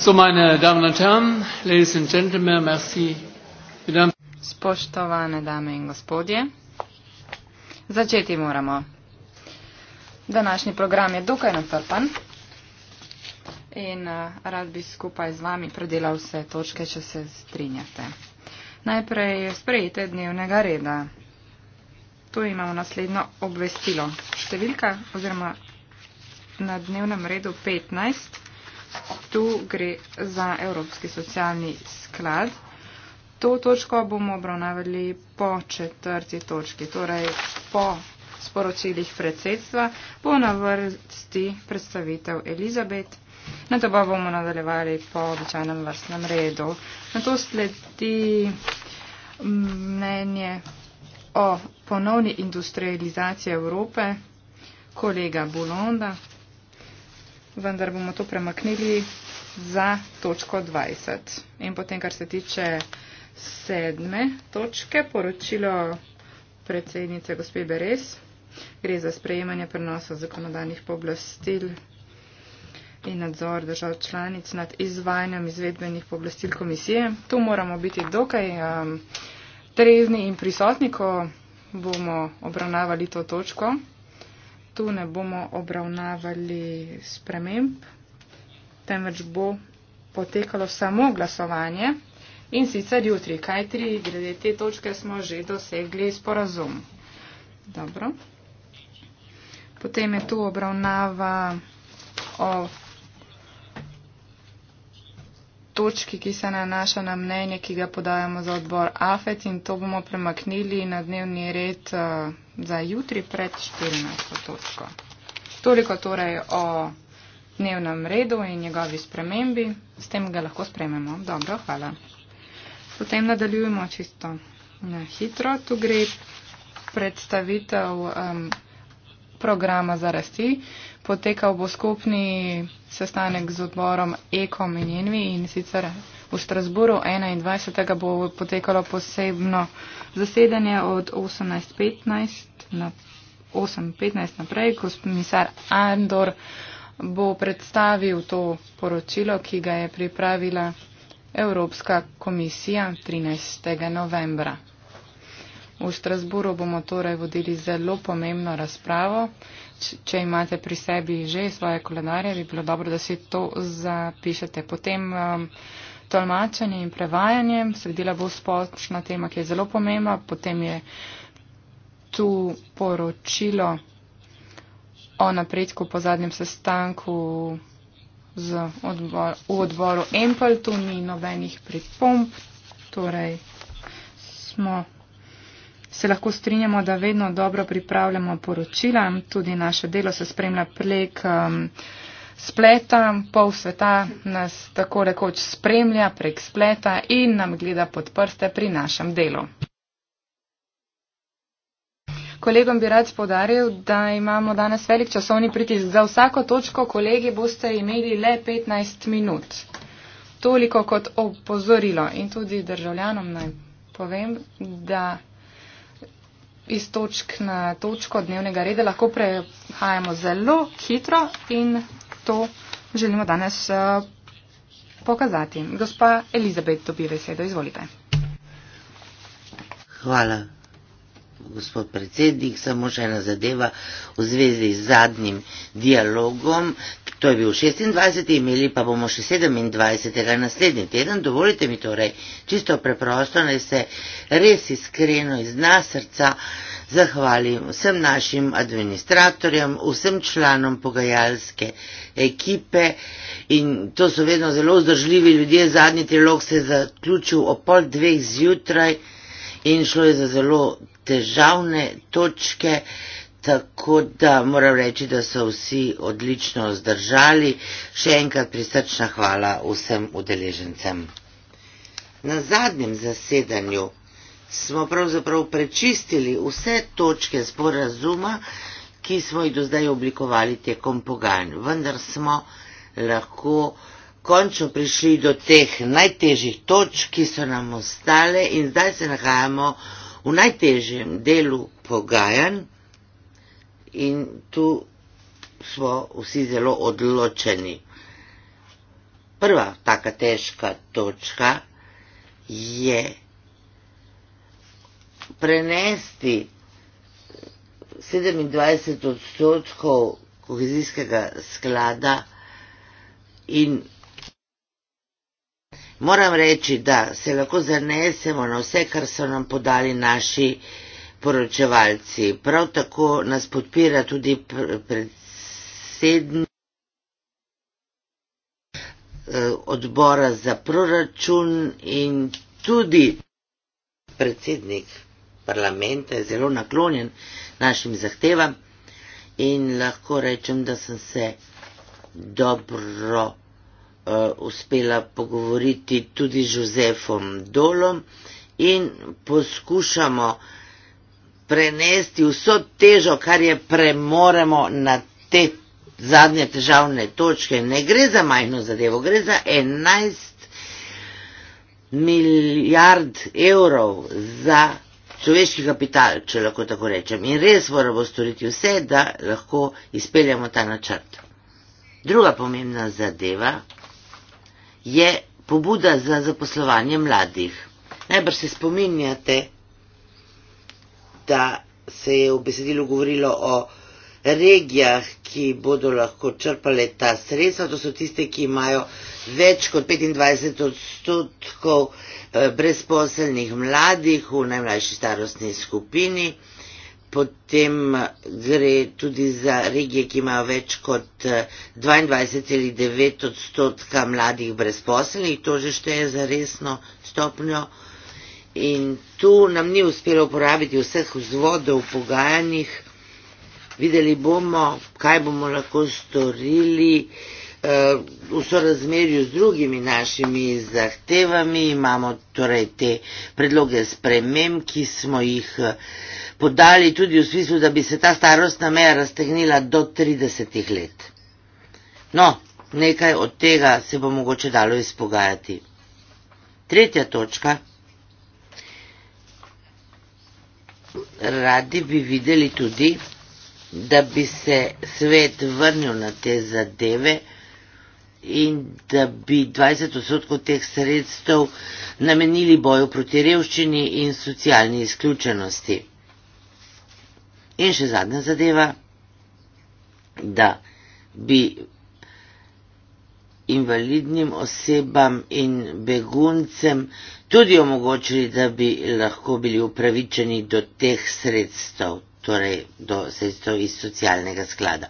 So, meine Damen und Herren, Ladies and Gentlemen, merci. Spoštovane dame in gospodje, začeti moramo. Današnji program je dokaj natrpan in eh, rad bi skupaj z vami predelal vse točke, če se strinjate. Najprej sprejete dnevnega reda. Tu imamo naslednjo obvestilo. Številka oziroma na dnevnem redu 15. Tu gre za Evropski socialni sklad. To točko bomo obravnavali po četrti točki, torej po sporočilih predsedstva, po navrsti predstavitev Elizabet. Na to pa bomo nadaljevali po običajnem vrstnem redu. Na to sledi mnenje o ponovni industrializaciji Evrope kolega Bulonda vendar bomo to premaknili za točko 20. In potem, kar se tiče sedme točke, poročilo predsednice gospe Beres, gre za sprejemanje prenosa zakonodajnih pooblastil in nadzor držav članic nad izvajanjem izvedbenih pooblastil komisije. Tu moramo biti dokaj um, trezni in prisotni, ko bomo obravnavali to točko tu ne bomo obravnavali sprememb, temveč bo potekalo samo glasovanje in sicer jutri, kaj tri glede te točke smo že dosegli sporazum. Dobro. Potem je tu obravnava o točki, ki se nanaša na mnenje, ki ga podajamo za odbor AFET in to bomo premaknili na dnevni red eh, za jutri pred 14. točko. Toliko torej o dnevnem redu in njegovi spremembi. S tem ga lahko sprememo. Dobro, hvala. Potem nadaljujemo čisto na hitro. Tu gre predstavitev. Um, programa za rasti. Potekal bo skupni sestanek z odborom Ekom in Envi in sicer v Strasburu 21. bo potekalo posebno zasedanje od 18.15 na 8.15 naprej, ko komisar Andor bo predstavil to poročilo, ki ga je pripravila Evropska komisija 13. novembra. V Strasburu bomo torej vodili zelo pomembno razpravo. Če imate pri sebi že svoje koledarje, bi bilo dobro, da si to zapišete. Potem um, tolmačenje in prevajanje, sredila bo splošna tema, ki je zelo pomembna, potem je tu poročilo o napredku po zadnjem sestanku odbor, v odboru Empel, tu ni nobenih pripomp, torej smo. Se lahko strinjamo, da vedno dobro pripravljamo poročila, tudi naše delo se spremlja prek um, spleta, pol sveta nas tako rekoč spremlja prek spleta in nam gleda pod prste pri našem delu. Kolegom bi rad spodaril, da imamo danes velik časovni pritisk. Za vsako točko, kolegi, boste imeli le 15 minut. Toliko kot opozorilo. In tudi državljanom naj povem, da iz točk na točko dnevnega reda lahko prehajamo zelo hitro in to želimo danes eh, pokazati. Gospa Elizabet dobi besedo, izvolite. Hvala gospod predsednik, samo še ena zadeva v zvezi z zadnjim dialogom, to je bil 26. imeli pa bomo še 27. naslednji teden, dovolite mi torej čisto preprosto, naj se res iskreno iz dna srca zahvalim vsem našim administratorjem, vsem članom pogajalske ekipe in to so vedno zelo vzdržljivi ljudje, zadnji dialog se je zaključil o pol dveh zjutraj in šlo je za zelo težavne točke, tako da moram reči, da so vsi odlično zdržali. Še enkrat prisrčna hvala vsem udeležencem. Na zadnjem zasedanju smo pravzaprav prečistili vse točke sporazuma, ki smo jih do zdaj oblikovali tekom pogajanj. Vendar smo lahko končno prišli do teh najtežjih točk, ki so nam ostale in zdaj se nahajamo v v najtežjem delu pogajanj in tu smo vsi zelo odločeni. Prva taka težka točka je prenesti 27 odstotkov kohezijskega sklada in Moram reči, da se lahko zanesemo na vse, kar so nam podali naši poročevalci. Prav tako nas podpira tudi predsednik eh, odbora za proračun in tudi predsednik parlamenta je zelo naklonjen našim zahtevam in lahko rečem, da sem se dobro. Eh, uspela pogovoriti tudi z Jozefom Dolom in poskušamo prenesti vso težo, kar je premoremo na te zadnje težavne točke. Ne gre za majhno zadevo, gre za 11 milijard evrov za človeški kapital, če lahko tako rečem. In res moramo storiti vse, da lahko izpeljamo ta načrt. Druga pomembna zadeva, je pobuda za zaposlovanje mladih. Najbrž se spominjate, da se je v besedilu govorilo o regijah, ki bodo lahko črpale ta sredstva. To so tiste, ki imajo več kot 25 odstotkov eh, brezposelnih mladih v najmlajši starostni skupini potem gre tudi za regije, ki imajo več kot 22,9 eh, odstotka mladih brezposelnih, to že šteje za resno stopnjo. In tu nam ni uspelo uporabiti vseh vzvodov v pogajanjih. Videli bomo, kaj bomo lahko storili eh, v sorazmerju z drugimi našimi zahtevami. Imamo torej te predloge sprememb, ki smo jih eh, podali tudi v smislu, da bi se ta starostna meja raztegnila do 30 let. No, nekaj od tega se bo mogoče dalo izpogajati. Tretja točka. Radi bi videli tudi, da bi se svet vrnil na te zadeve in da bi 20 odstotkov teh sredstev namenili boju proti revščini in socialni izključenosti. In še zadnja zadeva, da bi invalidnim osebam in beguncem tudi omogočili, da bi lahko bili upravičeni do teh sredstev, torej do sredstev iz socialnega sklada.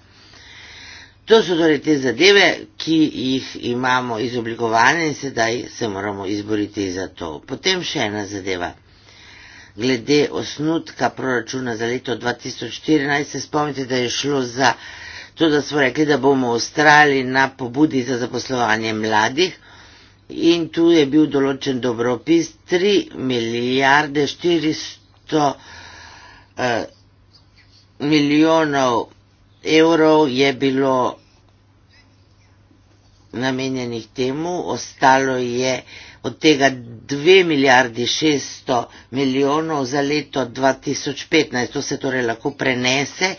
To so torej te zadeve, ki jih imamo izoblikovane in sedaj se moramo izboriti za to. Potem še ena zadeva glede osnutka proračuna za leto 2014. Se spomnite, da je šlo za to, da smo rekli, da bomo ustrali na pobudi za zaposlovanje mladih in tu je bil določen dobropis 3 milijarde 400 eh, milijonov evrov je bilo namenjenih temu, ostalo je eh, od tega 2 milijardi 600 milijonov za leto 2015. To se torej lahko prenese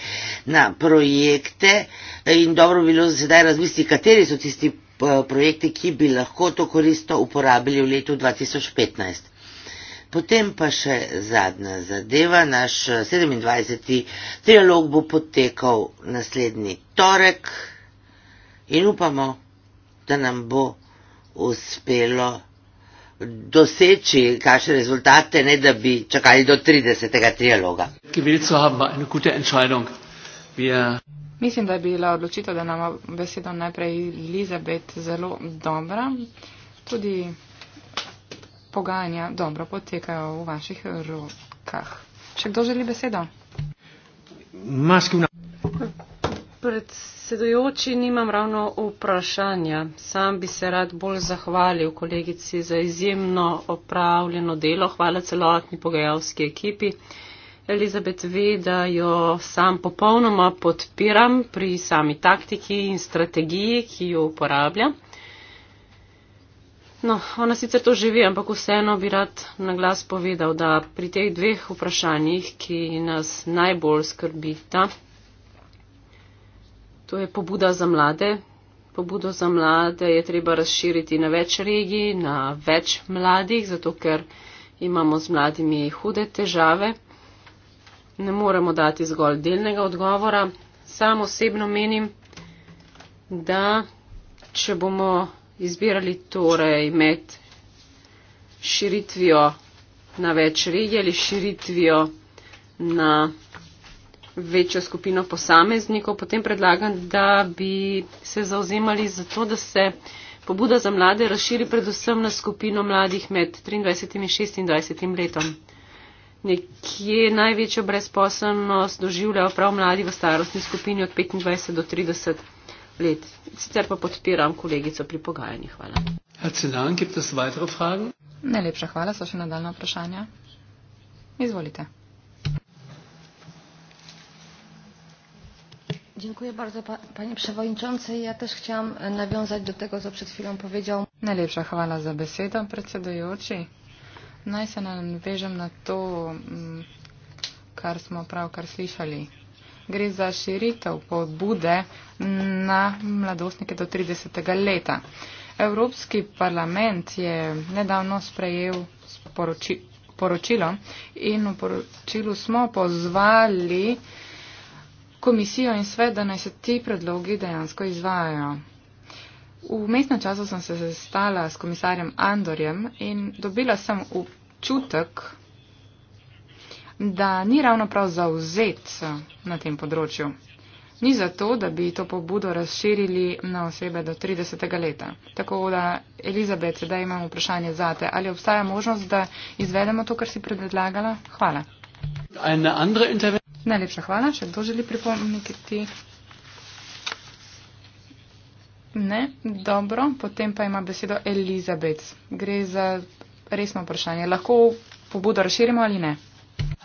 na projekte in dobro bi bilo sedaj razmisliti, kateri so tisti eh, projekti, ki bi lahko to koristo uporabili v letu 2015. Potem pa še zadnja zadeva, naš 27. Eh, trilog bo potekal naslednji torek in upamo, da nam bo uspelo doseči kakšne rezultate, ne da bi čakali do 30. trialoga. Mislim, da je bila odločitev, da nam besedo najprej Elizabet zelo dobra. Tudi pogajanja dobro potekajo v vaših rokah. Še kdo želi besedo? Maskina predsedujoči, nimam ravno vprašanja. Sam bi se rad bolj zahvalil kolegici za izjemno opravljeno delo. Hvala celotni pogajalski ekipi. Elizabet ve, da jo sam popolnoma podpiram pri sami taktiki in strategiji, ki jo uporablja. No, ona sicer to živi, ampak vseeno bi rad na glas povedal, da pri teh dveh vprašanjih, ki nas najbolj skrbita, To je pobuda za mlade. Pobudo za mlade je treba razširiti na več regij, na več mladih, zato ker imamo z mladimi hude težave. Ne moremo dati zgolj delnega odgovora. Sam osebno menim, da če bomo izbirali torej med širitvijo na več regij ali širitvijo na večjo skupino posameznikov, potem predlagam, da bi se zauzemali za to, da se pobuda za mlade razširi predvsem na skupino mladih med 23 in 26 letom. Nekje največjo brezposobnost doživljajo prav mladi v starostni skupini od 25 do 30 let. Sicer pa podpiram kolegico pri pogajanjih. Hvala. Najlepša hvala za še nadaljne vprašanja. Izvolite. Dziękuję bardzo, pa, panie przewodniczący. Ja też chciałam e, nawiązać do tego, co przed chwilą powiedział. Najlepsza chwała za besiedę, przewodniczący. Naj se nam vežem na to, kar smo pravkar slišali. Gre za širitev pobude na mladostnike do 30. leta. Evropski parlament je nedavno sprejel poročilo in v poročilu smo pozvali komisijo in svet, da naj se ti predlogi dejansko izvajajo. V mestnem času sem se sestala s komisarjem Andorjem in dobila sem občutek, da ni ravno prav zauzet na tem področju. Ni zato, da bi to pobudo razširili na osebe do 30. leta. Tako da, Elizabet, sedaj imam vprašanje zate. Ali obstaja možnost, da izvedemo to, kar si predlagala? Hvala. Najlepša hvala. Še kdo želi pripomniti? Ne? Dobro. Potem pa ima besedo Elizabeth. Gre za resno vprašanje. Lahko pobudo razširimo ali ne?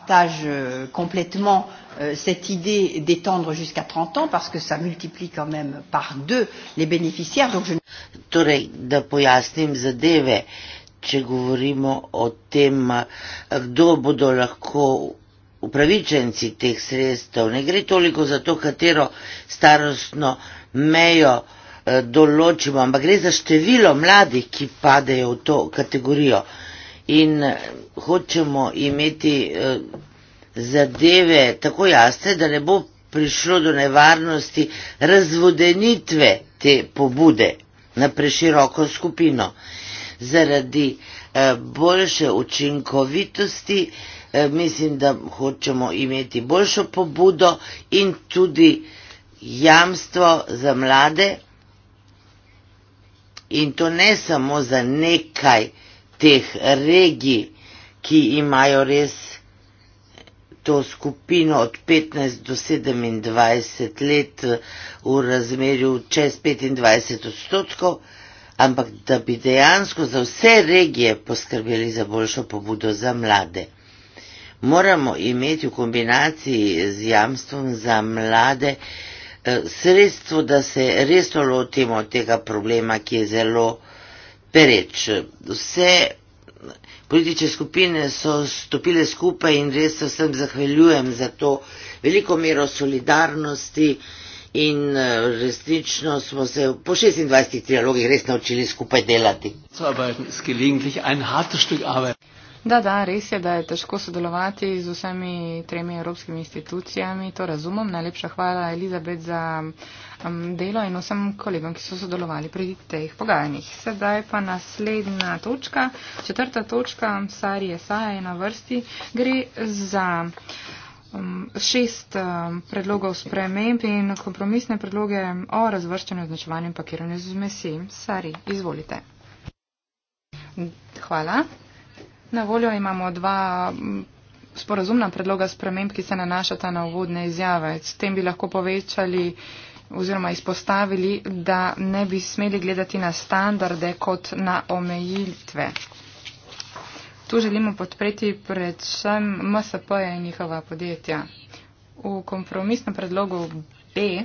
Partage euh, complètement euh, cette idée d'étendre jusqu'à 30 ans parce que ça multiplie quand même par deux les bénéficiaires. Donc je... torej, da pojasnim zadeve, euh, če govorimo o tem, kdo bodo lahko upravičenci teh sredstev. Ne gre toliko za to, katero starostno mejo eh, določimo, ampak gre za število mladih, ki padejo v to kategorijo. In eh, hočemo imeti eh, zadeve tako jasne, da ne bo prišlo do nevarnosti razvodenitve te pobude na preširoko skupino zaradi eh, boljše učinkovitosti, eh, mislim, da hočemo imeti boljšo pobudo in tudi jamstvo za mlade in to ne samo za nekaj teh regij, ki imajo res to skupino od 15 do 27 let v razmerju čez 25 odstotkov, ampak da bi dejansko za vse regije poskrbeli za boljšo pobudo za mlade. Moramo imeti v kombinaciji z jamstvom za mlade eh, sredstvo, da se resno lotimo tega problema, ki je zelo pereč. Vse politične skupine so stopile skupaj in res se vsem zahvaljujem za to veliko mero solidarnosti, in uh, resnično smo se po 26 trialogih res naučili skupaj delati. Da, da, res je, da je težko sodelovati z vsemi tremi evropskimi institucijami, to razumem. Najlepša hvala Elizabet za um, delo in vsem kolegom, ki so sodelovali pri teh pogajanjih. Sedaj pa naslednja točka, četrta točka, Sarije Saja je na vrsti, gre za. Um, šest um, predlogov sprememb in kompromisne predloge o razvrščanju, označevanju in pakiranju zmesi. Sari, izvolite. Hvala. Na voljo imamo dva um, sporazumna predloga sprememb, ki se nanašata na uvodne izjave. S tem bi lahko povečali oziroma izpostavili, da ne bi smeli gledati na standarde kot na omejitve. Tu želimo podpreti predvsem MSP in njihova podjetja. V kompromisnem predlogu B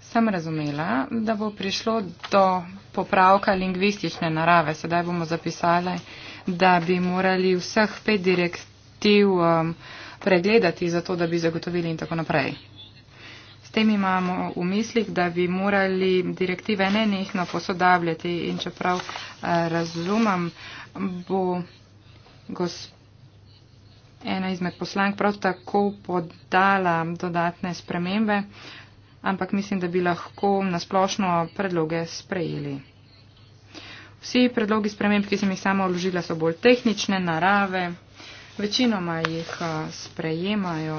sem razumela, da bo prišlo do popravka lingvistične narave. Sedaj bomo zapisali, da bi morali vseh pet direktiv um, pregledati, zato da bi zagotovili in tako naprej. S tem imamo v mislih, da bi morali direktive nenehno posodabljati in čeprav eh, razumem, bo ena izmed poslank prav tako podala dodatne spremembe, ampak mislim, da bi lahko nasplošno predloge sprejeli. Vsi predlogi sprememb, ki sem jih sama vložila, so bolj tehnične narave. Večinoma jih eh, sprejemajo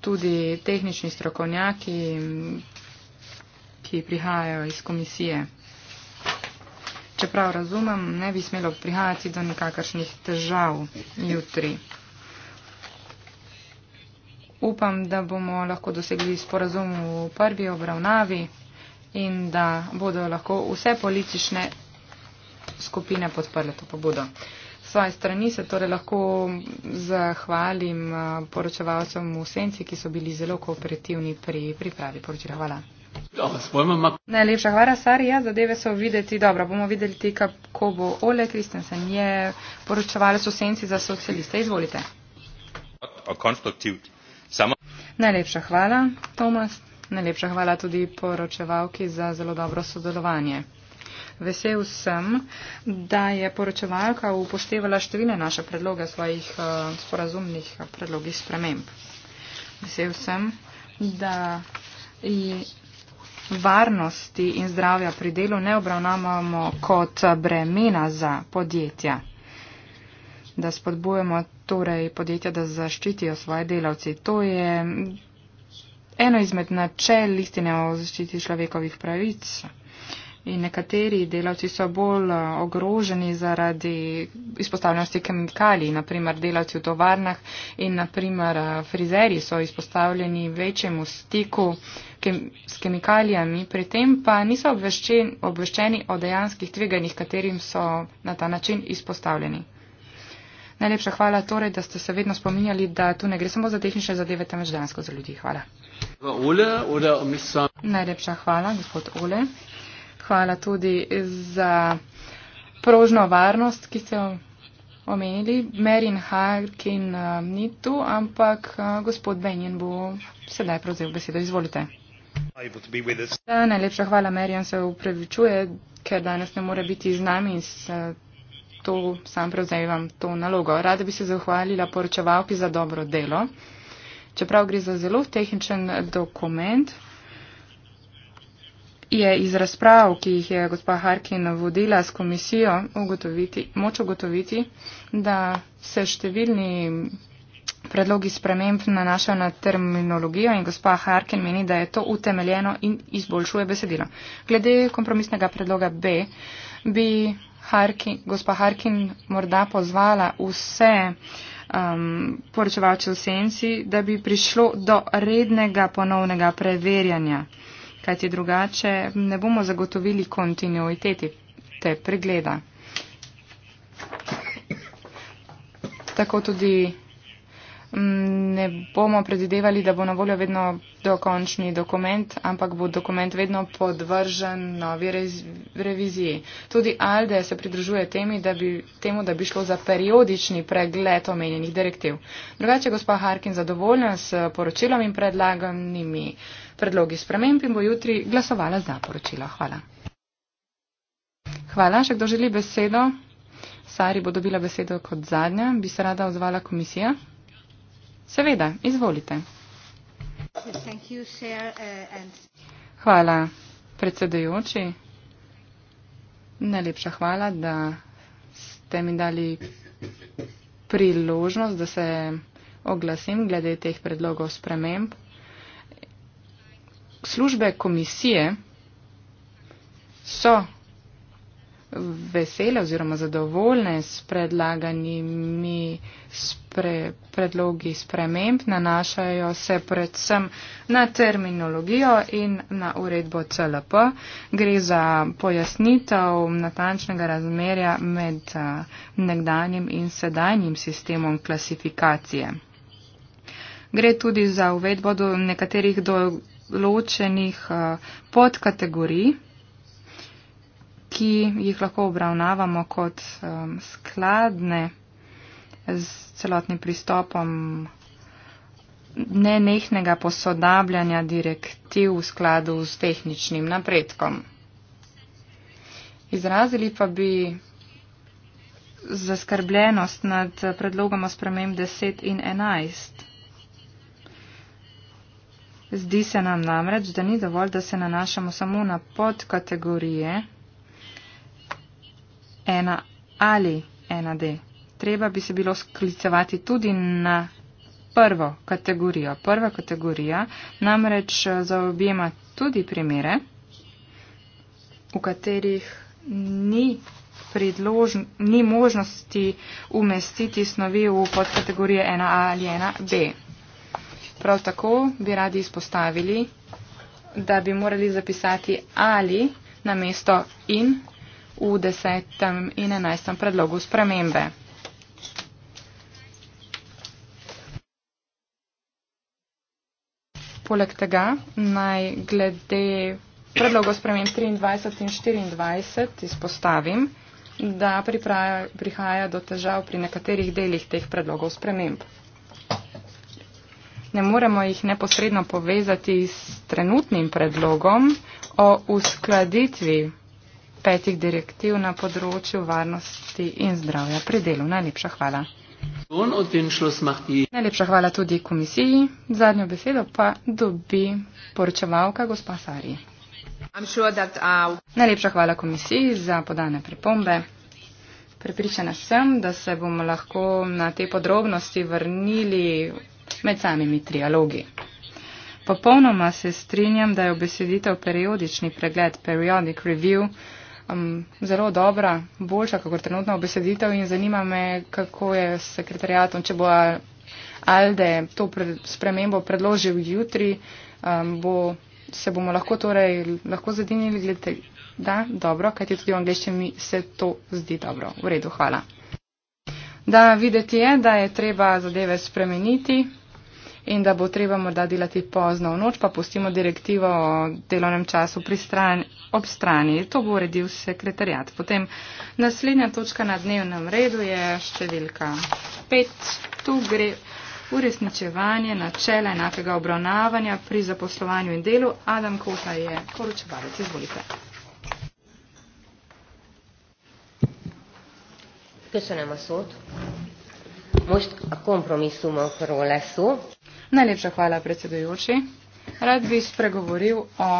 tudi tehnični strokovnjaki, ki prihajajo iz komisije. Čeprav razumem, ne bi smelo prihajati do nikakršnih težav jutri. Upam, da bomo lahko dosegli sporazum v prvi obravnavi in da bodo lahko vse politične skupine podprle to pobudo svoje strani se torej lahko zahvalim eh, poročevalcem v Senci, ki so bili zelo kooperativni pri pripravi poročila. Hvala. Najlepša hvala, Sari. Ja, zadeve so videti dobro. Bomo videli, kako bo Ole Kristensen je poročevalec v Senci za socialiste. Izvolite. Najlepša hvala, Tomas. Najlepša hvala tudi poročevalki za zelo dobro sodelovanje. Vesel sem, da je poročevalka upoštevala številne naše predloge svojih eh, sporazumnih eh, predlogih sprememb. Vesel sem, da je varnosti in zdravja pri delu ne obravnavamo kot eh, bremena za podjetja, da spodbujemo torej podjetja, da zaščitijo svoje delavci. To je eno izmed načel listine o zaščiti človekovih pravic in nekateri delavci so bolj eh, ogroženi zaradi izpostavljenosti kemikalij, naprimer delavci v tovarnah in naprimer eh, frizeri so izpostavljeni večjemu stiku s kemikalijami, pri tem pa niso obveščeni, obveščeni o dejanskih tveganjih, katerim so na ta način izpostavljeni. Najlepša hvala torej, da ste se vedno spominjali, da tu ne gre samo za tehnične zadeve, temveč dejansko za ljudi. Hvala. Najlepša hvala, gospod Ole hvala tudi za prožno varnost, ki ste omenili. Merin Harkin uh, ni tu, ampak uh, gospod Benjen bo sedaj prevzel besedo. Izvolite. Da, najlepša hvala, Merjan se upravičuje, ker danes ne more biti z nami in se eh, to sam prevzemam to nalogo. Rada bi se zahvalila poročevalki za dobro delo. Čeprav gre za zelo tehničen dokument, je iz razprav, ki jih je gospa Harkin vodila s komisijo, ugotoviti, moč ugotoviti, da se številni predlogi sprememb nanašajo na terminologijo in gospa Harkin meni, da je to utemeljeno in izboljšuje besedilo. Glede kompromisnega predloga B bi Harkin, gospa Harkin morda pozvala vse um, poročevalce v senci, da bi prišlo do rednega ponovnega preverjanja kajti drugače ne bomo zagotovili kontinuiteti te pregleda. Tako tudi Mm, ne bomo predvidevali, da bo na voljo vedno dokončni dokument, ampak bo dokument vedno podvržen novi reviziji. Tudi ALDE se pridružuje temi, da bi, temu, da bi šlo za periodični pregled omenjenih direktiv. Drugače, gospod Harkin, zadovoljna s poročilom in predlaganimi predlogi sprememb in bo jutri glasovala za poročilo. Hvala. Hvala. Še kdo želi besedo? Sari bo dobila besedo kot zadnja. Bi se rada ozvala komisija? Seveda, izvolite. Uh, hvala, predsedujoči. Najlepša hvala, da ste mi dali priložnost, da se oglasim glede teh predlogov sprememb. Službe komisije so vesele oziroma zadovoljne s predlaganimi spre, predlogi sprememb, nanašajo se predvsem na terminologijo in na uredbo CLP. Gre za pojasnitev natančnega razmerja med nekdanjim in sedanjim sistemom klasifikacije. Gre tudi za uvedbo do nekaterih določenih podkategorij ki jih lahko obravnavamo kot um, skladne z celotnim pristopom nenehnega posodabljanja direktiv v skladu s tehničnim napredkom. Izrazili pa bi zaskrbljenost nad predlogom o spremem 10 in 11. Zdi se nam namreč, da ni dovolj, da se nanašamo samo na podkategorije ena ali ena D. Treba bi se bilo sklicevati tudi na prvo kategorijo. Prva kategorija namreč eh, zaobjema tudi primere, v katerih ni, predlož, ni možnosti umestiti snovi v podkategorije 1A ali 1B. Prav tako bi radi izpostavili, da bi morali zapisati ali na mesto in v desetem in enajstem predlogu spremembe. Poleg tega naj glede predlogov spremem 23 in 24 izpostavim, da pripraja, prihaja do težav pri nekaterih delih teh predlogov sprememb. Ne moremo jih neposredno povezati s trenutnim predlogom o uskladitvi petih direktiv na področju varnosti in zdravja pri delu. Najlepša hvala. Najlepša hvala tudi komisiji. Zadnjo besedo pa dobi poročevalka gospa Sari. Sure our... Uh, Najlepša hvala komisiji za podane pripombe. Prepričana sem, da se bomo lahko na te podrobnosti vrnili med samimi trialogi. Popolnoma se strinjam, da je obesedite v periodični pregled, periodic review, um, zelo dobra, boljša kot trenutna obeseditev in zanima me, kako je s sekretarijatom, če bo Alde to pred, spremembo predložil jutri, um, bo, se bomo lahko torej lahko zadinili, gledite, da, dobro, kajti tudi v angliščini se to zdi dobro. V redu, hvala. Da videti je, da je treba zadeve spremeniti in da bo treba morda delati pozno v noč, pa pustimo direktivo o delovnem času strani, ob strani. To bo uredil sekretarjat. Potem naslednja točka na dnevnem redu je številka 5. Tu gre uresničevanje načela enakega obravnavanja pri zaposlovanju in delu. Adam Kota je poročevalec. Izvolite. Köszönöm a szót. Most a kompromisszumokról lesz szó. Najlepša hvala, predsedujoči. Rad bi spregovoril o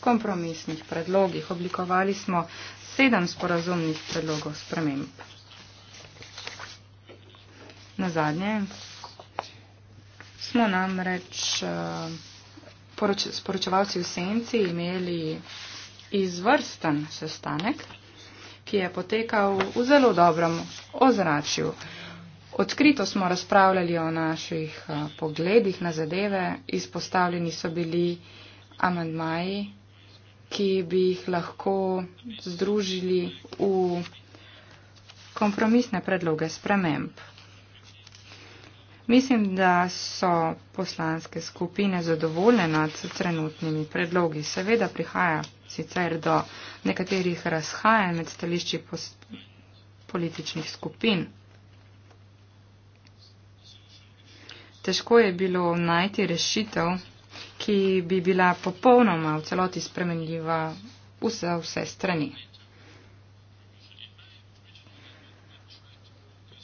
kompromisnih predlogih. Oblikovali smo sedem sporazumnih predlogov sprememb. Na zadnje smo namreč eh, sporočevalci v Senci imeli izvrsten sestanek, ki je potekal v zelo dobrem ozračju. Odkrito smo razpravljali o naših uh, pogledih na zadeve, izpostavljeni so bili amandmaji, ki bi jih lahko združili v kompromisne predloge sprememb. Mislim, da so poslanske skupine zadovoljne nad trenutnimi predlogi. Seveda prihaja sicer do nekaterih razhajanj med stališči političnih skupin. težko je bilo najti rešitev, ki bi bila popolnoma v celoti spremenljiva vse, vse strani.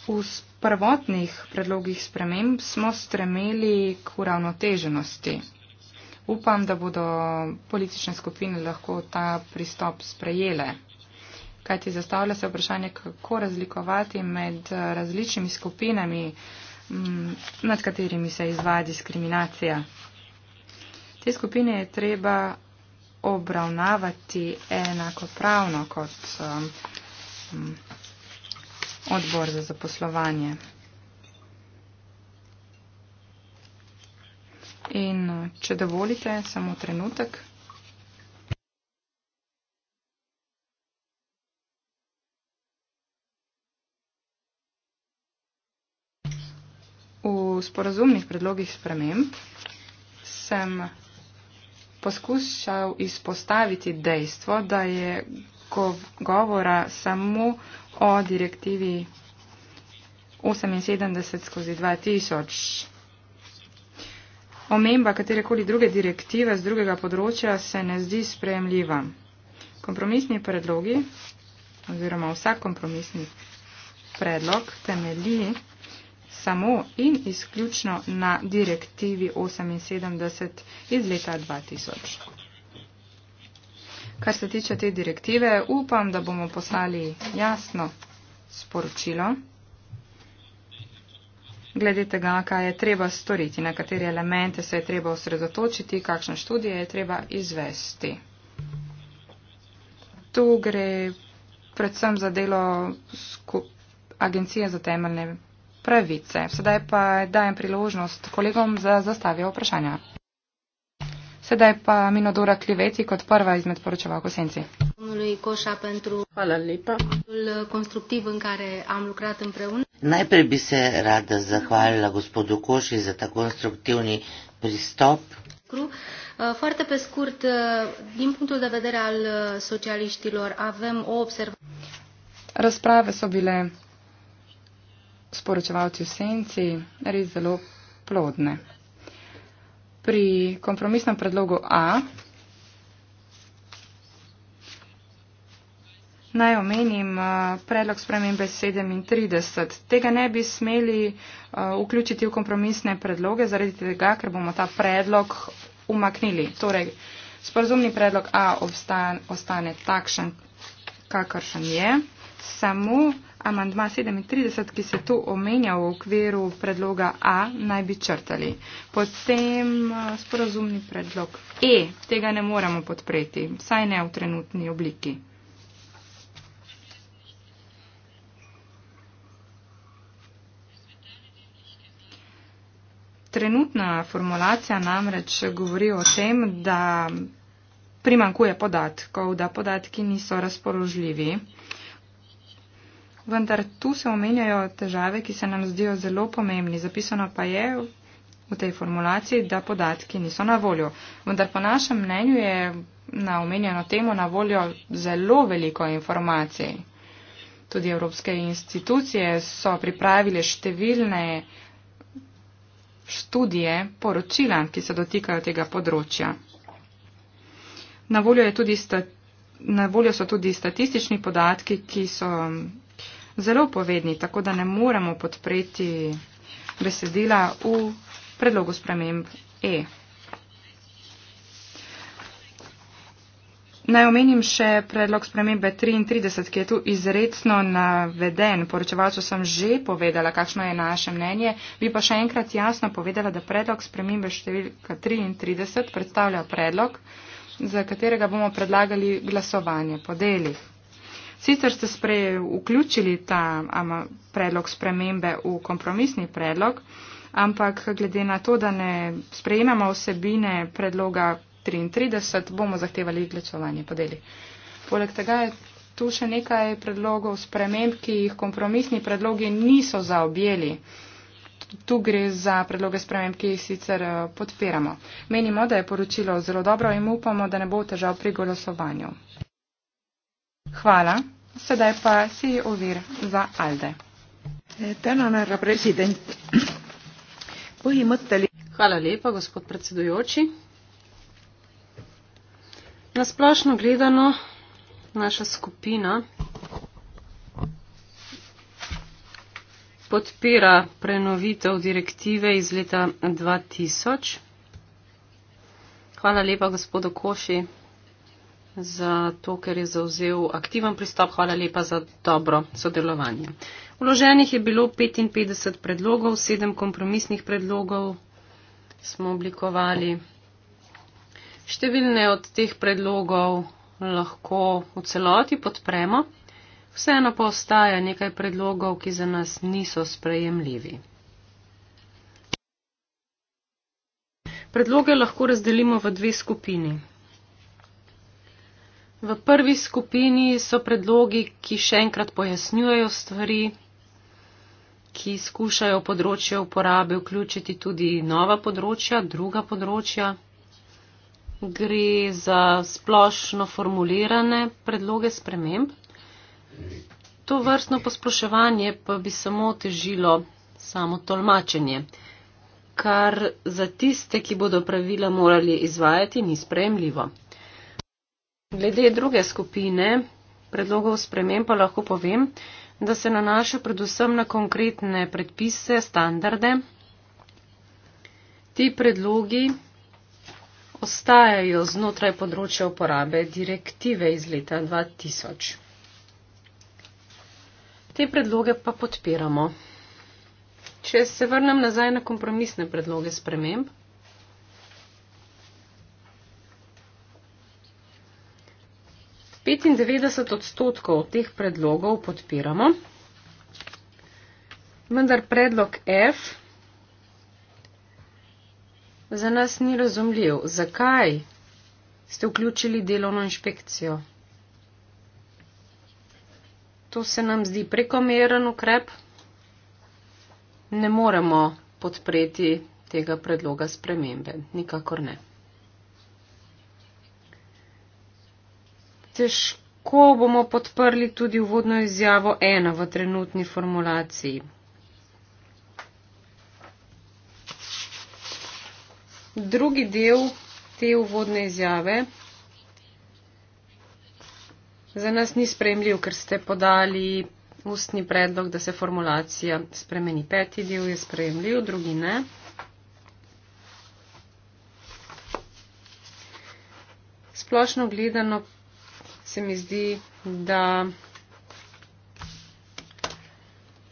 V prvotnih predlogih sprememb smo stremeli k uravnoteženosti. Upam, da bodo politične skupine lahko ta pristop sprejele. Kajti zastavlja se vprašanje, kako razlikovati med eh, različnimi skupinami, nad katerimi se izvaja diskriminacija. Te skupine je treba obravnavati enakopravno kot um, odbor za zaposlovanje. In uh, če dovolite, samo trenutek. sporazumnih predlogih sprememb sem poskušal izpostaviti dejstvo, da je govora samo o direktivi 78 skozi 2000. Omemba katerekoli druge direktive z drugega področja se ne zdi sprejemljiva. Kompromisni predlogi oziroma vsak kompromisni predlog temelji samo in izključno na direktivi 78 iz leta 2000. Kar se tiče te direktive, upam, da bomo poslali jasno sporočilo glede tega, kaj je treba storiti, na katere elemente se je treba osredotočiti, kakšne študije je treba izvesti. Tu gre predvsem za delo agencije za temeljne pravice. Sedaj pa dajem priložnost kolegom za zastavijo vprašanja. Sedaj pa Minodora Kliveci kot prva izmed poročevalk v senci. Hvala lepa. Najprej bi se rada zahvalila gospodu Koši za ta konstruktivni pristop. Uh, foarte pe scurt, uh, din punctul de vedere al uh, socialiștilor, avem o observație. Răsprave s-au bile sporočevalci v senci res zelo plodne. Pri kompromisnem predlogu A naj omenim eh, predlog spremembe 37. Tega ne bi smeli eh, vključiti v kompromisne predloge, zaradi tega, ker bomo ta predlog umaknili. Torej, sporozumni predlog A obstan, ostane takšen, kakršen je, samo amandma 37, ki se tu omenja v okviru predloga A, naj bi črtali. Potem eh, sporazumni predlog E, tega ne moramo podpreti, saj ne v trenutni obliki. Trenutna formulacija namreč govori o tem, da primankuje podatkov, da podatki niso razpoložljivi vendar tu se omenjajo težave, ki se nam zdijo zelo pomembni. Zapisano pa je v tej formulaciji, da podatki niso na voljo. Vendar po našem mnenju je na omenjeno temo na voljo zelo veliko informacij. Tudi evropske institucije so pripravile številne študije, poročila, ki se dotikajo tega področja. Na voljo, tudi sta, na voljo so tudi statistični podatki, ki so zelo povedni, tako da ne moremo podpreti besedila v predlogu sprememb E. Naj omenim še predlog spremembe 33, ki je tu izredno naveden. Poročevalcu sem že povedala, kakšno je naše mnenje. Bi pa še enkrat jasno povedala, da predlog spremembe številka 33 predstavlja predlog, za katerega bomo predlagali glasovanje po delih. Sicer ste vključili ta predlog spremembe v kompromisni predlog, ampak glede na to, da ne sprejemamo vsebine predloga 33, bomo zahtevali glasovanje podeli. Poleg tega je tu še nekaj predlogov sprememb, ki jih kompromisni predlogi niso zaobjeli. Tu gre za predloge sprememb, ki jih sicer eh, podpiramo. Menimo, da je poročilo zelo dobro in upamo, da ne bo težav pri glasovanju. Hvala. Sedaj pa si e ovir za Alde. Tenan, herra president. Põhimõtteli. Hvala lepa, gospod predsedujoči. Nasplošno gledano, naša skupina podpira prenovitev direktive iz leta 2000. Hvala lepa, gospodu Koši, za to, ker je zauzel aktiven pristop. Hvala lepa za dobro sodelovanje. Vloženih je bilo 55 predlogov, 7 kompromisnih predlogov smo oblikovali. Številne od teh predlogov lahko v celoti podpremo, vseeno pa ostaja nekaj predlogov, ki za nas niso sprejemljivi. Predloge lahko razdelimo v dve skupini. V prvi skupini so predlogi, ki še enkrat pojasnjujejo stvari, ki skušajo področje uporabe vključiti tudi nova področja, druga področja. Gre za splošno formulirane predloge sprememb. To vrstno posploševanje pa bi samo težilo samo tolmačenje, kar za tiste, ki bodo pravila morali izvajati, ni sprejemljivo. Glede druge skupine predlogov sprememb pa lahko povem, da se nanaša predvsem na konkretne predpise, standarde. Ti predlogi ostajajo znotraj področja uporabe direktive iz leta 2000. Te predloge pa podpiramo. Če se vrnem nazaj na kompromisne predloge sprememb, 95 odstotkov teh predlogov podpiramo, vendar predlog F za nas ni razumljiv. Zakaj ste vključili delovno inšpekcijo? To se nam zdi prekomeren ukrep. Ne moremo podpreti tega predloga spremembe. Nikakor ne. težko bomo podprli tudi uvodno izjavo ena v trenutni formulaciji. Drugi del te uvodne izjave za nas ni spremljiv, ker ste podali ustni predlog, da se formulacija spremeni. Peti del je spremljiv, drugi ne. Splošno gledano se mi zdi, da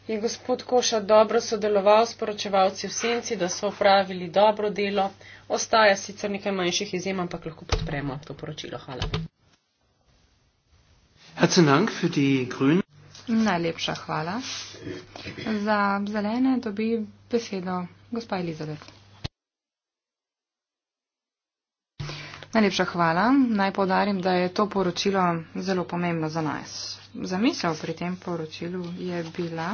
je gospod Koša dobro sodeloval s poročevalci v senci, da so upravili dobro delo. Ostaja sicer nekaj manjših izjem, ampak lahko podpremo to poročilo. Hvala. Najlepša hvala. Za zelene dobi besedo gospa Elizabeth. Najlepša hvala. Naj podarim, da je to poročilo zelo pomembno za nas. Zamisel pri tem poročilu je bila,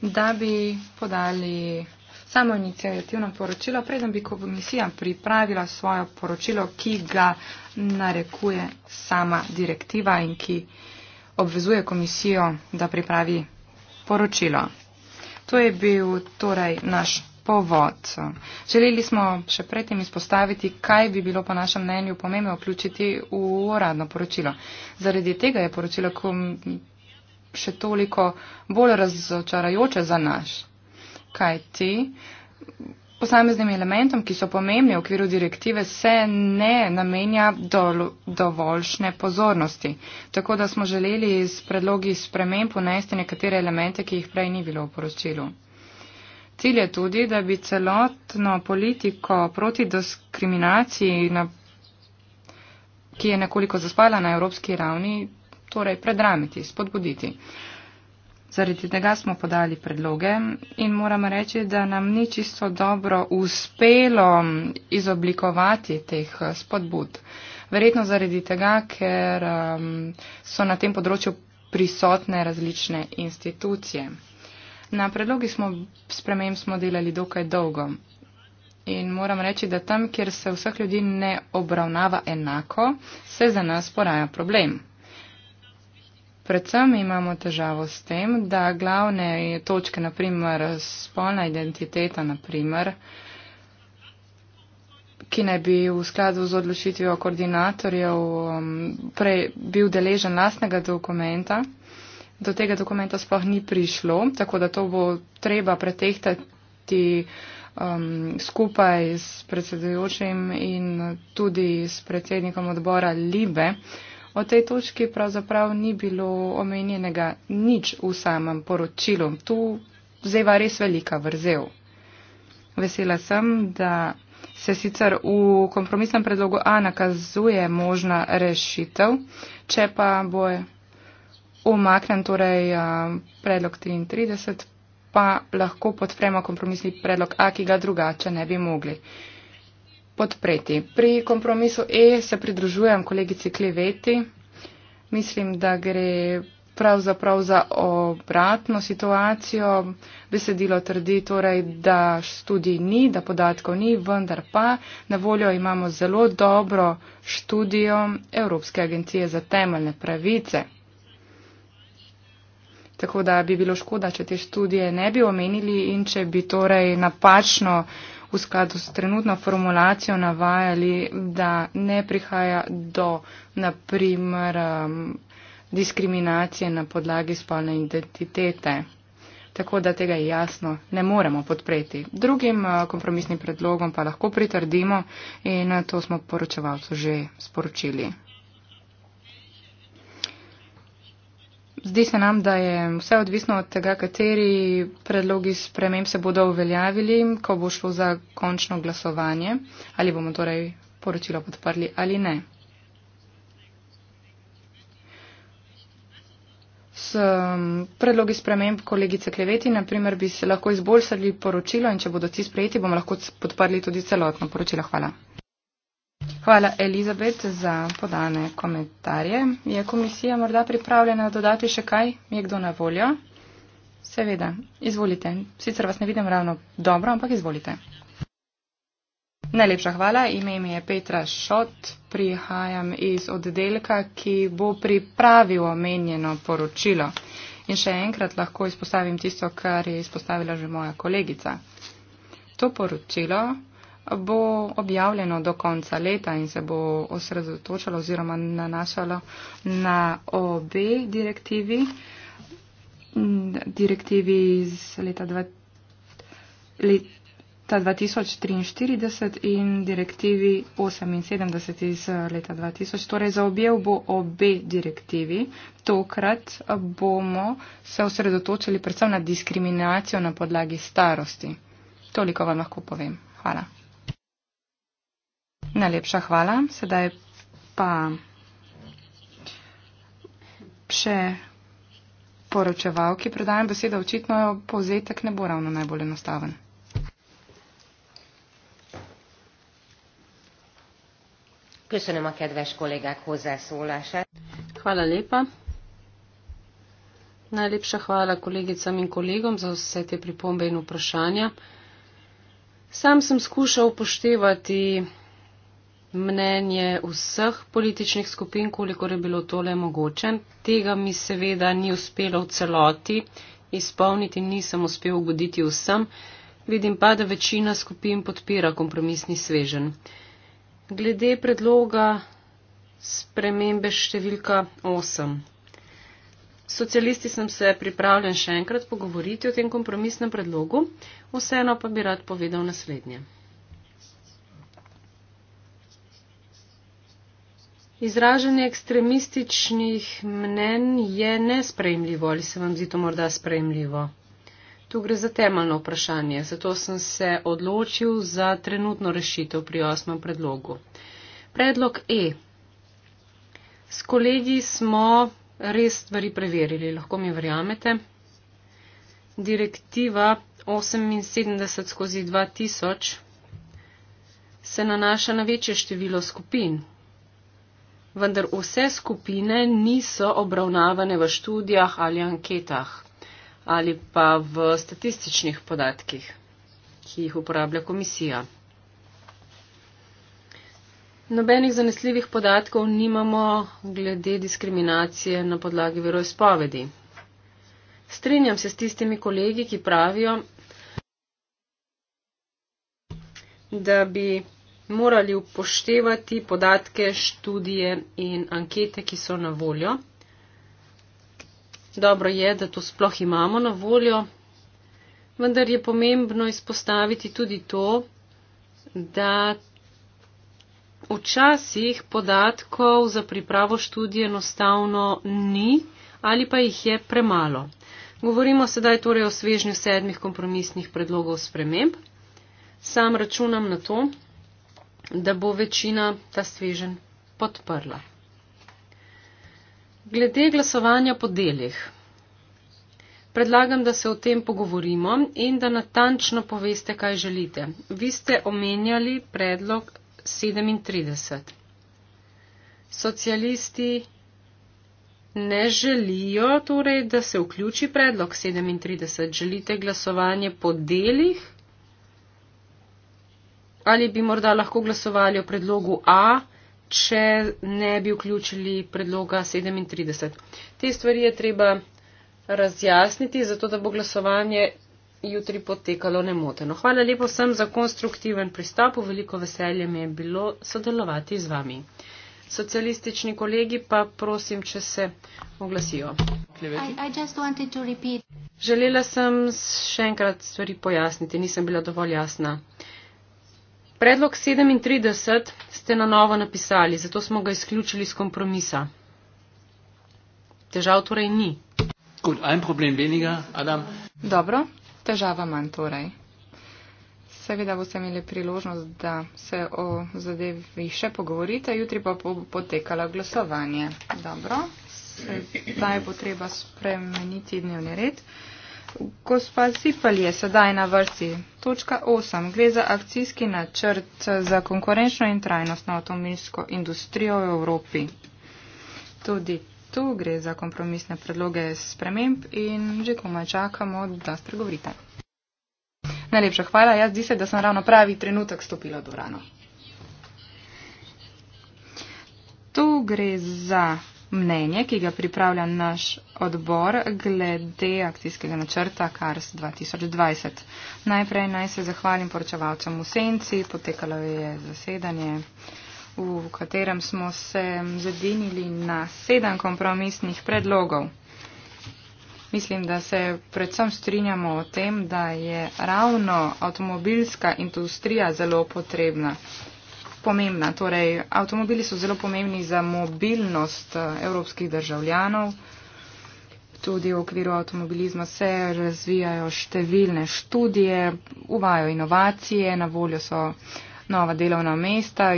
da bi podali samo inicijativno poročilo, preden bi komisija pripravila svojo poročilo, ki ga narekuje sama direktiva in ki obvezuje komisijo, da pripravi poročilo. To je bil torej naš povod. Želeli smo še predtem izpostaviti, kaj bi bilo po našem mnenju pomembno vključiti v uradno poročilo. Zaradi tega je poročilo še toliko bolj razočarajoče za naš. Kaj ti? Posameznim elementom, ki so pomembni v okviru direktive, se ne namenja dovoljšne pozornosti. Tako da smo želeli s predlogi sprememb unesti nekatere elemente, ki jih prej ni bilo v poročilu. Cilj je tudi, da bi celotno politiko proti diskriminaciji, na, ki je nekoliko zaspala na evropski ravni, torej predramiti, spodbuditi. Zaradi tega smo podali predloge in moram reči, da nam ni čisto dobro uspelo izoblikovati teh spodbud. Verjetno zaradi tega, ker um, so na tem področju prisotne različne institucije. Na predlogi smo sprememb smo delali dokaj dolgo. In moram reči, da tam, kjer se vseh ljudi ne obravnava enako, se za nas poraja problem. Predvsem imamo težavo s tem, da glavne točke, naprimer spolna identiteta, naprimer, ki naj bi v skladu z odločitvijo koordinatorjev um, prej bil deležen lastnega dokumenta, do tega dokumenta sploh ni prišlo, tako da to bo treba pretehtati um, skupaj s predsedujočim in tudi s predsednikom odbora Libe. O tej točki pravzaprav ni bilo omenjenega nič v samem poročilu. Tu zeva res velika vrzel. Vesela sem, da se sicer v kompromisnem predlogu A nakazuje možna rešitev, če pa boje umaknem torej eh, predlog 33, pa lahko podpremo kompromisni predlog A, ki ga drugače ne bi mogli podpreti. Pri kompromisu E se pridružujem kolegici Kleveti. Mislim, da gre pravzaprav za obratno situacijo. Besedilo trdi torej, da študij ni, da podatkov ni, vendar pa na voljo imamo zelo dobro študijo Evropske agencije za temeljne pravice tako da bi bilo škoda, če te študije ne bi omenili in če bi torej napačno v skladu s trenutno formulacijo navajali, da ne prihaja do, naprimer, um, diskriminacije na podlagi spolne identitete. Tako da tega jasno ne moremo podpreti. Drugim uh, kompromisnim predlogom pa lahko pritrdimo in uh, to smo poročevalcu že sporočili. Zdi se nam, da je vse odvisno od tega, kateri predlogi sprememb se bodo uveljavili, ko bo šlo za končno glasovanje, ali bomo torej poročilo podprli ali ne. S um, predlogi sprememb kolegice Kleveti, naprimer, bi se lahko izboljšali poročilo in če bodo ti sprejeti, bomo lahko podprli tudi celotno poročilo. Hvala. Hvala, Elizabet, za podane komentarje. Je komisija morda pripravljena dodati še kaj? Je kdo na voljo? Seveda, izvolite. Sicer vas ne vidim ravno dobro, ampak izvolite. Najlepša hvala. Ime mi je Petra Šot. Prihajam iz oddelka, ki bo pripravil omenjeno poročilo. In še enkrat lahko izpostavim tisto, kar je izpostavila že moja kolegica. To poročilo bo objavljeno do konca leta in se bo osredotočalo oziroma nanašalo na obe direktivi. Direktivi iz leta, dva, leta 2043 in direktivi 78 iz leta 2000. Torej zaobjel bo obe direktivi. Tokrat bomo se osredotočili predvsem na diskriminacijo na podlagi starosti. Toliko vam lahko povem. Hvala. Najlepša hvala. Sedaj pa še poročevalki predajam besedo. Očitno jo povzetek ne bo ravno najbolj enostaven. Köszönöm a kedves kollégák hozzászólását. Hvala lepa. Najlepša hvala kolegicam in kolegom za vse te pripombe in vprašanja. Sam sem skušal upoštevati mnenje vseh političnih skupin, koliko je bilo tole mogoče. Tega mi seveda ni uspelo v celoti izpolniti, nisem uspel ugoditi vsem. Vidim pa, da večina skupin podpira kompromisni svežen. Glede predloga spremembe številka 8. Socialisti sem se pripravljen še enkrat pogovoriti o tem kompromisnem predlogu, vseeno pa bi rad povedal naslednje. Izražanje ekstremističnih mnen je nesprejemljivo ali se vam zdi to morda sprejemljivo? Tu gre za temeljno vprašanje, zato sem se odločil za trenutno rešitev pri osmem predlogu. Predlog E. S kolegi smo res stvari preverili, lahko mi verjamete. Direktiva 78 skozi 2000 se nanaša na večje število skupin, vendar vse skupine niso obravnavane v študijah ali anketah ali pa v statističnih podatkih, ki jih uporablja komisija. Nobenih zanesljivih podatkov nimamo glede diskriminacije na podlagi veroizpovedi. Strinjam se s tistimi kolegi, ki pravijo, da bi morali upoštevati podatke, študije in ankete, ki so na voljo. Dobro je, da to sploh imamo na voljo, vendar je pomembno izpostaviti tudi to, da včasih podatkov za pripravo študije enostavno ni ali pa jih je premalo. Govorimo sedaj torej o svežnju sedmih kompromisnih predlogov sprememb. Sam računam na to, da bo večina ta svežen podprla. Glede glasovanja po delih. Predlagam, da se o tem pogovorimo in da natančno poveste, kaj želite. Vi ste omenjali predlog 37. Socialisti ne želijo torej, da se vključi predlog 37. Želite glasovanje po delih ali bi morda lahko glasovali o predlogu A, če ne bi vključili predloga 37. Te stvari je treba razjasniti, zato da bo glasovanje jutri potekalo nemoteno. Hvala lepo vsem za konstruktiven pristop, veliko veselje mi je bilo sodelovati z vami. Socialistični kolegi pa prosim, če se oglasijo. I, I Želela sem še enkrat stvari pojasniti, nisem bila dovolj jasna. Predlog 37 ste na novo napisali, zato smo ga izključili iz kompromisa. Težav torej ni. Gut, ein problem weniger, Adam. Dobro, težava manj torej. Seveda boste imeli priložnost, da se o zadevi še pogovorite, jutri pa bo potekalo glasovanje. Dobro, zdaj bo treba spremeniti dnevni red. Gospa Zipal je sedaj na vrsti. Točka 8. Gre za akcijski načrt za konkurenčno in trajnostno avtomobilsko industrijo v Evropi. Tudi tu gre za kompromisne predloge sprememb in že komaj čakamo, da spregovorite. Najlepša hvala. Jaz zdi se, da sem ravno pravi trenutek stopila do rano. Tu gre za mnenje, ki ga pripravlja naš odbor glede akcijskega načrta KARS 2020. Najprej naj se zahvalim poročevalcem v senci, potekalo je zasedanje, v katerem smo se zedinili na sedem kompromisnih predlogov. Mislim, da se predvsem strinjamo o tem, da je ravno avtomobilska industrija zelo potrebna pomembna. Torej, avtomobili so zelo pomembni za mobilnost eh, evropskih državljanov. Tudi v okviru avtomobilizma se razvijajo številne študije, uvajo inovacije, na voljo so nova delovna mesta,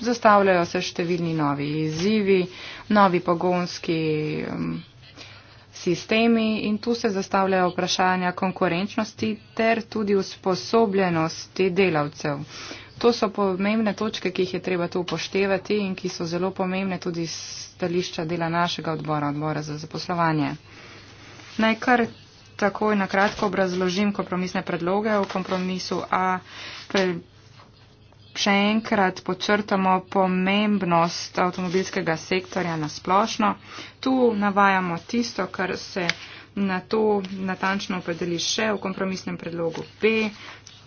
zastavljajo se številni novi izzivi, novi pogonski mm, sistemi in tu se zastavljajo vprašanja konkurenčnosti ter tudi usposobljenosti delavcev to so pomembne točke, ki jih je treba tu upoštevati in ki so zelo pomembne tudi z stališča dela našega odbora, odbora za zaposlovanje. Naj kar takoj na kratko obrazložim kompromisne predloge v kompromisu A. Pre, še enkrat počrtamo pomembnost avtomobilskega sektorja na splošno. Tu navajamo tisto, kar se. Na to natančno opredeli še v kompromisnem predlogu B,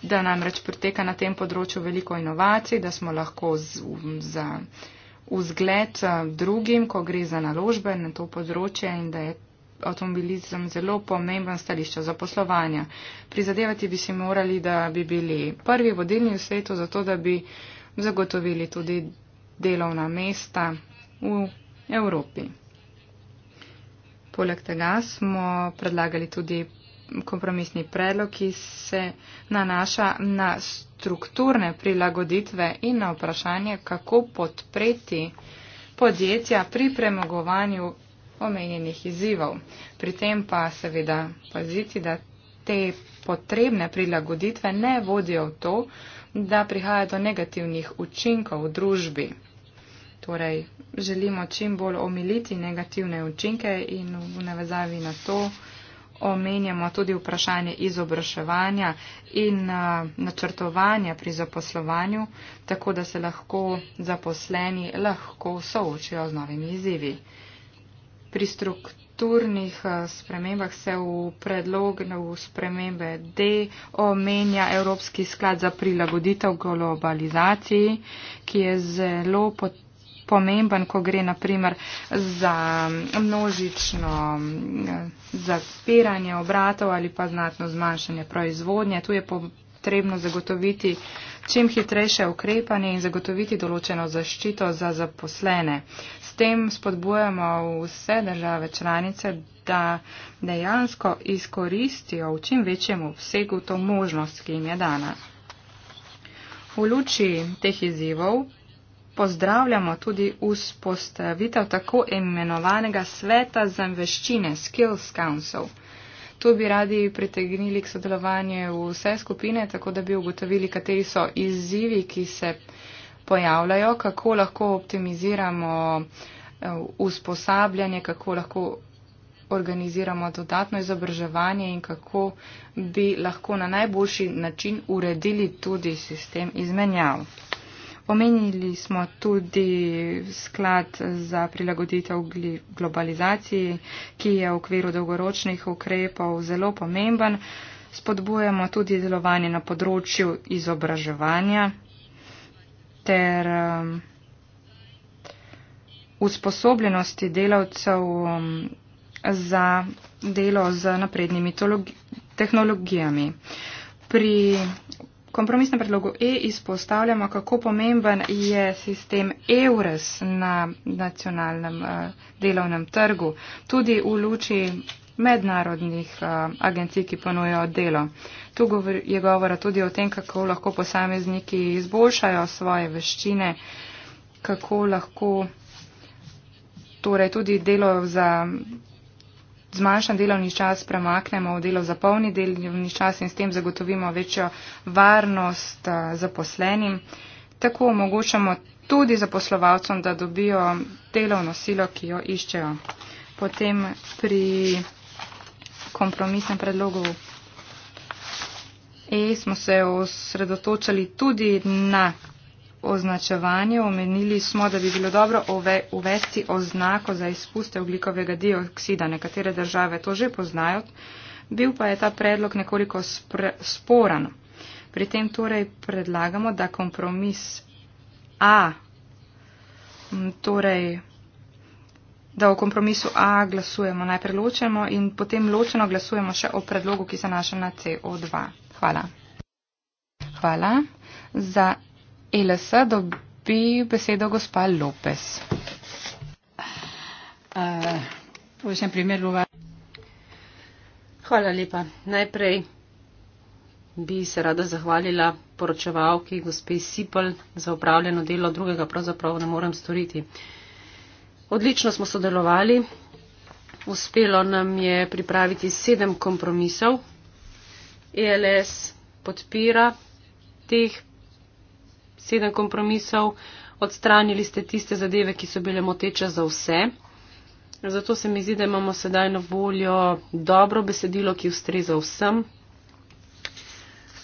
da nam reč preteka na tem področju veliko inovacij, da smo lahko z, za vzgled eh, drugim, ko gre za naložbe na to področje in da je avtomobilizem zelo pomemben stališče za poslovanje. Prizadevati bi si morali, da bi bili prvi vodilni v svetu za to, da bi zagotovili tudi delovna mesta v Evropi. Poleg tega smo predlagali tudi kompromisni predlog, ki se nanaša na strukturne prilagoditve in na vprašanje, kako podpreti podjetja pri premagovanju omenjenih izzivov. Pri tem pa seveda paziti, da te potrebne prilagoditve ne vodijo v to, da prihaja do negativnih učinkov v družbi. Torej, želimo čim bolj omiliti negativne učinke in v navezavi na to, omenjamo tudi vprašanje izobraževanja in uh, načrtovanja pri zaposlovanju, tako da se lahko zaposleni lahko soočijo z novimi izzivi. Pri strukturnih uh, spremembah se v predlogu spremembe D omenja Evropski sklad za prilagoditev globalizaciji, ki je zelo potrebno pomemben, ko gre naprimer za množično eh, zapiranje obratov ali pa znatno zmanjšanje proizvodnje. Tu je potrebno zagotoviti čim hitrejše ukrepanje in zagotoviti določeno zaščito za zaposlene. S tem spodbujamo vse države članice, da dejansko izkoristijo v čim večjem obsegu to možnost, ki jim je dana. V luči teh izzivov pozdravljamo tudi vzpostavitev tako imenovanega sveta za veščine, Skills Council. Tu bi radi pritegnili k sodelovanju vse skupine, tako da bi ugotovili, kateri so izzivi, ki se pojavljajo, kako lahko optimiziramo eh, usposabljanje, kako lahko organiziramo dodatno izobraževanje in kako bi lahko na najboljši način uredili tudi sistem izmenjav. Omenili smo tudi sklad za prilagoditev globalizaciji, ki je v okviru dolgoročnih ukrepov zelo pomemben. Spodbujamo tudi delovanje na področju izobraževanja ter um, usposobljenosti delavcev um, za delo z naprednimi tehnologijami. Pri kompromisnem predlogu E izpostavljamo, kako pomemben je sistem EURES na nacionalnem uh, delovnem trgu, tudi v luči mednarodnih uh, agencij, ki ponujejo delo. Tu govor, je govora tudi o tem, kako lahko posamezniki izboljšajo svoje veščine, kako lahko torej tudi delo za zmanjšan delovni čas premaknemo v delo za polni delovni čas in s tem zagotovimo večjo varnost eh, zaposlenim. Tako omogočamo tudi zaposlovalcem, da dobijo delovno silo, ki jo iščejo. Potem pri kompromisnem predlogu E smo se osredotočali tudi na označevanje. Omenili smo, da bi bilo dobro uvesti oznako za izpuste oglikovega dioksida. Nekatere države to že poznajo. Bil pa je ta predlog nekoliko sporan. Pri tem torej predlagamo, da kompromis A, torej, da o kompromisu A glasujemo. Najprej ločemo in potem ločeno glasujemo še o predlogu, ki se naša na CO2. Hvala. Hvala. Za LS dobi besedo gospa Lopes. Uh, primeru... Hvala lepa. Najprej bi se rada zahvalila poročevalki gospe Sipel za upravljeno delo, drugega pravzaprav ne morem storiti. Odlično smo sodelovali. Uspelo nam je pripraviti sedem kompromisov. ELS podpira teh sedem kompromisov, odstranili ste tiste zadeve, ki so bile moteče za vse. Zato se mi zdi, da imamo sedaj na voljo dobro besedilo, ki ustreza vsem.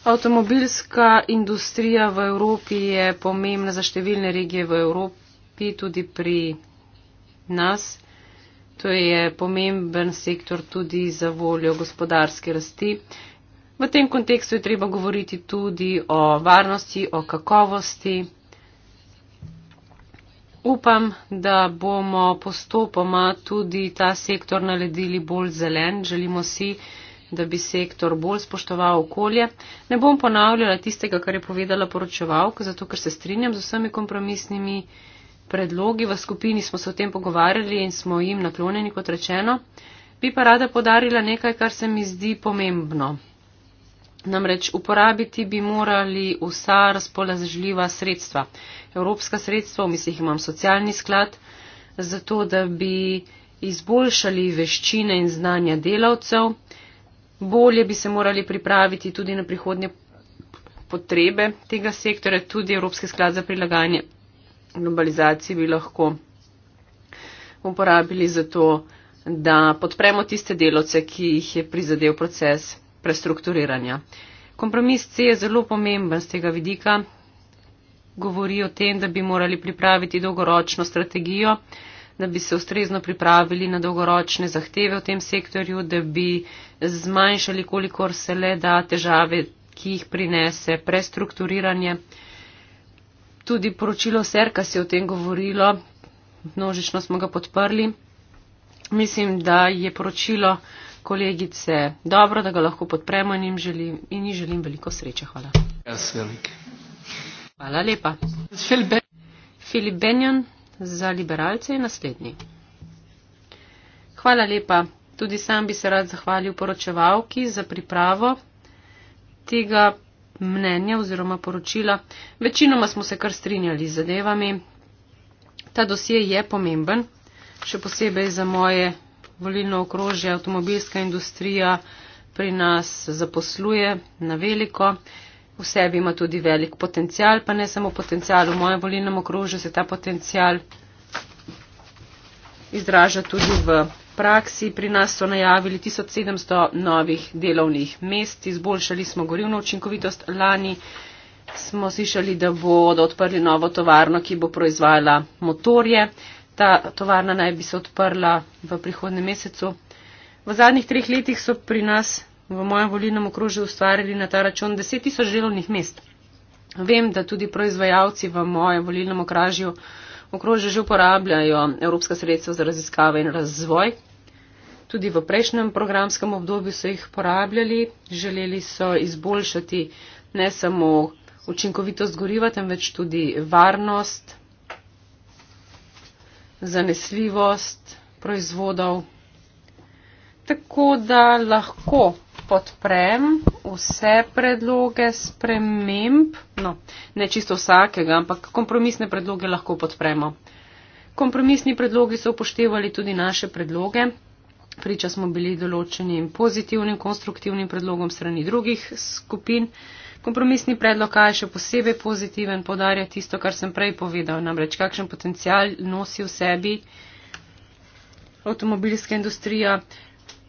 Avtomobilska industrija v Evropi je pomembna za številne regije v Evropi, tudi pri nas. To je pomemben sektor tudi za voljo gospodarske rasti. V tem kontekstu je treba govoriti tudi o varnosti, o kakovosti. Upam, da bomo postopoma tudi ta sektor naredili bolj zelen. Želimo si, da bi sektor bolj spoštoval okolje. Ne bom ponavljala tistega, kar je povedala poročevalka, zato ker se strinjam z vsemi kompromisnimi predlogi. V skupini smo se o tem pogovarjali in smo jim naklonjeni, kot rečeno. Bi pa rada podarila nekaj, kar se mi zdi pomembno. Namreč uporabiti bi morali vsa razpoložljiva sredstva. Evropska sredstva, v mislih imam socialni sklad, zato da bi izboljšali veščine in znanja delavcev. Bolje bi se morali pripraviti tudi na prihodnje potrebe tega sektora, tudi Evropski sklad za prilagajanje globalizaciji bi lahko uporabili za to, da podpremo tiste delavce, ki jih je prizadel proces prestrukturiranja. Kompromis C je zelo pomemben z tega vidika. Govori o tem, da bi morali pripraviti dolgoročno strategijo, da bi se ustrezno pripravili na dolgoročne zahteve v tem sektorju, da bi zmanjšali, kolikor se le da, težave, ki jih prinese prestrukturiranje. Tudi poročilo Serka se je o tem govorilo, množično smo ga podprli. Mislim, da je poročilo kolegice, dobro, da ga lahko podpremo in jim želim, in jim želim veliko sreče. Hvala. Hvala lepa. Filip Benjon za liberalce je naslednji. Hvala lepa. Tudi sam bi se rad zahvalil poročevalki za pripravo tega mnenja oziroma poročila. Večinoma smo se kar strinjali z zadevami. Ta dosje je pomemben, še posebej za moje volilno okrožje, avtomobilska industrija pri nas zaposluje na veliko. V sebi ima tudi velik potencial, pa ne samo potencial. V mojem volilnem okrožju se ta potencial izraža tudi v praksi. Pri nas so najavili 1700 novih delovnih mest, izboljšali smo gorivno učinkovitost. Lani smo slišali, da bodo odprli novo tovarno, ki bo proizvajala motorje. Ta tovarna naj bi se odprla v prihodnem mesecu. V zadnjih treh letih so pri nas v mojem volilnem okrožju ustvarili na ta račun 10 tisoč delovnih mest. Vem, da tudi proizvajalci v mojem volilnem okrožju, okrožju že uporabljajo evropska sredstva za raziskave in razvoj. Tudi v prejšnjem programskem obdobju so jih porabljali, želeli so izboljšati ne samo učinkovitost goriva, temveč tudi varnost zanesljivost proizvodov, tako da lahko podprem vse predloge sprememb, no, ne čisto vsakega, ampak kompromisne predloge lahko podpremo. Kompromisni predlogi so upoštevali tudi naše predloge, priča smo bili določenim pozitivnim, konstruktivnim predlogom strani drugih skupin. Kompromisni predlog A je še posebej pozitiven, podarja tisto, kar sem prej povedal, namreč kakšen potencial nosi v sebi avtomobilska industrija.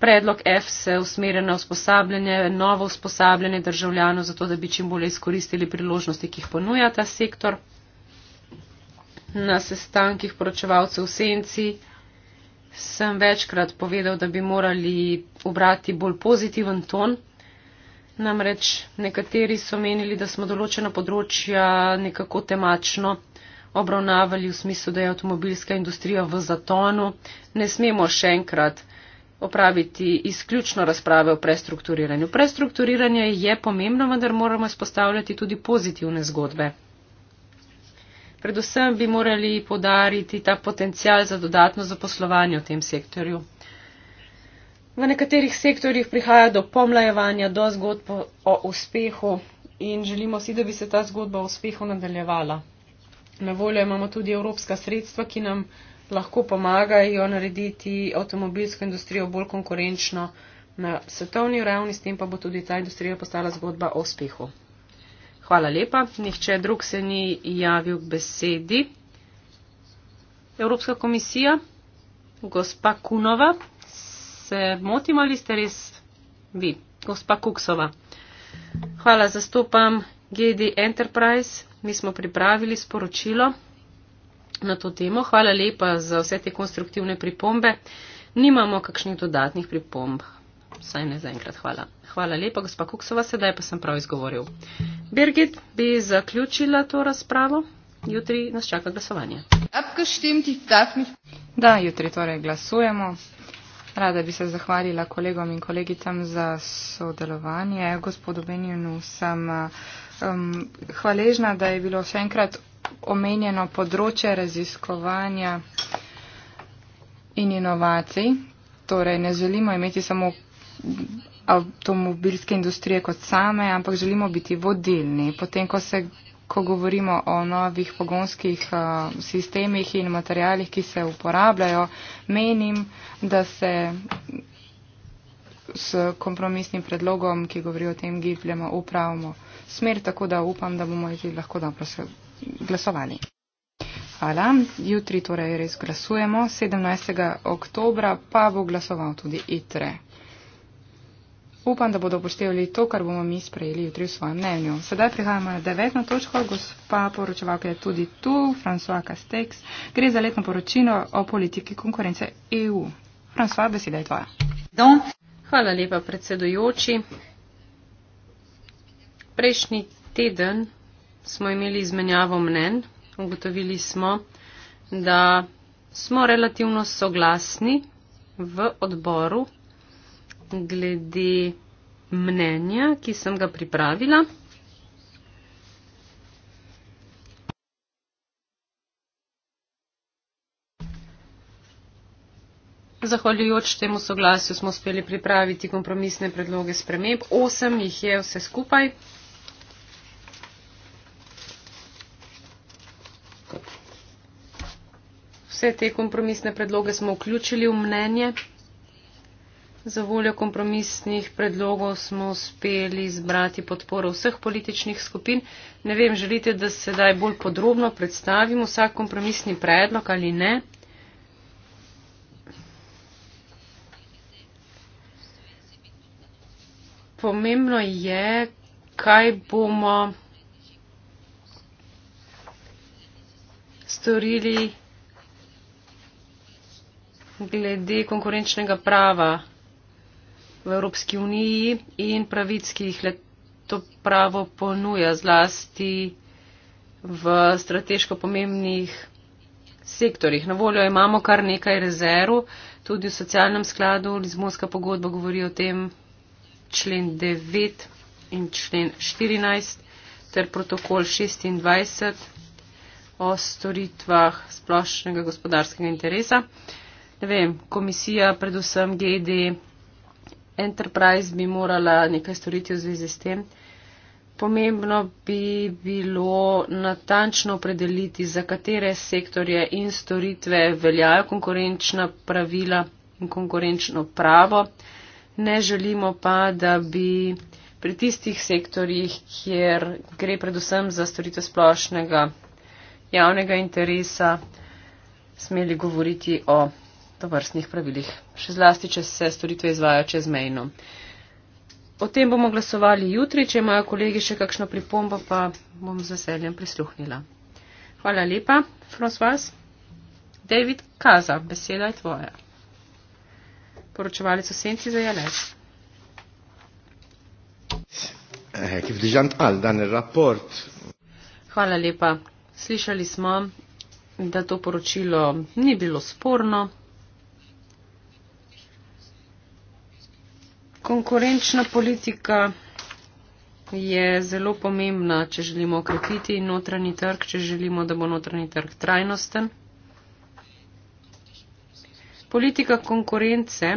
Predlog F se usmerja na usposabljanje, novo usposabljanje državljanov, zato da bi čim bolje izkoristili priložnosti, ki jih ponuja ta sektor. Na sestankih poročevalcev v senci sem večkrat povedal, da bi morali obrati bolj pozitiven ton. Namreč nekateri so menili, da smo določena področja nekako temačno obravnavali v smislu, da je avtomobilska industrija v zatonu. Ne smemo še enkrat opraviti izključno razprave o prestrukturiranju. Prestrukturiranje je pomembno, vendar moramo izpostavljati tudi pozitivne zgodbe. Predvsem bi morali podariti ta potencial za dodatno zaposlovanje v tem sektorju. V nekaterih sektorjih prihaja do pomlajevanja, do zgodb o uspehu in želimo si, da bi se ta zgodba o uspehu nadaljevala. Na voljo imamo tudi evropska sredstva, ki nam lahko pomagajo narediti avtomobilsko industrijo bolj konkurenčno na svetovni ravni, s tem pa bo tudi ta industrija postala zgodba o uspehu. Hvala lepa. Nihče drug se ni javil k besedi. Evropska komisija, gospa Kunova se motim ali ste res vi, gospa Kuksova. Hvala, zastopam GD Enterprise. Mi smo pripravili sporočilo na to temo. Hvala lepa za vse te konstruktivne pripombe. Nimamo kakšnih dodatnih pripomb. Saj ne zaenkrat. Hvala. Hvala lepa, gospa Kuksova. Sedaj pa sem prav izgovoril. Birgit, bi zaključila to razpravo? Jutri nas čaka glasovanje. Da, jutri torej glasujemo. Rada bi se zahvalila kolegom in kolegicam za sodelovanje. Gospodu Benjenu sem um, hvaležna, da je bilo še enkrat omenjeno področje raziskovanja in inovacij. Torej, ne želimo imeti samo avtomobilske industrije kot same, ampak želimo biti vodilni. Potem, ko se ko govorimo o novih pogonskih sistemih in materijalih, ki se uporabljajo, menim, da se s kompromisnim predlogom, ki govori o tem, gibljemo upravno smer, tako da upam, da bomo jih lahko dobro glasovali. Hvala. Jutri torej res glasujemo, 17. oktobra pa bo glasoval tudi ITRE upam, da bodo upoštevali to, kar bomo mi sprejeli jutri v svojem mnenju. Sedaj prihajamo na devetno točko. Gospa poročevalka je tudi tu, François Castex. Gre za letno poročilo o politiki konkurence EU. François, beseda je tvoja. Hvala lepa, predsedujoči. Prejšnji teden smo imeli izmenjavo mnen. Ugotovili smo, da smo relativno soglasni v odboru glede mnenja, ki sem ga pripravila. Zahvaljujoč temu soglasju smo uspeli pripraviti kompromisne predloge sprememb. Osem jih je vse skupaj. Vse te kompromisne predloge smo vključili v mnenje. Za voljo kompromisnih predlogov smo uspeli zbrati podporo vseh političnih skupin. Ne vem, želite, da se daj bolj podrobno predstavim vsak kompromisni predlog ali ne? Pomembno je, kaj bomo storili glede konkurenčnega prava v Evropski uniji in pravic, ki jih le to pravo ponuja zlasti v strateško pomembnih sektorjih. Na voljo imamo kar nekaj rezerv, tudi v socialnem skladu Lizmonska pogodba govori o tem člen 9 in člen 14 ter protokol 26 o storitvah splošnega gospodarskega interesa. Ne vem, komisija, predvsem GED, Enterprise bi morala nekaj storiti v zvezi s tem. Pomembno bi bilo natančno opredeliti, za katere sektorje in storitve veljajo konkurenčna pravila in konkurenčno pravo. Ne želimo pa, da bi pri tistih sektorjih, kjer gre predvsem za storitev splošnega javnega interesa, smeli govoriti o to vrstnih pravilih, še zlasti, če se storitve izvajo čezmejno. O tem bomo glasovali jutri, če imajo kolegi še kakšno pripombo, pa bom z veseljem prisluhnila. Hvala lepa, François. David Kaza, beseda je tvoja. Poročevalec v senci za Janes. Hvala lepa. Slišali smo, da to poročilo ni bilo sporno. Konkurenčna politika je zelo pomembna, če želimo okrepiti notranji trg, če želimo, da bo notranji trg trajnosten. Politika konkurence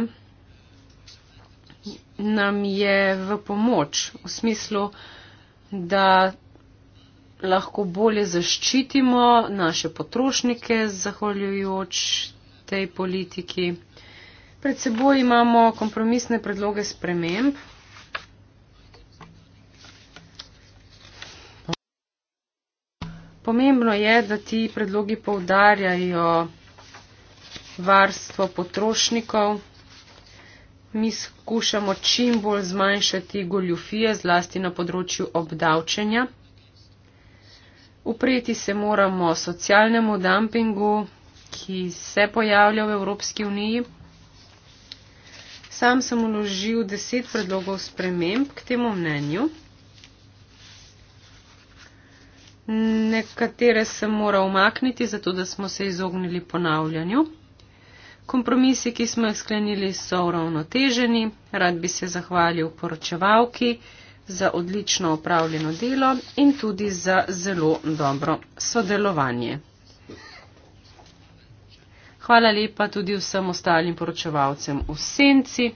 nam je v pomoč v smislu, da lahko bolje zaščitimo naše potrošnike, zahvaljujoč tej politiki. Pred seboj imamo kompromisne predloge sprememb. Pomembno je, da ti predlogi povdarjajo varstvo potrošnikov. Mi skušamo čim bolj zmanjšati goljufije zlasti na področju obdavčenja. Upreti se moramo socialnemu dumpingu, ki se pojavlja v Evropski uniji. Sam sem uložil deset predlogov sprememb k temu mnenju. Nekatere sem moral umakniti, zato da smo se izognili ponavljanju. Kompromisi, ki smo jih sklenili, so uravnoteženi. Rad bi se zahvalil poročevalki za odlično opravljeno delo in tudi za zelo dobro sodelovanje. Hvala lepa tudi vsem ostalim poročevalcem v senci.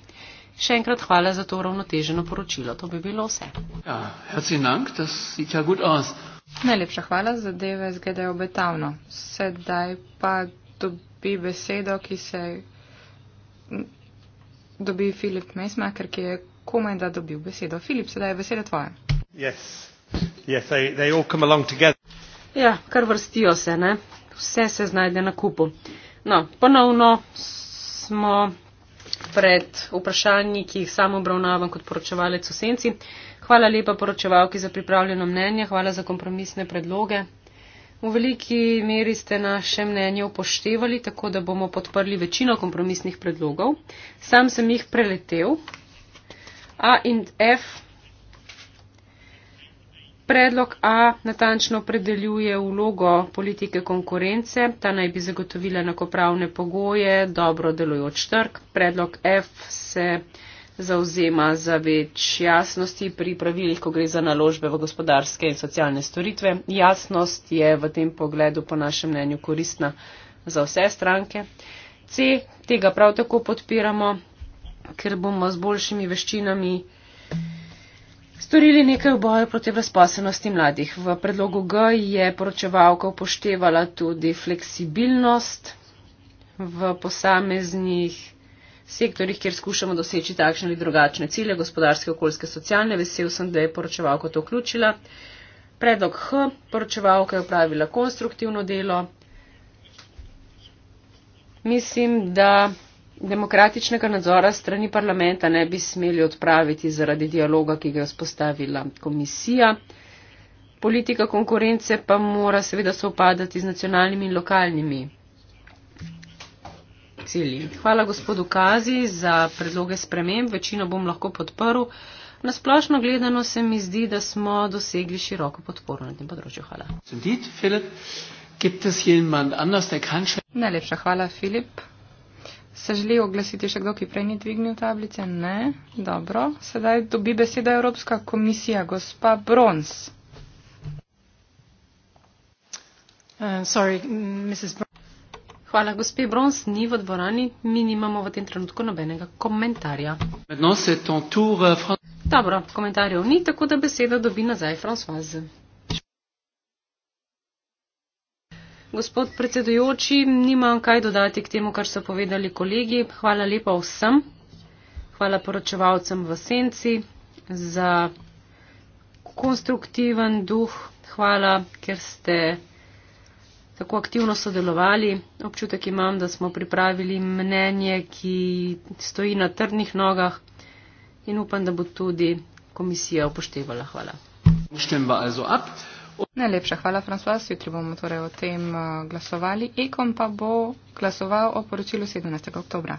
Še enkrat hvala za to ravnoteženo poročilo. To bi bilo vse. Ja, ja Najlepša hvala, zadeve zgledajo obetavno. Sedaj pa dobi besedo, ki se dobi Filip Mesmaker, ki je komaj da dobil besedo. Filip, sedaj je beseda tvoja. Yes. Yes, they, they ja, kar vrstijo se, ne? vse se znajde na kupu. Uh, No, ponovno smo pred vprašanji, ki jih samo obravnavam kot poročevalec v senci. Hvala lepa poročevalki za pripravljeno mnenje, hvala za kompromisne predloge. V veliki meri ste naše mnenje upoštevali, tako da bomo podprli večino kompromisnih predlogov. Sam sem jih preletel. A in F Predlog A natančno predeljuje vlogo politike konkurence, ta naj bi zagotovila enakopravne pogoje, dobro delujoč trg. Predlog F se zauzema za več jasnosti pri pravilih, ko gre za naložbe v gospodarske in socialne storitve. Jasnost je v tem pogledu po našem mnenju koristna za vse stranke. C. Tega prav tako podpiramo, ker bomo z boljšimi veščinami storili nekaj v boju proti brezposobnosti mladih. V predlogu G je poročevalka upoštevala tudi fleksibilnost v posameznih sektorjih, kjer skušamo doseči takšne ali drugačne cilje, gospodarske, okoljske, socialne. Vesel sem, da je poročevalka to vključila. Predlog H, poročevalka je upravila konstruktivno delo. Mislim, da demokratičnega nadzora strani parlamenta ne bi smeli odpraviti zaradi dialoga, ki ga je vzpostavila komisija. Politika konkurence pa mora seveda sovpadati z nacionalnimi in lokalnimi cilji. Hvala gospodu Kazi za predloge sprememb, večino bom lahko podprl. Na splošno gledano se mi zdi, da smo dosegli široko podporo na tem področju. Hvala. Najlepša hvala, Filip. Se želi oglasiti še kdo, ki prej ni dvignil tablice? Ne. Dobro. Sedaj dobi beseda Evropska komisija, gospa Brons. Uh, Hvala, gospe Brons, ni v dvorani, mi nimamo v tem trenutku nobenega komentarja. Euh, Dobro, komentarjev ni, tako da beseda dobi nazaj Françoise. Gospod predsedujoči, nimam kaj dodati k temu, kar so povedali kolegi. Hvala lepa vsem. Hvala poročevalcem v senci za konstruktiven duh. Hvala, ker ste tako aktivno sodelovali. Občutek imam, da smo pripravili mnenje, ki stoji na trdnih nogah in upam, da bo tudi komisija upoštevala. Hvala. Stimmen wir also ab. Najlepša hvala, Francois. Jutri bomo torej o tem eh, glasovali. Ekom pa bo glasoval o poročilu 17. oktobra.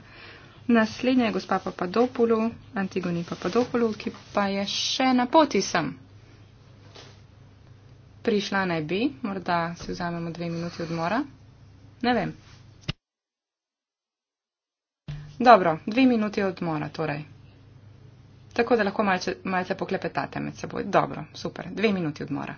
Naslednja je gospa Papadopulu, Antigoni Papadopulu, ki pa je še na poti sem. Prišla naj bi, morda si vzamemo dve minuti odmora. Ne vem. Dobro, dve minuti odmora torej. Tako da lahko malce, malce poklepetate med seboj. Dobro, super. Dve minuti odmora.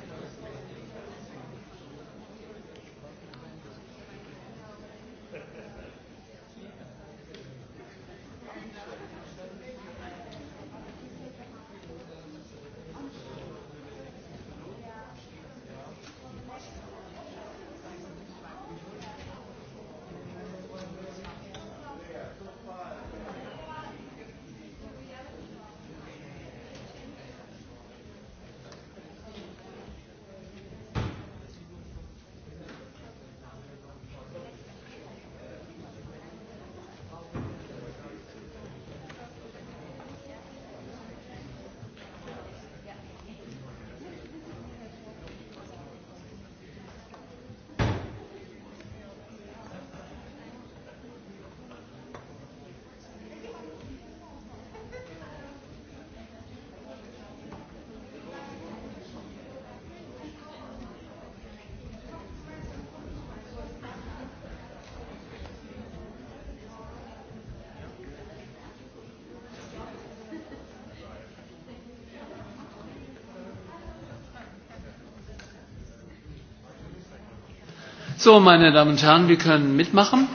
So, meine Damen und Herren, wir können mitmachen.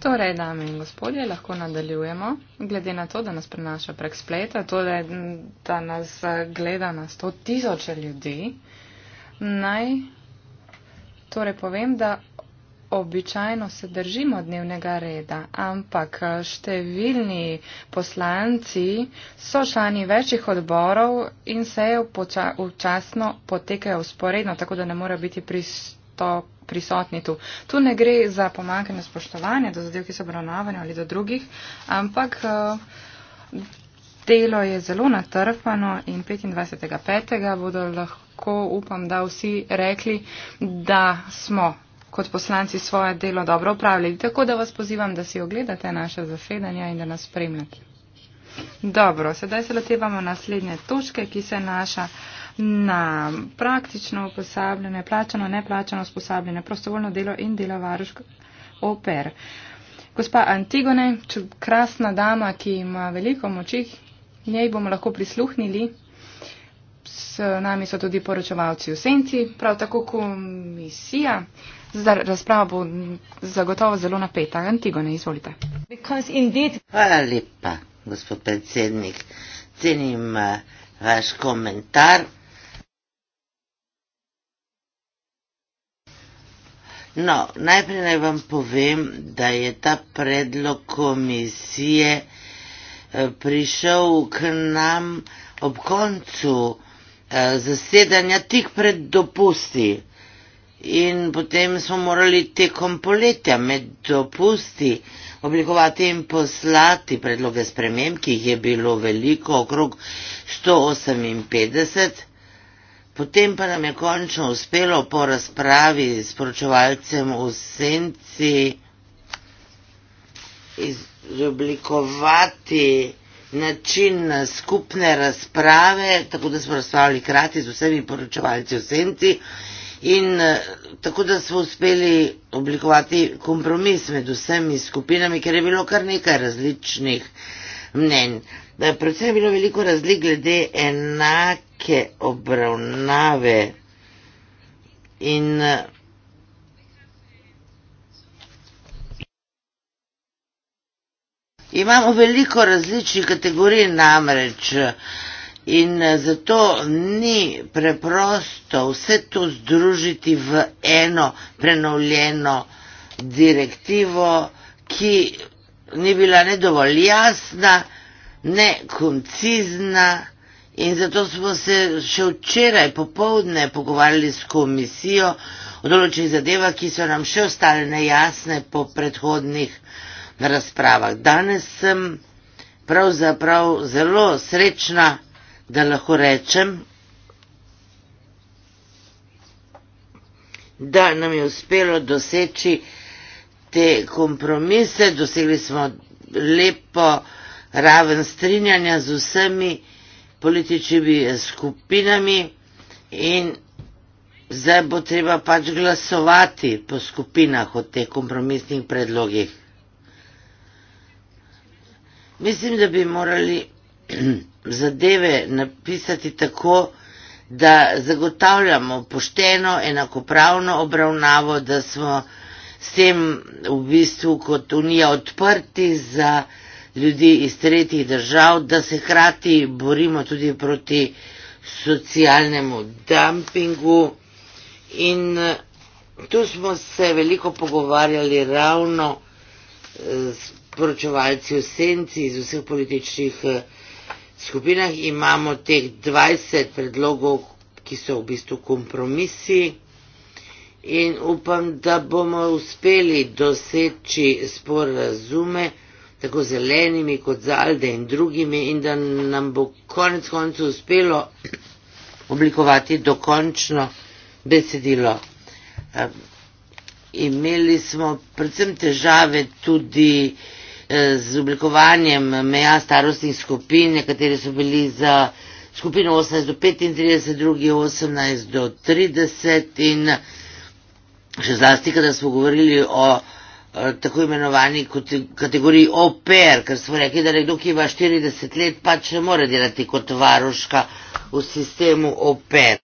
Torej, dame in gospodje, lahko nadaljujemo. Glede na to, da nas prenaša prek spleta, torej, da nas eh, gleda na sto tisoče ljudi, naj torej povem, da običajno se držimo dnevnega reda, ampak eh, številni poslanci so člani večjih odborov in se včasno potekajo usporedno, tako da ne morejo biti pristop prisotni tu. Tu ne gre za pomankanje spoštovanja do zadev, ki so obravnavane ali do drugih, ampak eh, delo je zelo natrpano in 25.5. bodo lahko, upam, da vsi rekli, da smo kot poslanci svoje delo dobro upravljali. Tako da vas pozivam, da si ogledate naše zasedanja in da nas spremljate. Dobro, sedaj se lotevamo naslednje točke, ki se naša na praktično usposabljanje, plačano, neplačano usposabljanje, prostovoljno delo in dela varuška oper. Gospa Antigone, krasna dama, ki ima veliko moči, njej bomo lahko prisluhnili. S nami so tudi poročevalci v senci, prav tako komisija. Zdaj razprava bo zagotovo zelo napeta. Antigone, izvolite. Indeed... Hvala lepa, gospod predsednik. Cenim uh, vaš komentar. No, najprej naj vam povem, da je ta predlog komisije eh, prišel k nam ob koncu eh, zasedanja tik pred dopusti. In potem smo morali tekom poletja med dopusti oblikovati in poslati predloge sprememb, ki jih je bilo veliko, okrog 158. Potem pa nam je končno uspelo po razpravi s poročevalcem v senci izoblikovati način na skupne razprave, tako da smo razpravljali krati z vsemi poročevalci v senci in eh, tako da smo uspeli oblikovati kompromis med vsemi skupinami, ker je bilo kar nekaj različnih mnen da je predvsem bilo veliko razlik glede enake obravnave in Imamo veliko različnih kategorij namreč in zato ni preprosto vse to združiti v eno prenovljeno direktivo, ki ni bila nedovolj jasna nekoncizna in zato smo se še včeraj popovdne pogovarjali s komisijo o določenih zadevah, ki so nam še ostale nejasne po predhodnih razpravah. Danes sem pravzaprav zelo srečna, da lahko rečem, da nam je uspelo doseči te kompromise, dosegli smo lepo raven strinjanja z vsemi političnimi skupinami in zdaj bo treba pač glasovati po skupinah o teh kompromisnih predlogih. Mislim, da bi morali zadeve napisati tako, da zagotavljamo pošteno, enakopravno obravnavo, da smo s tem v bistvu kot unija odprti za ljudi iz tretjih držav, da se hkrati borimo tudi proti socialnemu dumpingu. In eh, tu smo se veliko pogovarjali ravno eh, s poročevalci v senci iz vseh političnih eh, skupinah. Imamo teh 20 predlogov, ki so v bistvu kompromisi. In upam, da bomo uspeli doseči spor razume tako zelenimi kot za Alde in drugimi in da nam bo konec koncu uspelo oblikovati dokončno besedilo. Um, imeli smo predvsem težave tudi eh, z oblikovanjem meja starostnih skupin, nekateri so bili za skupino 18 do 35, drugi 18 do 30 in še zlasti, kada smo govorili o Eh, tako imenovani kategoriji OPR, ker smo rekli, da nekdo, ki ima 40 let, pač ne more delati kot varuška v sistemu OPR.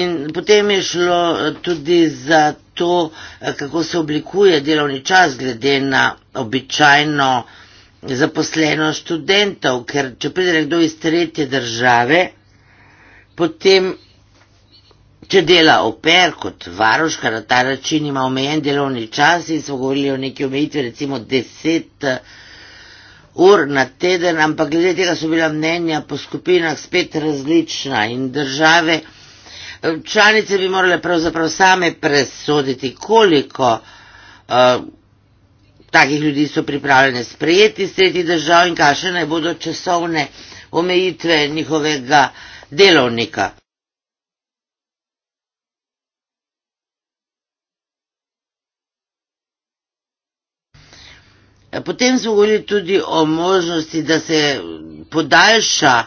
In potem je šlo eh, tudi za to, eh, kako se oblikuje delovni čas glede na običajno zaposleno študentov, ker če pride nekdo iz tretje države, potem Če dela oper kot varuška na ta način, ima omejen delovni čas in smo govorili o neki omejitvi, recimo 10 eh, ur na teden, ampak glede tega so bila mnenja po skupinah spet različna in države eh, članice bi morale pravzaprav same presoditi, koliko uh, takih ljudi so pripravljene sprejeti iz tretjih držav in kakšne naj bodo časovne omejitve njihovega delovnika. Potem smo govorili tudi o možnosti, da se podaljša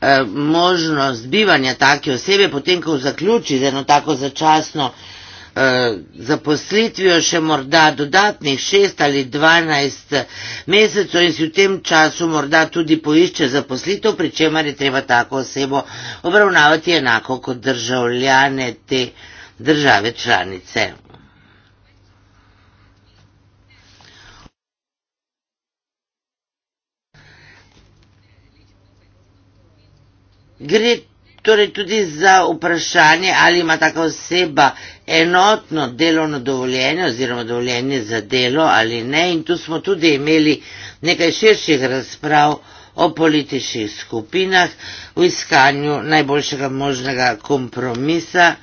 eh, možnost bivanja take osebe, potem ko zaključi z eno tako začasno eh, zaposlitvijo še morda dodatnih šest ali dvanajst eh, mesecov in si v tem času morda tudi poišče zaposlitev, pri čemer je treba tako osebo obravnavati enako kot državljane te države članice Gre torej tudi za vprašanje, ali ima taka oseba enotno delovno dovoljenje oziroma dovoljenje za delo ali ne. In tu smo tudi imeli nekaj širših razprav o političnih skupinah, v iskanju najboljšega možnega kompromisa.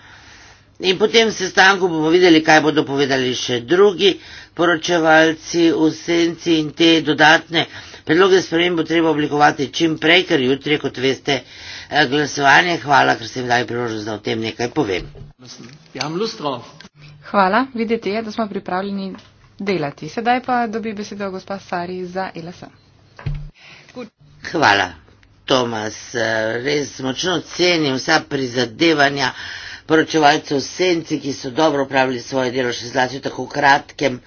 In po tem sestanku bomo videli, kaj bodo povedali še drugi poročevalci v senci in te dodatne predloge sprememb bo treba oblikovati čim prej, ker jutri, kot veste, Eh, glasovanje. Hvala, ker ste mi dali priložnost, da o tem nekaj povem. Hvala, vidite je, da smo pripravljeni delati. Sedaj pa dobi besedo gospa Sari za LS. Hvala, Tomas. Eh, res močno cenim vsa prizadevanja poročevalcev senci, ki so dobro upravili svoje delo, še zlasti v tako kratkem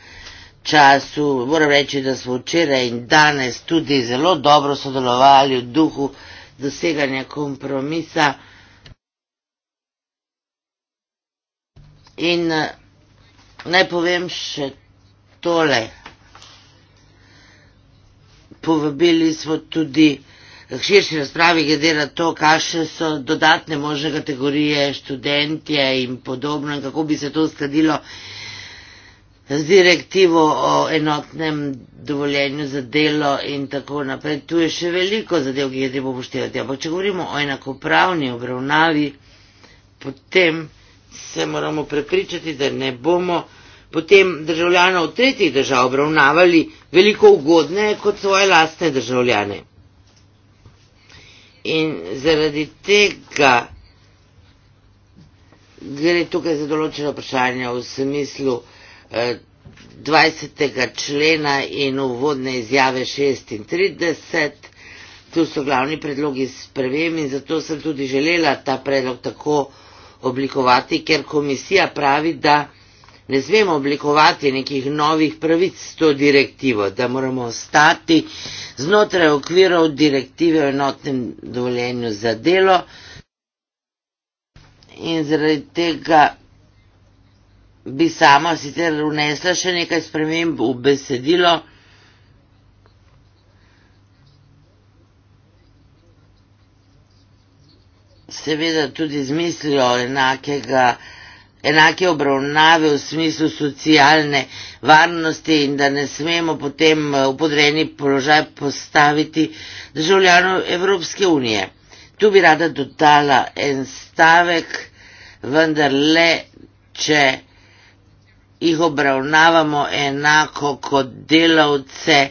času. Moram reči, da smo včeraj in danes tudi zelo dobro sodelovali v duhu doseganje kompromisa in eh, naj povem še tole. Povabili smo tudi k širši razpravi glede na to, kakšne so dodatne možne kategorije študentje in podobno in kako bi se to uskladilo z direktivo o enotnem dovoljenju za delo in tako naprej. Tu je še veliko zadev, ki jih je treba upoštevati. Ampak če govorimo o enakopravni obravnavi, potem se moramo prepričati, da ne bomo potem državljanov tretjih držav obravnavali veliko ugodneje kot svoje lastne državljane. In zaradi tega gre tukaj za določeno vprašanje v smislu, 20. člena in uvodne izjave 36. Tu so glavni predlogi sprevem in zato sem tudi želela ta predlog tako oblikovati, ker komisija pravi, da ne smemo oblikovati nekih novih pravic s to direktivo, da moramo ostati znotraj okvirov direktive o enotnem dovoljenju za delo. In zaradi tega bi sama sicer unesla še nekaj sprememb v besedilo. Seveda tudi z mislijo enakega, enake obravnave v smislu socialne varnosti in da ne smemo potem eh, v podrejeni položaj postaviti državljanov Evropske unije. Tu bi rada dodala en stavek, vendar le, če jih obravnavamo enako kot delavce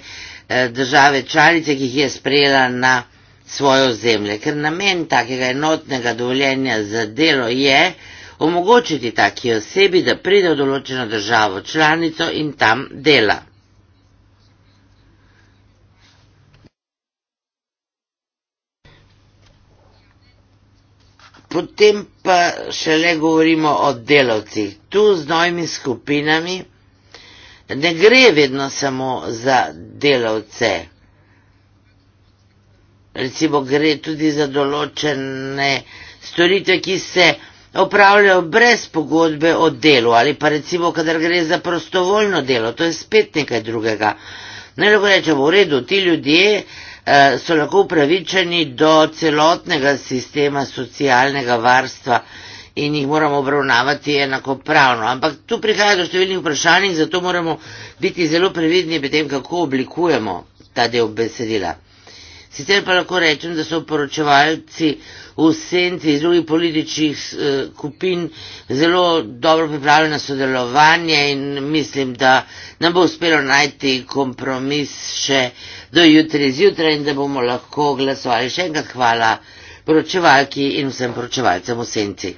eh, države članice, ki jih je sprejela na svojo zemlje. Ker namen takega enotnega dovoljenja za delo je omogočiti taki osebi, da pride v določeno državo članico in tam dela. potem pa šele govorimo o delavcih. Tu z novimi skupinami ne gre vedno samo za delavce. Recimo gre tudi za določene storitve, ki se opravljajo brez pogodbe o delu ali pa recimo, kadar gre za prostovoljno delo, to je spet nekaj drugega. Najlepše rečemo, v redu, ti ljudje Eh, so lahko upravičeni do celotnega sistema socialnega varstva in jih moramo obravnavati enakopravno. Ampak tu prihaja do številnih vprašanj in zato moramo biti zelo previdni pri tem, kako oblikujemo ta del besedila. Sicer pa lahko rečem, da so poročevalci v senci iz drugih političnih eh, skupin zelo dobro pripravljeni na sodelovanje in mislim, da nam bo uspelo najti kompromis še do jutri zjutraj in da bomo lahko glasovali. Še enkrat hvala poročevalki in vsem poročevalcem v senci.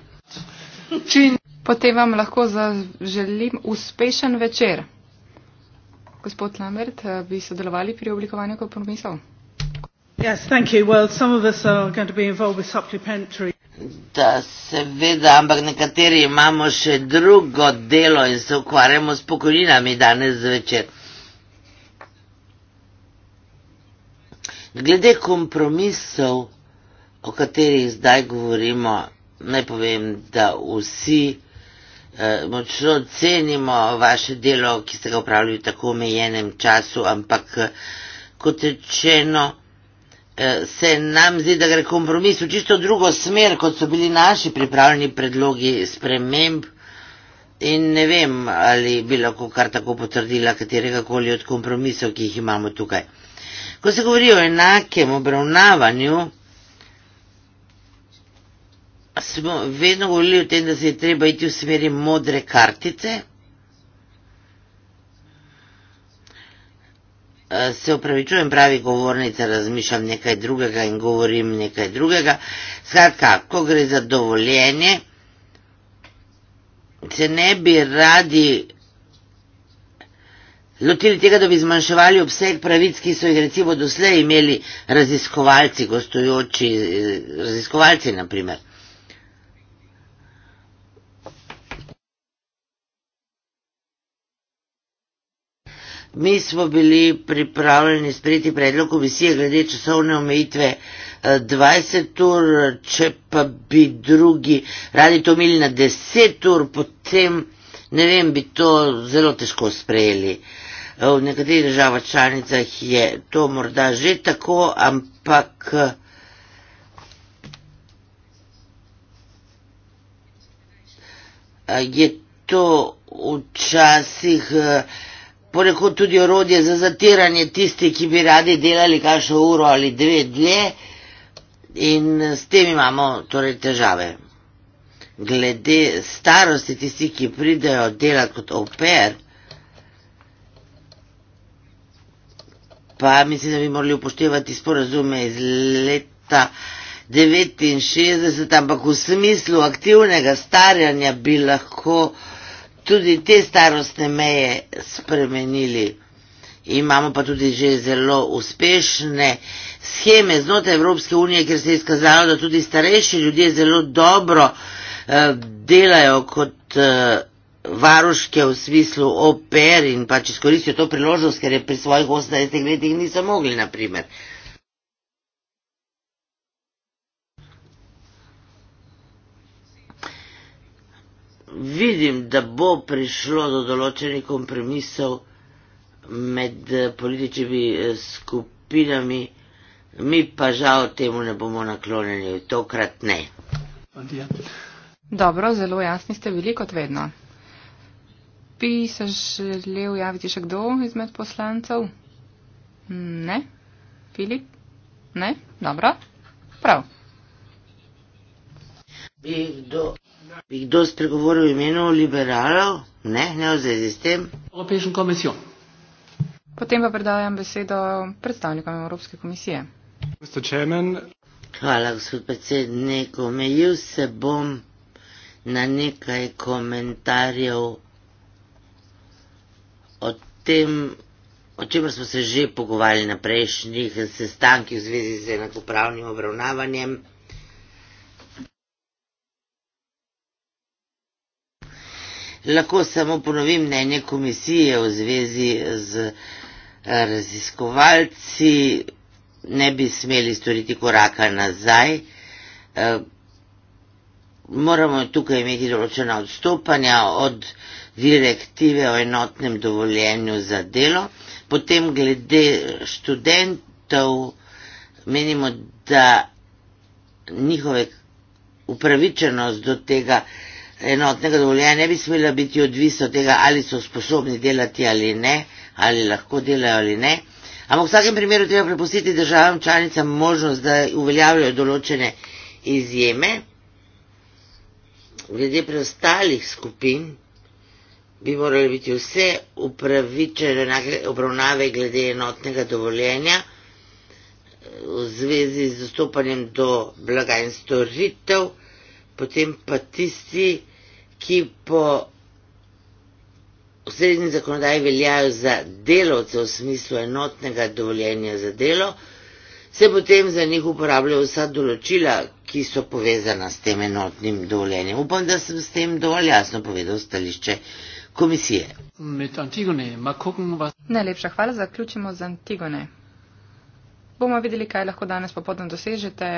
Potem vam lahko zaželim uspešen večer. Gospod Lambert, eh, bi sodelovali pri oblikovanju kompromisov? Yes, thank you. Well, some of us are going to be involved with supplementary. Da, seveda, ampak nekateri imamo še drugo delo in se ukvarjamo s pokojninami danes zvečer. Glede kompromisov, o katerih zdaj govorimo, naj povem, da vsi eh, močno cenimo vaše delo, ki ste ga upravljali v tako omejenem času, ampak eh, kot rečeno, Eh, se nam zdi, da gre kompromis v čisto drugo smer, kot so bili naši pripravljeni predlogi sprememb. In ne vem, ali bi lahko kar tako potrdila katerega koli od kompromisov, ki jih imamo tukaj. Ko se govori o enakem obravnavanju, smo vedno govorili o tem, da se je treba iti v smeri modre kartice, se opravičujem pravi govornica, razmišljam nekaj drugega in govorim nekaj drugega. Skratka, ko gre za dovoljenje, se ne bi radi lotili tega, da bi zmanjševali obseg pravic, ki so jih recimo doslej imeli raziskovalci, gostujoči eh, raziskovalci naprimer. Mi smo bili pripravljeni sprejeti predlog komisije glede časovne omejitve 20 eh, tur, če pa bi drugi radi to imeli na 10 tur, potem ne vem, bi to zelo težko sprejeli. Eh, v nekaterih državah članicah je to morda že tako, ampak. Eh, je to včasih ponekod tudi orodje za zatiranje tisti, ki bi radi delali kakšno uro ali dve dlje in s tem imamo torej težave. Glede starosti tisti, ki pridejo dela kot oper, pa mislim, da bi morali upoštevati sporazume iz leta 69, ampak v smislu aktivnega starjanja bi lahko tudi te starostne meje spremenili. Imamo pa tudi že zelo uspešne scheme znotraj Evropske unije, ker se je izkazalo, da tudi starejši ljudje zelo dobro eh, delajo kot eh, varuške v smislu oper in pač izkoristijo to priložnost, ker je pri svojih 18 letih niso mogli, naprimer. vidim, da bo prišlo do določenih kompromisov med eh, političnimi eh, skupinami, mi pa žal temu ne bomo naklonjeni, tokrat ne. Dobro, zelo jasni ste bili kot vedno. Bi se želel javiti še kdo izmed poslancev? Ne? Filip? Ne? Dobro. Prav. Bi kdo Bi kdo spregovoril v imenu liberalov? Ne, ne v zvezi s tem. Evropejšen komisijo. Potem pa predajam besedo predstavnikom Evropske komisije. Hvala, gospod predsednik. Omejil se bom na nekaj komentarjev o tem, o čemer smo se že pogovarjali na prejšnjih sestankih v zvezi z enakopravnim obravnavanjem. lahko samo ponovim mnenje komisije v zvezi z eh, raziskovalci, ne bi smeli storiti koraka nazaj. Eh, moramo tukaj imeti določena odstopanja od direktive o enotnem dovoljenju za delo. Potem glede študentov menimo, da njihove upravičenost do tega enotnega dovoljenja ne bi smela biti odvisna od tega, ali so sposobni delati ali ne, ali lahko delajo ali ne. Ampak v vsakem primeru treba prepustiti državam članicam možnost, da uveljavljajo določene izjeme. Glede preostalih skupin bi morali biti vse upravičene obravnave glede enotnega dovoljenja v zvezi z dostopanjem do blaga in storitev, potem pa tisti, ki po srednji zakonodaji veljajo za delovce v smislu enotnega dovoljenja za delo, se potem za njih uporabljajo vsa določila, ki so povezana s tem enotnim dovoljenjem. Upam, da sem s tem dovolj jasno povedal stališče komisije. Najlepša hvala, zaključimo z Antigone. Bomo videli, kaj lahko danes popoldne dosežete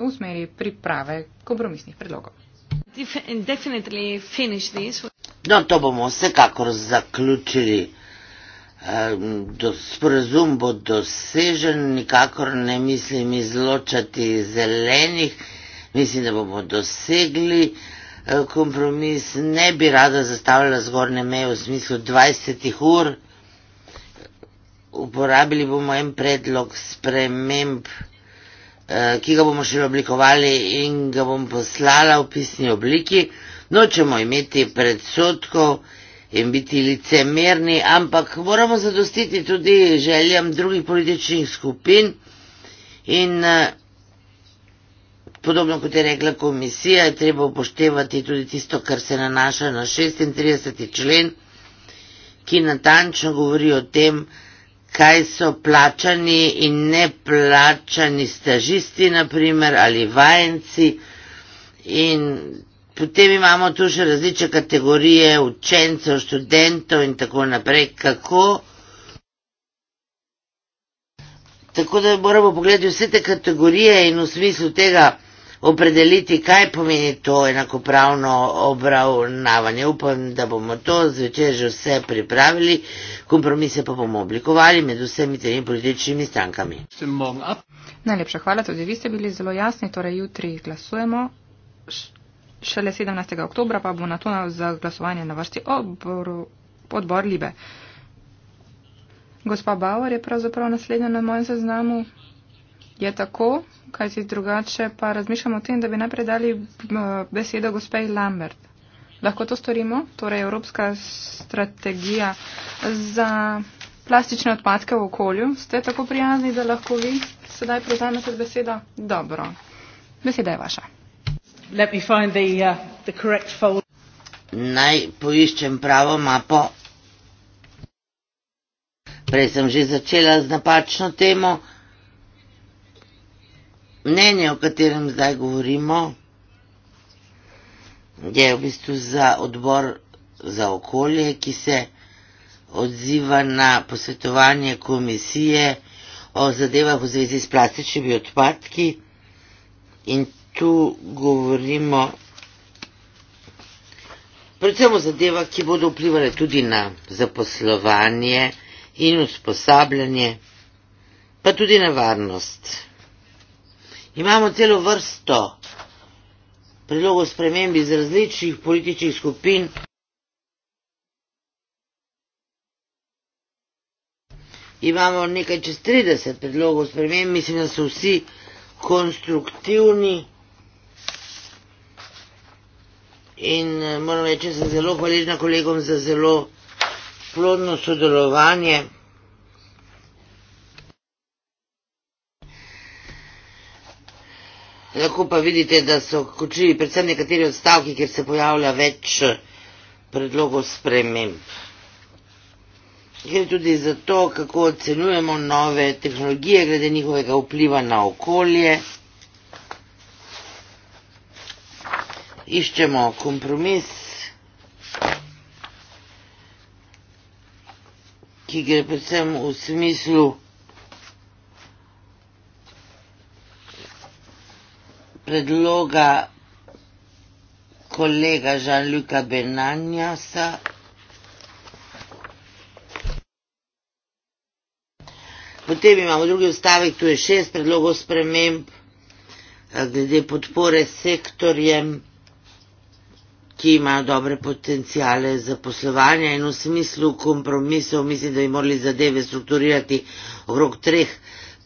v smeri priprave kompromisnih predlogov. No, to bomo vsekakor zaključili. Do, sporazum bo dosežen, nikakor ne mislim izločati zelenih. Mislim, da bomo dosegli e, kompromis. Ne bi rada zastavila zgornje meje v smislu 20 ur. Uporabili bomo en predlog sprememb. Eh, ki ga bomo še oblikovali in ga bom poslala v pisni obliki. Nočemo imeti predsotkov in biti licemerni, ampak moramo zadostiti tudi željam drugih političnih skupin in eh, podobno kot je rekla komisija, je treba upoštevati tudi tisto, kar se nanaša na 36. člen, ki natančno govori o tem, kaj so plačani in neplačani stažisti, naprimer, ali vajenci. In potem imamo tu še različne kategorije učencev, študentov in tako naprej, kako. Tako da moramo pogledati vse te kategorije in v smislu tega, opredeliti, kaj pomeni to enakopravno obravnavanje. Upam, da bomo to zvečer že vse pripravili, kompromise pa bomo oblikovali med vsemi temi političnimi strankami. Najlepša hvala, tudi vi ste bili zelo jasni, torej jutri glasujemo. Šele 17. oktober pa bo na to za glasovanje na vrsti obor, odbor Libe. Gospa Bauer je pravzaprav naslednja na mojem seznamu. Je tako? kaj si drugače, pa razmišljamo o tem, da bi najprej dali besedo gospej Lambert. Lahko to storimo, torej Evropska strategija za plastične odpadke v okolju. Ste tako prijazni, da lahko vi sedaj prevzamete besedo? Dobro. Beseda je vaša. Let me find the, uh, the correct folder. Naj poiščem pravo mapo. Prej sem že začela z napačno temo mnenje, o katerem zdaj govorimo, je v bistvu za odbor za okolje, ki se odziva na posvetovanje komisije o zadevah v zvezi s plastičnimi odpadki. In tu govorimo predvsem o zadevah, ki bodo vplivali tudi na zaposlovanje in usposabljanje, pa tudi na varnost imamo celo vrsto prilogov sprememb iz različnih političnih skupin. Imamo nekaj čez 30 predlogov sprememb, mislim, da so vsi konstruktivni in eh, moram reči, da sem zelo hvaležna kolegom za zelo plodno sodelovanje. Lahko pa vidite, da so vključili predvsem nekateri odstavki, kjer se pojavlja več eh, predlogov sprememb. Gre tudi za to, kako ocenujemo nove tehnologije glede njihovega vpliva na okolje. Iščemo kompromis, ki gre predvsem v smislu, predloga kolega Žanluka Benanjasa. Potem imamo drugi ustavek, tu je šest predlogov sprememb eh, glede podpore sektorjem, ki imajo dobre potencijale za poslovanje in v smislu kompromisov mislim, da bi morali zadeve strukturirati okrog treh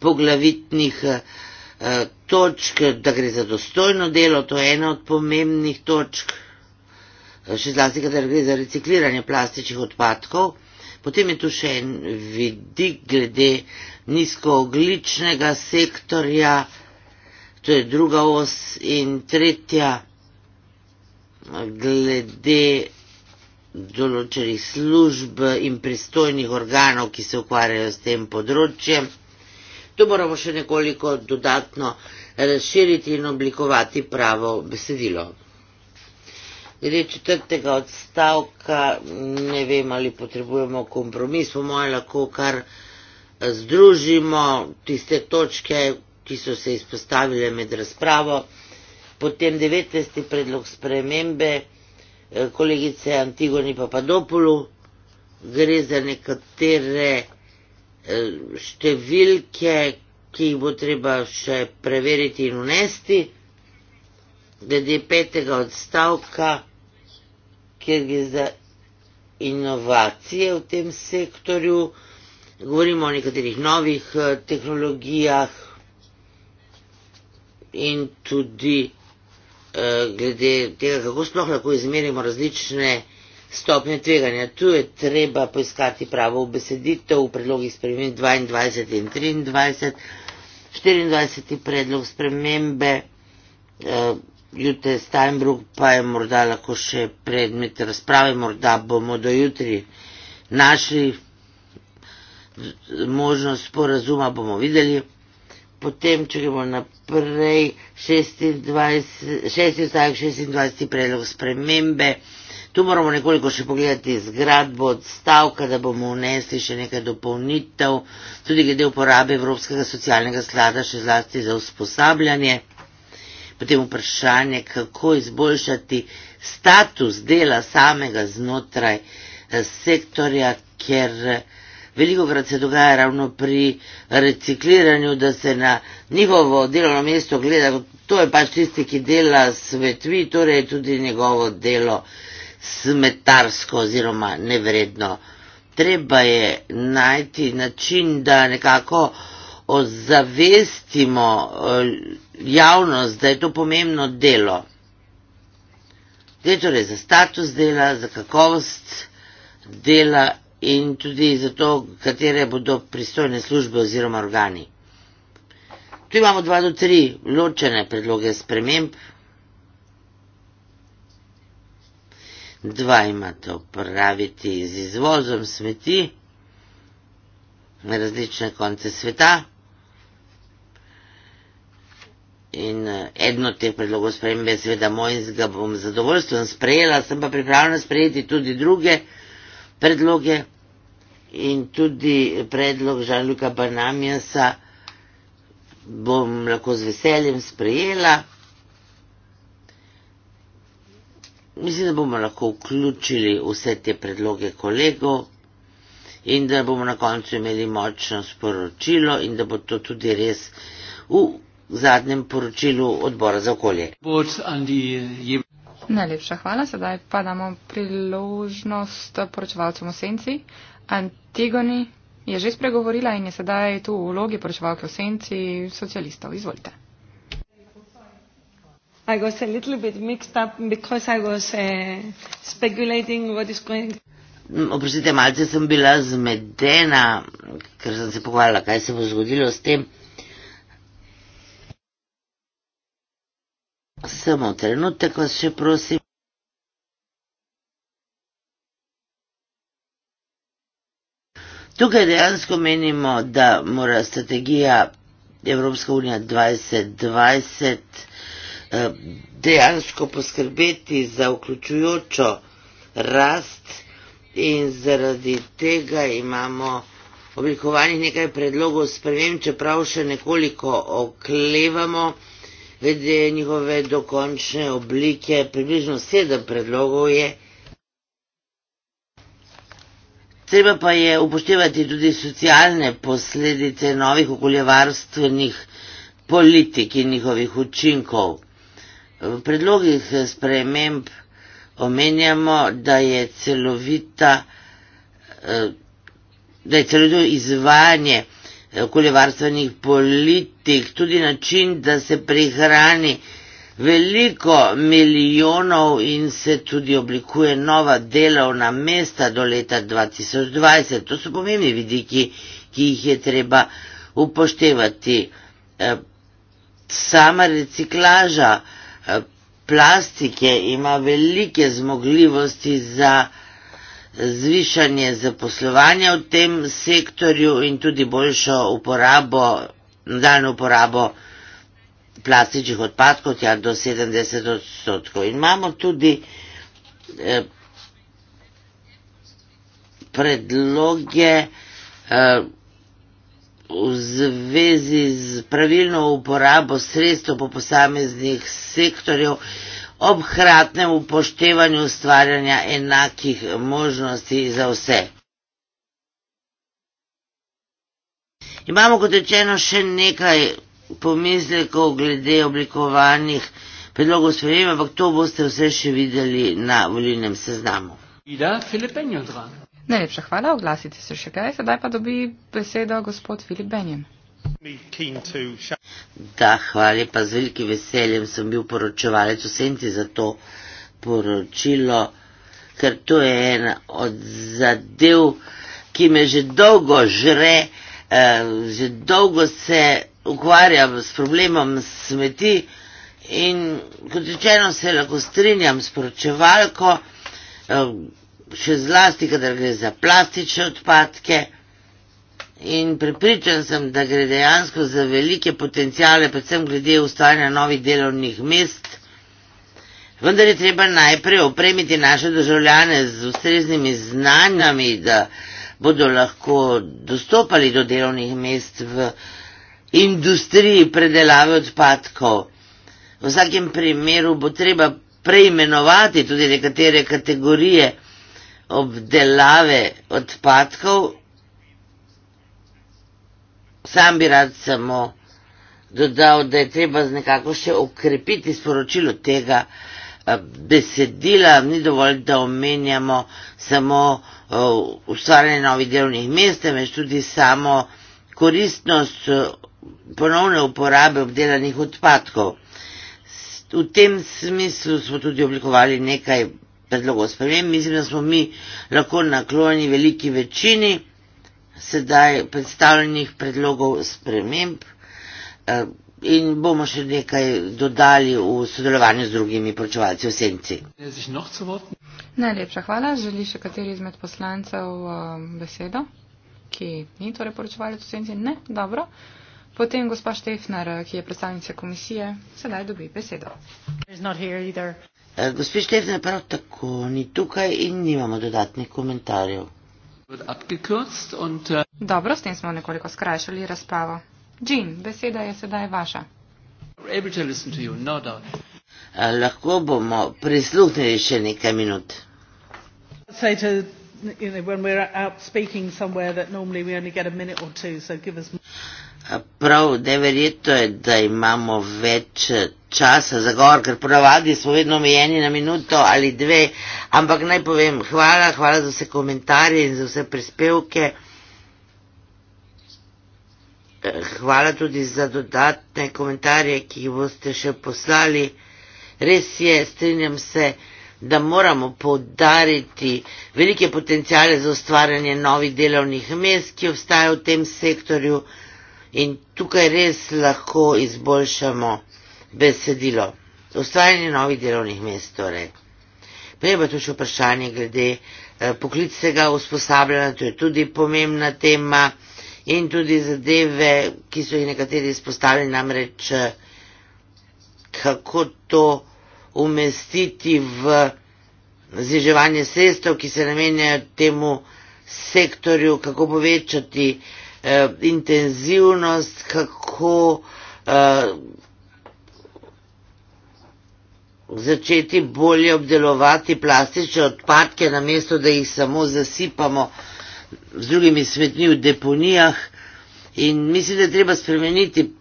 poglavitnih uh, Eh, točk, da gre za dostojno delo, to je ena od pomembnih točk, eh, še zlasti, kadar gre za recikliranje plastičnih odpadkov. Potem je tu še en vidik glede nizkoogličnega sektorja, to je druga os in tretja eh, glede določenih služb in pristojnih organov, ki se ukvarjajo s tem področjem. To moramo še nekoliko dodatno razširiti in oblikovati pravo besedilo. Glede četrtega odstavka ne vem, ali potrebujemo kompromis, po mojem lahko kar združimo tiste točke, ki so se izpostavile med razpravo. Potem 19. predlog spremembe eh, kolegice Antigoni Papadopulu gre za nekatere številke, ki jih bo treba še preveriti in unesti, glede petega odstavka, kjer gre za inovacije v tem sektorju, govorimo o nekaterih novih eh, tehnologijah in tudi eh, glede tega, kako sploh lahko izmerimo različne tehnologije, stopnje tveganja. Tu je treba poiskati pravo obeseditev v predlogih spremen 22 in 23, 24 predlog spremembe, uh, eh, jutri Steinbrug pa je morda lahko še predmet razprave, morda bomo do jutri našli možnost sporazuma, bomo videli potem, če gremo naprej, 26, 26, 26 predlog spremembe. Tu moramo nekoliko še pogledati zgradbo od stavka, da bomo vnesli še nekaj dopolnitev, tudi glede uporabe Evropskega socialnega sklada, še zlasti za usposabljanje. Potem vprašanje, kako izboljšati status dela samega znotraj eh, sektorja, ker Veliko krat se dogaja ravno pri recikliranju, da se na njihovo delovno mesto gleda, to je pač tisti, ki dela svetvi, torej je tudi njegovo delo smetarsko oziroma nevredno. Treba je najti način, da nekako ozavestimo eh, javnost, da je to pomembno delo. Gre torej za status dela, za kakovost dela in tudi za to, katere bodo pristojne službe oziroma organi. Tu imamo dva do tri ločene predloge sprememb. Dva imate opraviti z izvozom smeti na različne konce sveta. In eh, eno te predlogo spremembe je seveda moj, ga bom zadovoljstven sprejela, sem pa pripravljena sprejeti tudi druge predloge in tudi predlog Žanluka Banamjasa bom lahko z veseljem sprejela. Mislim, da bomo lahko vključili vse te predloge kolegov in da bomo na koncu imeli močno sporočilo in da bo to tudi res v zadnjem poročilu odbora za okolje. Board and the... Najlepša hvala. Sedaj pa damo priložnost poročevalcem v senci. Antigoni je že spregovorila in je sedaj tu v vlogi poročevalke v senci socialistov. Izvolite. Eh, mm, oprostite, malce sem bila zmedena, ker sem se pogovarjala, kaj se bo zgodilo s tem. Samo trenutak vas še prosim. Tukaj dejansko menimo, da mora strategija Evropska unija 2020 eh, dejansko poskrbeti za vključujočo rast in zaradi tega imamo oblikovanih nekaj predlogov s prvem, čeprav še nekoliko oklevamo vsega glede njihove dokončne oblike, približno sedem predlogov je. Treba pa je upoštevati tudi socialne posledice novih okoljevarstvenih politik in njihovih učinkov. V predlogih sprememb omenjamo, da je celovita, eh, da je celovito izvajanje okoljevarstvenih politik, tudi način, da se prihrani veliko milijonov in se tudi oblikuje nova delovna mesta do leta 2020. To so pomembni vidiki, ki jih je treba upoštevati. E, sama reciklaža e, plastike ima velike zmogljivosti za zvišanje zaposlovanja v tem sektorju in tudi boljšo uporabo, nadaljno uporabo plastičnih odpadkov, tja do 70 odstotkov. In imamo tudi eh, predloge eh, v zvezi z pravilno uporabo sredstv po posameznih sektorjev, ob hkratnem upoštevanju ustvarjanja enakih možnosti za vse. Imamo kot rečeno še nekaj pomislekov glede oblikovanih predlogov sprejema, ampak to boste vse še videli na volilnem seznamu. Ida Filipenjo dran. Najlepša hvala, oglasite se še kaj, sedaj pa dobi besedo gospod Filip Benjen. Da, hvala lepa, z velikim veseljem sem bil poročevalec v senci za to poročilo, ker to je en od zadev, ki me že dolgo žre, eh, že dolgo se ukvarjam s problemom smeti in kot rečeno se lahko strinjam s poročevalko, eh, še zlasti, kadar gre za plastične odpadke in pripričan sem, da gre dejansko za velike potencijale, predvsem glede ustvarjanja novih delovnih mest. Vendar je treba najprej opremiti naše državljane z ustreznimi znanjami, da bodo lahko dostopali do delovnih mest v industriji predelave odpadkov. V vsakem primeru bo treba preimenovati tudi nekatere kategorije obdelave odpadkov sam bi rad samo dodal, da je treba nekako še okrepiti sporočilo tega eh, besedila, ni dovolj, da omenjamo samo eh, ustvarjanje novih delovnih mest, temveč tudi samo koristnost eh, ponovne uporabe obdelanih odpadkov. V tem smislu smo tudi oblikovali nekaj predlogov spremem, mislim, da smo mi lahko naklonjeni veliki večini sedaj predstavljenih predlogov sprememb eh, in bomo še nekaj dodali v sodelovanju z drugimi poročevalci v senci. Najlepša hvala. Želi še kateri izmed poslancev eh, besedo, ki ni torej poročevalec v senci? Ne, dobro. Potem gospa Štefner, eh, ki je predstavnica komisije, sedaj dobi besedo. Gospod Štefner prav tako ni tukaj in nimamo dodatnih komentarjev. Äh, Dobro, s tem smo nekoliko skrajšali razpravo. Jean, beseda je sedaj vaša. No lahko bomo prisluhnili še nekaj minut. Prav, neverjetno je, da imamo več časa za govor, ker ponavadi smo vedno omejeni na minuto ali dve, ampak naj povem hvala, hvala za vse komentarje in za vse prispevke. Hvala tudi za dodatne komentarje, ki jih boste še poslali. Res je, strinjam se, da moramo podariti velike potencijale za ustvarjanje novih delovnih mest, ki obstajajo v tem sektorju in tukaj res lahko izboljšamo besedilo. Ustvarjanje novih delovnih mest torej. Prej pa tu še vprašanje glede eh, poklicnega usposabljanja, to je tudi pomembna tema in tudi zadeve, ki so jih nekateri izpostavili, namreč eh, kako to umestiti v zniževanje sredstev, ki se namenjajo temu sektorju, kako povečati eh, intenzivnost, kako eh, začeti bolje obdelovati plastične odpadke, namesto da jih samo zasipamo z drugimi smetmi v deponijah. In mislim, da je treba spremeniti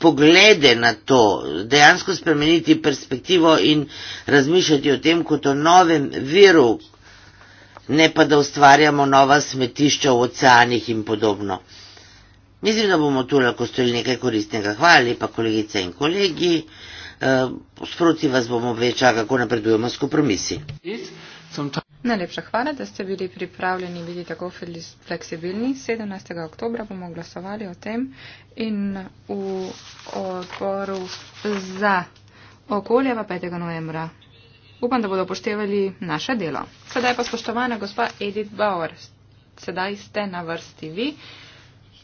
poglede na to, dejansko spremeniti perspektivo in razmišljati o tem kot o novem viru, ne pa da ustvarjamo nova smetišča v oceanih in podobno. Mislim, da bomo tu lahko storili nekaj koristnega. Hvala lepa, kolegice in kolegi. Eh, sproti vas bomo veča, kako napredujemo s kompromisi. Najlepša hvala, da ste bili pripravljeni biti tako fleksibilni. 17. oktobra bomo glasovali o tem in v odboru za okolje pa 5. novembra. Upam, da bodo poštevali naše delo. Sedaj pa spoštovana gospa Edith Bauer. Sedaj ste na vrsti vi.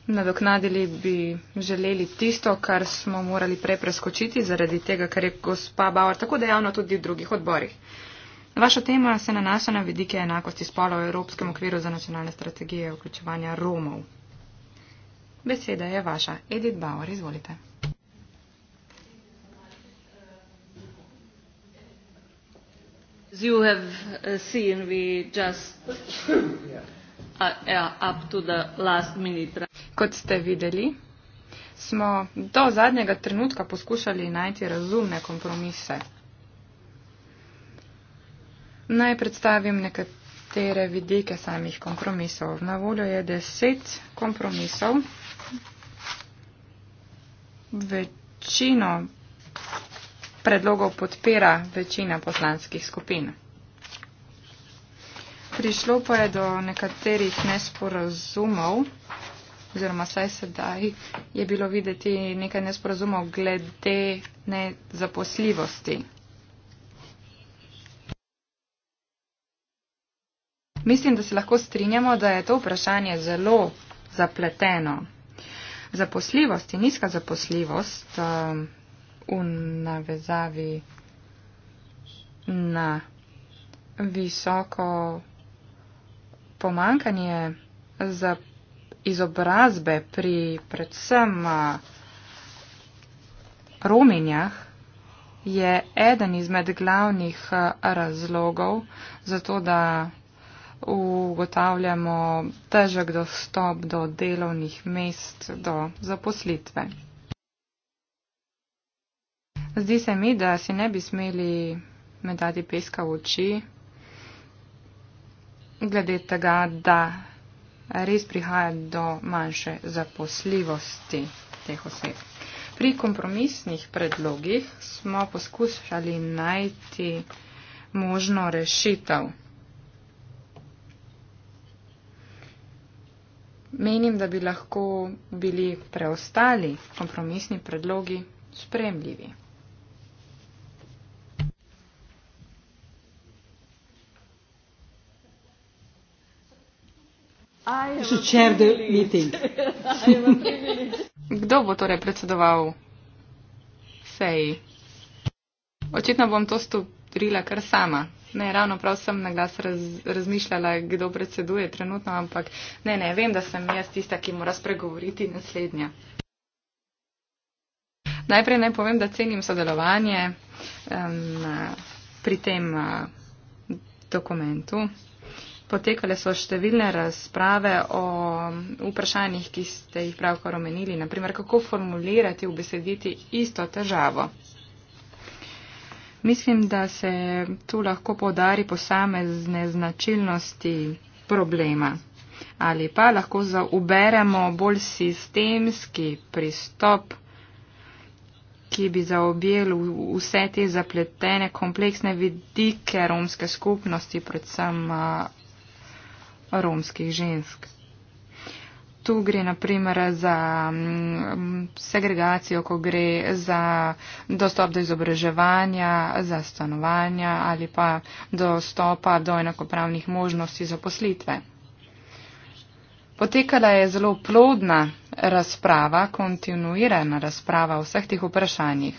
Nadoknadili bi želeli tisto, kar smo morali prej preskočiti, zaradi tega, ker je gospa Bauer tako dejavna tudi v drugih odborih. Vaša tema se nanaša na vidike enakosti spola v Evropskem okviru za nacionalne strategije vključevanja Romov. Beseda je vaša. Edith Bauer, izvolite. As you have uh, seen, we just... yeah up to the last minute. Kot ste videli, smo do zadnjega trenutka poskušali najti razumne kompromise. Naj predstavim nekatere vidike samih kompromisov. Na voljo je deset kompromisov. Večino predlogov podpira večina poslanskih skupin prišlo pa je do nekaterih nesporazumov, oziroma saj sedaj je bilo videti nekaj nesporazumov glede nezaposljivosti. Mislim, da se lahko strinjamo, da je to vprašanje zelo zapleteno. Zaposljivost in nizka zaposljivost um, v navezavi na visoko pomankanje za izobrazbe pri predvsem rominjah je eden izmed glavnih razlogov za to, da ugotavljamo težek dostop do delovnih mest, do zaposlitve. Zdi se mi, da si ne bi smeli medati peska v oči, glede tega, da res prihaja do manjše zaposljivosti teh oseb. Pri kompromisnih predlogih smo poskušali najti možno rešitev. Menim, da bi lahko bili preostali kompromisni predlogi spremljivi. Kdo bo torej predsedoval seji? Očitno bom to storila kar sama. Ne, ravno prav sem na glas raz, razmišljala, kdo predseduje trenutno, ampak ne, ne, vem, da sem jaz tista, ki mora spregovoriti naslednja. Najprej naj povem, da cenim sodelovanje um, pri tem uh, dokumentu. Potekale so številne razprave o vprašanjih, ki ste jih pravkar omenili, naprimer kako formulirati v besediti isto težavo. Mislim, da se tu lahko podari posamezne značilnosti problema ali pa lahko zauberemo bolj sistemski pristop, ki bi zaobjel vse te zapletene kompleksne vidike romske skupnosti, predvsem romskih žensk. Tu gre naprimer za mm, segregacijo, ko gre za dostop do izobraževanja, za stanovanja ali pa dostopa do enakopravnih možnosti za poslitve. Potekala je zelo plodna razprava, kontinuirana razprava o vseh tih vprašanjih.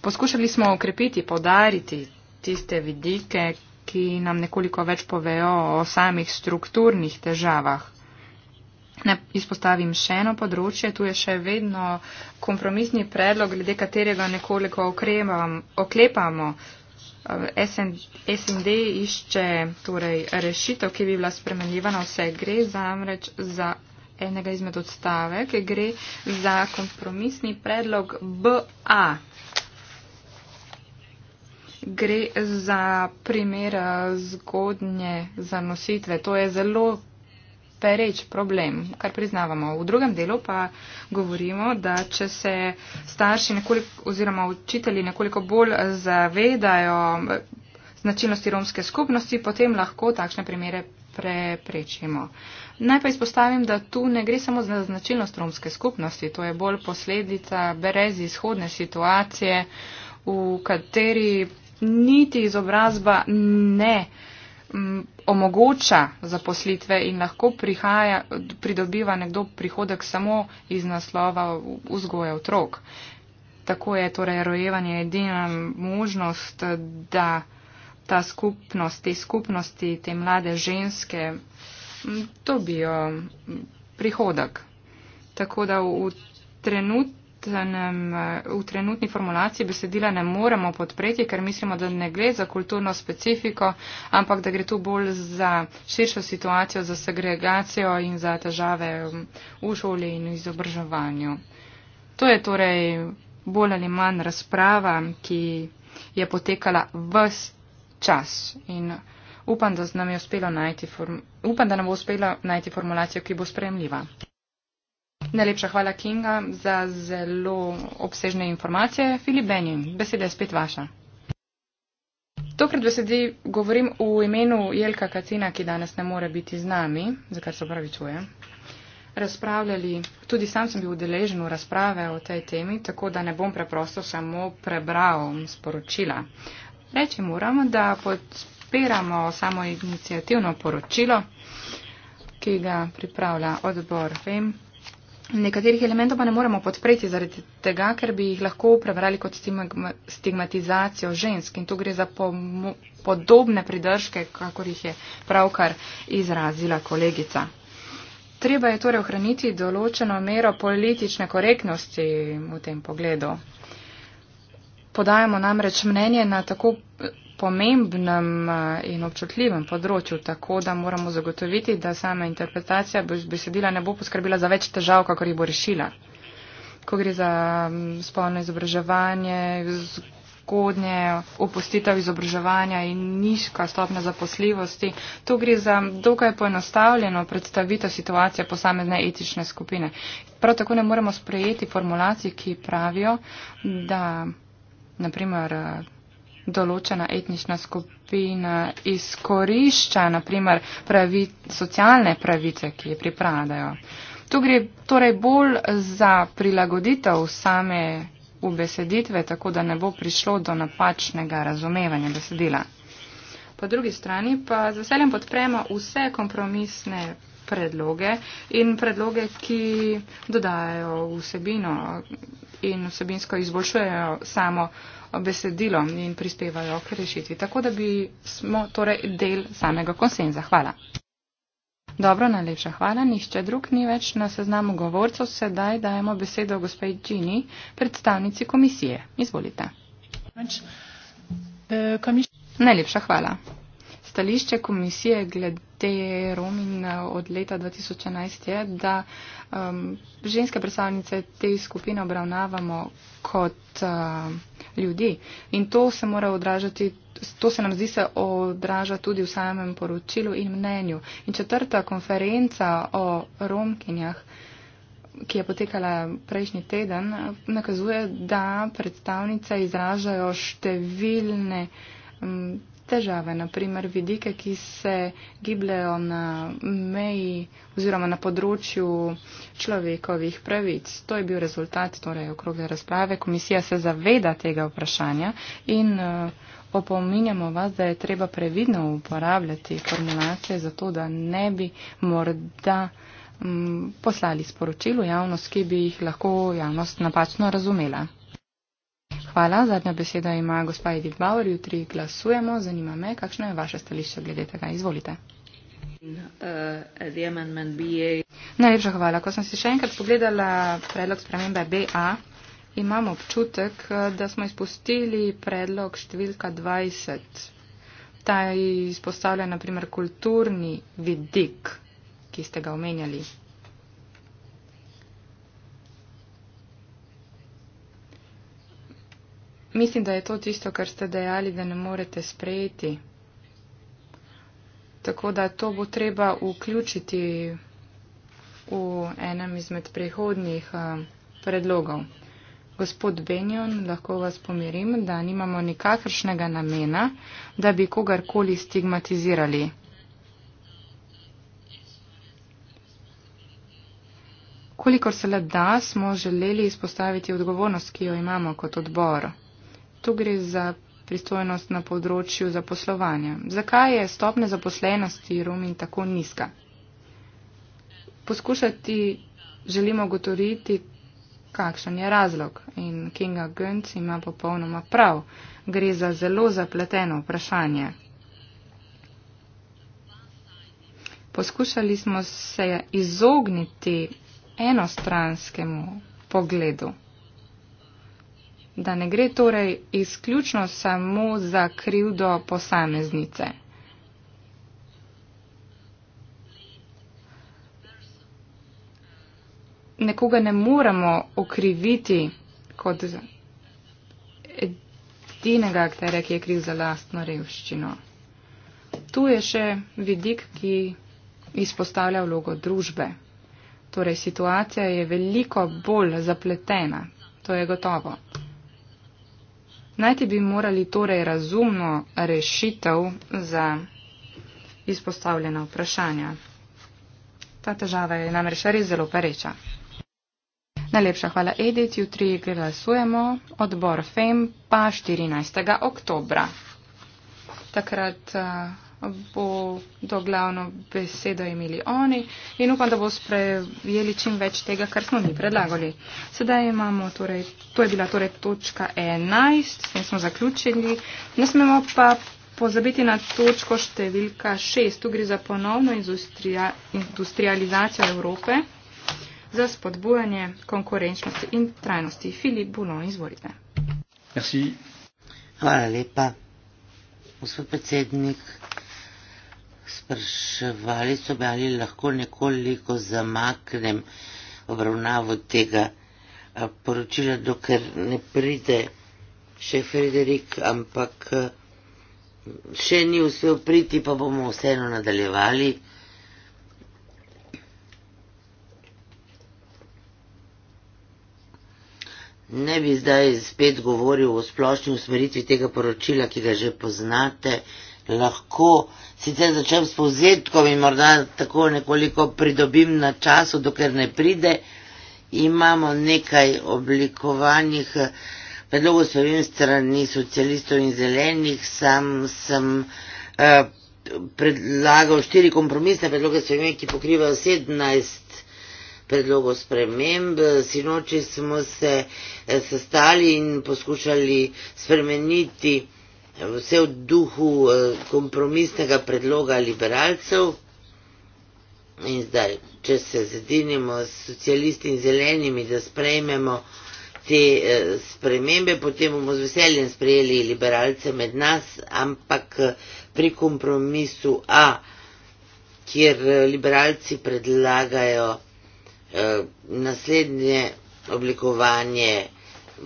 Poskušali smo okrepiti, podariti tiste vidike, ki nam nekoliko več povejo o samih strukturnih težavah. Ne izpostavim še eno področje, tu je še vedno kompromisni predlog, glede katerega nekoliko okrepam, oklepamo. SN, SND išče torej, rešitev, ki bi bila spremenljiva na vse. Gre zamreč za enega izmed odstave, ki gre za kompromisni predlog BA gre za primer eh, zgodnje zanositve. To je zelo pereč problem, kar priznavamo. V drugem delu pa govorimo, da če se starši nekoliko, oziroma učitelji nekoliko bolj zavedajo eh, značilnosti romske skupnosti, potem lahko takšne primere preprečimo. Najprej izpostavim, da tu ne gre samo za značilnost romske skupnosti, to je bolj posledica brez izhodne situacije, v kateri niti izobrazba ne mm, omogoča zaposlitve in lahko prihaja, pridobiva nekdo prihodek samo iz naslova vzgoje otrok. Tako je torej rojevanje edina možnost, da ta skupnost, te skupnosti, te mlade ženske mm, dobijo mm, prihodek. Tako da v trenutku trenutnem, eh, v trenutni formulaciji besedila ne moremo podpreti, ker mislimo, da ne gre za kulturno specifiko, ampak da gre tu bolj za širšo situacijo, za segregacijo in za težave v šoli in izobraževanju. To je torej bolj ali manj razprava, ki je potekala ves čas in upam, da, je uspelo najti upam, da nam bo uspelo najti formulacijo, ki bo spremljiva. Najlepša hvala, Kinga, za zelo obsežne informacije. Filip Beni, beseda je spet vaša. Tokrat besedi govorim v imenu Jelka Kacina, ki danes ne more biti z nami, za kar se opravičujem. Razpravljali, tudi sam sem bil udeležen v razprave o tej temi, tako da ne bom preprosto samo prebral sporočila. Reči moram, da podpiramo samo inicijativno poročilo, ki ga pripravlja odbor FEM nekaterih elementov pa ne moremo podpreti zaradi tega, ker bi jih lahko prebrali kot stigmatizacijo žensk. In tu gre za podobne pridržke, kakor jih je pravkar izrazila kolegica. Treba je torej ohraniti določeno mero politične korektnosti v tem pogledu. Podajamo namreč mnenje na tako pomembnem eh, in občutljivem področju, tako da moramo zagotoviti, da sama interpretacija besedila ne bo poskrbila za več težav, kakor jih bo rešila. Ko gre za mm, spolno izobraževanje, zgodnje opustitev izobraževanja in nizka stopna zaposljivosti, tu gre za dokaj poenostavljeno predstavitev situacije posamezne etične skupine. Prav tako ne moremo sprejeti formulacij, ki pravijo, da naprimer eh, določena etnična skupina izkorišča, naprimer, pravi, socialne pravice, ki je pripadajo. Tu gre torej bolj za prilagoditev same ubeseditve, tako da ne bo prišlo do napačnega razumevanja besedila. Po drugi strani pa z veseljem podpremo vse kompromisne predloge in predloge, ki dodajajo vsebino in vsebinsko izboljšujejo samo besedilom in prispevajo k rešitvi. Tako da bi smo torej del samega konsenza. Hvala. Dobro, najlepša hvala. Nihče drug ni več na seznamu govorcev. Sedaj dajemo besedo gospej Džini, predstavnici komisije. Izvolite. Eh, najlepša hvala. Stališče komisije glede te Romin od leta 2011 je, da um, ženske predstavnice te skupine obravnavamo kot uh, ljudi. In to se mora odražati, to se nam zdi se odraža tudi v samem poročilu in mnenju. In četrta konferenca o Romkinjah, ki je potekala prejšnji teden, nakazuje, da predstavnice izražajo številne. Um, težave, naprimer vidike, ki se gibljajo na meji oziroma na področju človekovih pravic. To je bil rezultat torej, okrogle razprave. Komisija se zaveda tega vprašanja in eh, opominjamo vas, da je treba previdno uporabljati formulacije za to, da ne bi morda m, mm, poslali sporočilo javnost, ki bi jih lahko javnost napačno razumela. Hvala. Zadnja beseda ima gospa Edith Bauer. Jutri glasujemo. Zanima me, kakšno je vaše stališče glede tega. Izvolite. Najlepša hvala. Ko sem si še enkrat pogledala predlog spremembe BA, imam občutek, da smo izpustili predlog številka 20. Ta izpostavlja naprimer kulturni vidik, ki ste ga omenjali. Mislim, da je to tisto, kar ste dejali, da ne morete sprejeti. Tako da to bo treba vključiti v enem izmed prihodnjih eh, predlogov. Gospod Benjon, lahko vas pomirim, da nimamo nikakršnega namena, da bi kogarkoli stigmatizirali. Kolikor se le da, smo želeli izpostaviti odgovornost, ki jo imamo kot odbor tu gre za pristojnost na področju zaposlovanja. Zakaj je stopne zaposlenosti Romin tako nizka? Poskušati želimo ugotoviti, kakšen je razlog in Kinga Gönc ima popolnoma prav. Gre za zelo zapleteno vprašanje. Poskušali smo se izogniti enostranskemu pogledu da ne gre torej izključno samo za krivdo posameznice. Nekoga ne moremo okriviti kot edinega akterja, ki je kriv za lastno revščino. Tu je še vidik, ki izpostavlja vlogo družbe. Torej, situacija je veliko bolj zapletena, to je gotovo. Najti bi morali torej razumno rešitev za izpostavljena vprašanja. Ta težava je namreč res zelo pereča. Najlepša hvala, Edith. Jutri glasujemo odbor FEM pa 14. oktobra. Takrat. Uh, bo do glavno besedo imeli oni in upam, da bo sprejeli čim več tega, kar smo mi predlagali. Sedaj imamo, torej, to je bila torej točka 11, s tem smo zaključili. Ne smemo pa pozabiti na točko številka 6, tu gre za ponovno industrija, industrializacijo Evrope za spodbujanje konkurenčnosti in trajnosti. Filip Bulon, izvolite. Merci. Hvala lepa, gospod predsednik. Sprašovali so me, ali lahko nekoliko zamaknem obravnavo tega eh, poročila, dokler ne pride še Frederik, ampak eh, še ni uspel priti, pa bomo vseeno nadaljevali. Ne bi zdaj spet govoril o splošni usmeritvi tega poročila, ki ga že poznate, lahko sicer začnem s povzetkom in morda tako nekoliko pridobim na času, dokler ne pride. Imamo nekaj oblikovanih eh, predlogov s svojim strani socialistov in zelenih. Sam sem eh, predlagal štiri kompromisne predloge s svojim, ki pokrivajo sedemnajst predlogov sprememb. Sinoči smo se eh, sestali in poskušali spremeniti vse v duhu eh, kompromisnega predloga liberalcev. In zdaj, če se zedinimo s socialisti in zelenimi, da sprejmemo te eh, spremembe, potem bomo z veseljem sprejeli liberalce med nas, ampak eh, pri kompromisu A, kjer liberalci predlagajo naslednje oblikovanje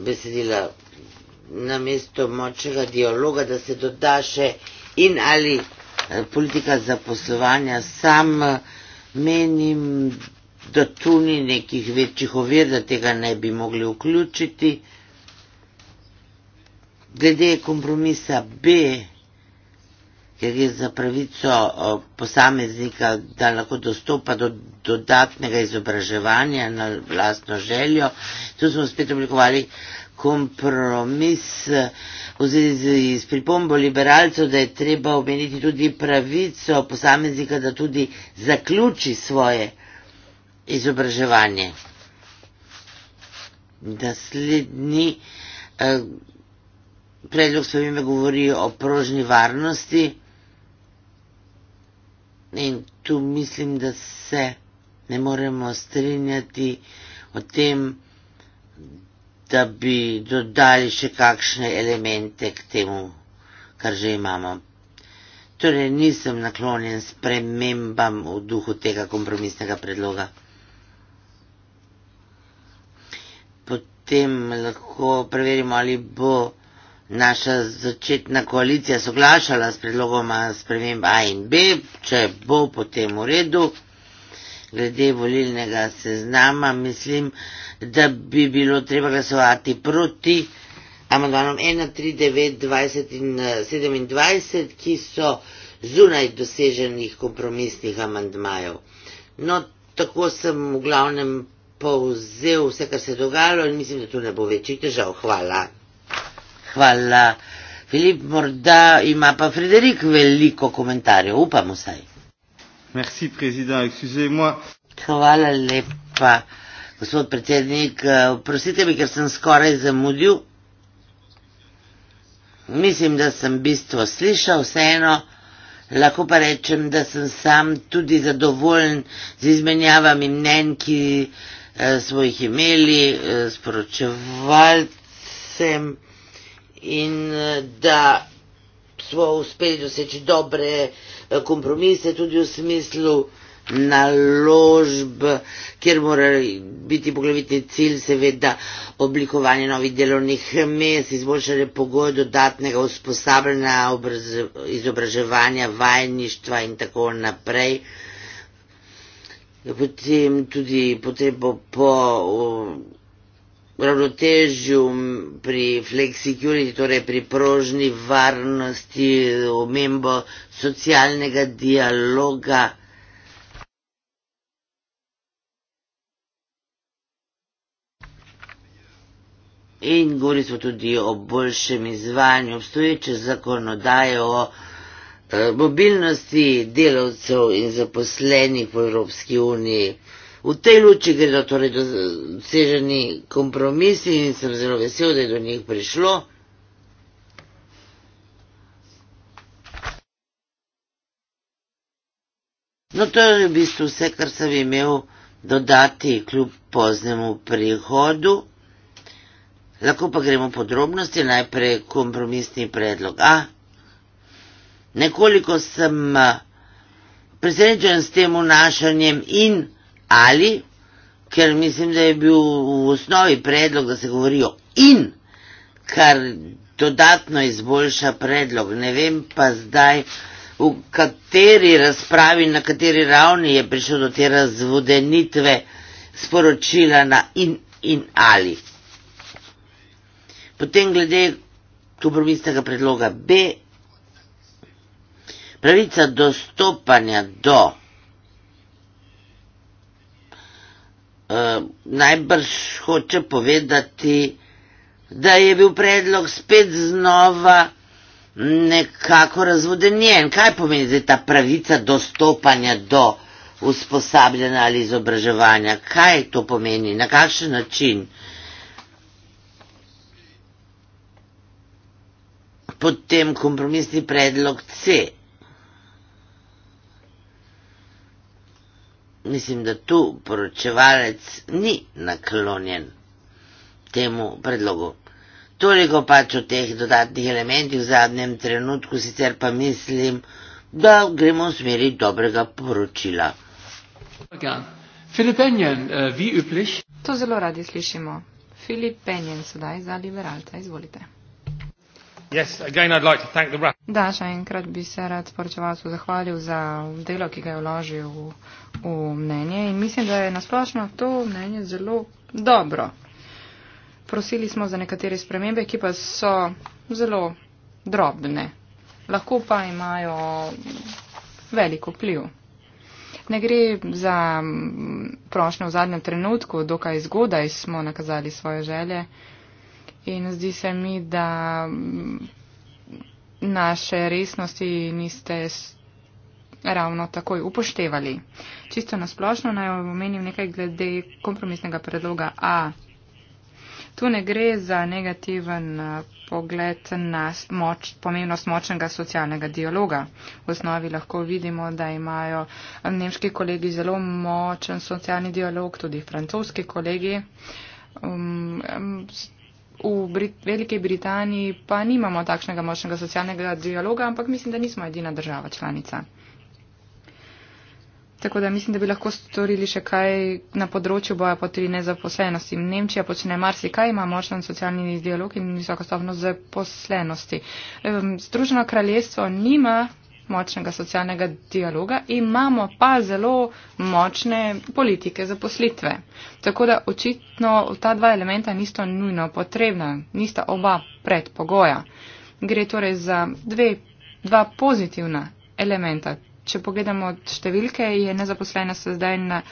besedila na mesto močnega dialoga, da se doda še in ali eh, politika zaposlovanja. Sam eh, menim, da tu ni nekih večjih ovir, da tega ne bi mogli vključiti. Glede kompromisa B, ker je za pravico eh, posameznika, da lahko dostopa do dodatnega izobraževanja na vlastno željo, tu smo spet oblikovali uh, kompromis v zvezi s pripombo liberalcev, da je treba omeniti tudi pravico posameznika, da tudi zaključi svoje izobraževanje. Naslednji eh, predlog s vami govori o prožni varnosti in tu mislim, da se ne moremo strinjati o tem, da bi dodali še kakšne elemente k temu, kar že imamo. Torej nisem naklonjen spremembam v duhu tega kompromisnega predloga. Potem lahko preverimo, ali bo naša začetna koalicija soglašala s predlogoma sprememb A in B, če bo potem v redu glede volilnega seznama, mislim, da bi bilo treba glasovati proti amandmanom 1, 3, 9, 20 in 27, eh, ki so zunaj doseženih kompromisnih amandmajev. No, tako sem v glavnem povzel vse, kar se je dogajalo in mislim, da tu ne bo večjih težav. Hvala. Hvala. Filip, morda ima pa Frederik veliko komentarjev, upam vsaj. Merci, président. Excusez-moi. Hvala lepa, gospod predsednik. Eh, Prosite mi, ker sem skoraj zamudil. Mislim, da sem bistvo slišal vseeno. Lahko pa rečem, da sem sam tudi zadovoljen z izmenjavami mnen, ki eh, smo jih imeli eh, s poročevalcem in da smo uspeli doseči dobre uh, kompromis je tudi v smislu naložb, kjer mora biti poglavitni cilj seveda oblikovanje novih delovnih mest, izboljšanje pogojev dodatnega usposabljanja, izobraževanja, vajništva in tako naprej. Potem tudi potrebo po. Uh, ravnotežju, pri fleksikuriti, torej pri prožni varnosti, omembo socialnega dialoga. In govorili smo tudi o boljšem izvajanju obstoječe zakonodaje o eh, mobilnosti delavcev in zaposlenih v Evropski uniji. V tej luči gredo torej doseženi kompromisi in sem zelo vesel, da je do njih prišlo. No, to je v bistvu vse, kar sem imel dodati kljub poznemu prihodu. Lahko pa gremo podrobnosti, najprej kompromisni predlog A. Nekoliko sem eh, presenečen s tem vnašanjem in vnašanjem, ali, ker mislim, da je bil v osnovi predlog, da se govorijo in, kar dodatno izboljša predlog. Ne vem pa zdaj, v kateri razpravi, na kateri ravni je prišel do te razvodenitve sporočila na in, in ali. Potem glede kompromisnega predloga B, pravica dostopanja do Ehm, najbrž hoče povedati, da je bil predlog spet znova nekako razvodenjen. Kaj pomeni zdaj ta pravica dostopanja do usposabljanja ali izobraževanja? Kaj to pomeni? Na kakšen način? Potem kompromisni predlog C. mislim, da tu poročevalec ni naklonjen temu predlogu. Toliko pač o teh dodatnih elementih v zadnjem trenutku, sicer pa mislim, da gremo v smeri dobrega poročila. Eh, to zelo radi slišimo. Filip Penjen sedaj za liberalca, izvolite. Yes, again I'd like to thank the da, še enkrat bi se rad poročevalcu zahvalil za delo, ki ga je vložil v, v mnenje in mislim, da je nasplošno to mnenje zelo dobro. Prosili smo za nekatere spremembe, ki pa so zelo drobne, lahko pa imajo veliko pliv. Ne gre za prošnjo v zadnjem trenutku, dokaj zgodaj smo nakazali svoje želje in zdi se mi, da naše resnosti niste ravno takoj upoštevali. Čisto nasplošno naj omenim nekaj glede kompromisnega predloga A. Tu ne gre za negativen eh, pogled na moč, pomembnost močnega socialnega dialoga. V osnovi lahko vidimo, da imajo eh, nemški kolegi zelo močen socialni dialog, tudi francoski kolegi. Um, um, v Brit Veliki Britaniji pa nimamo takšnega močnega socialnega dialoga, ampak mislim, da nismo edina država članica. Tako da mislim, da bi lahko storili še kaj na področju boja proti nezaposlenosti. Nemčija počne marsikaj, ima močen socialni dialog in visoko stopno zaposlenosti. Združeno kraljestvo nima močnega socialnega dialoga, imamo pa zelo močne politike za poslitve. Tako da očitno ta dva elementa nista nujno potrebna, nista oba predpogoja. Gre torej za dve, dva pozitivna elementa. Če pogledamo številke, je nezaposlenost zdaj na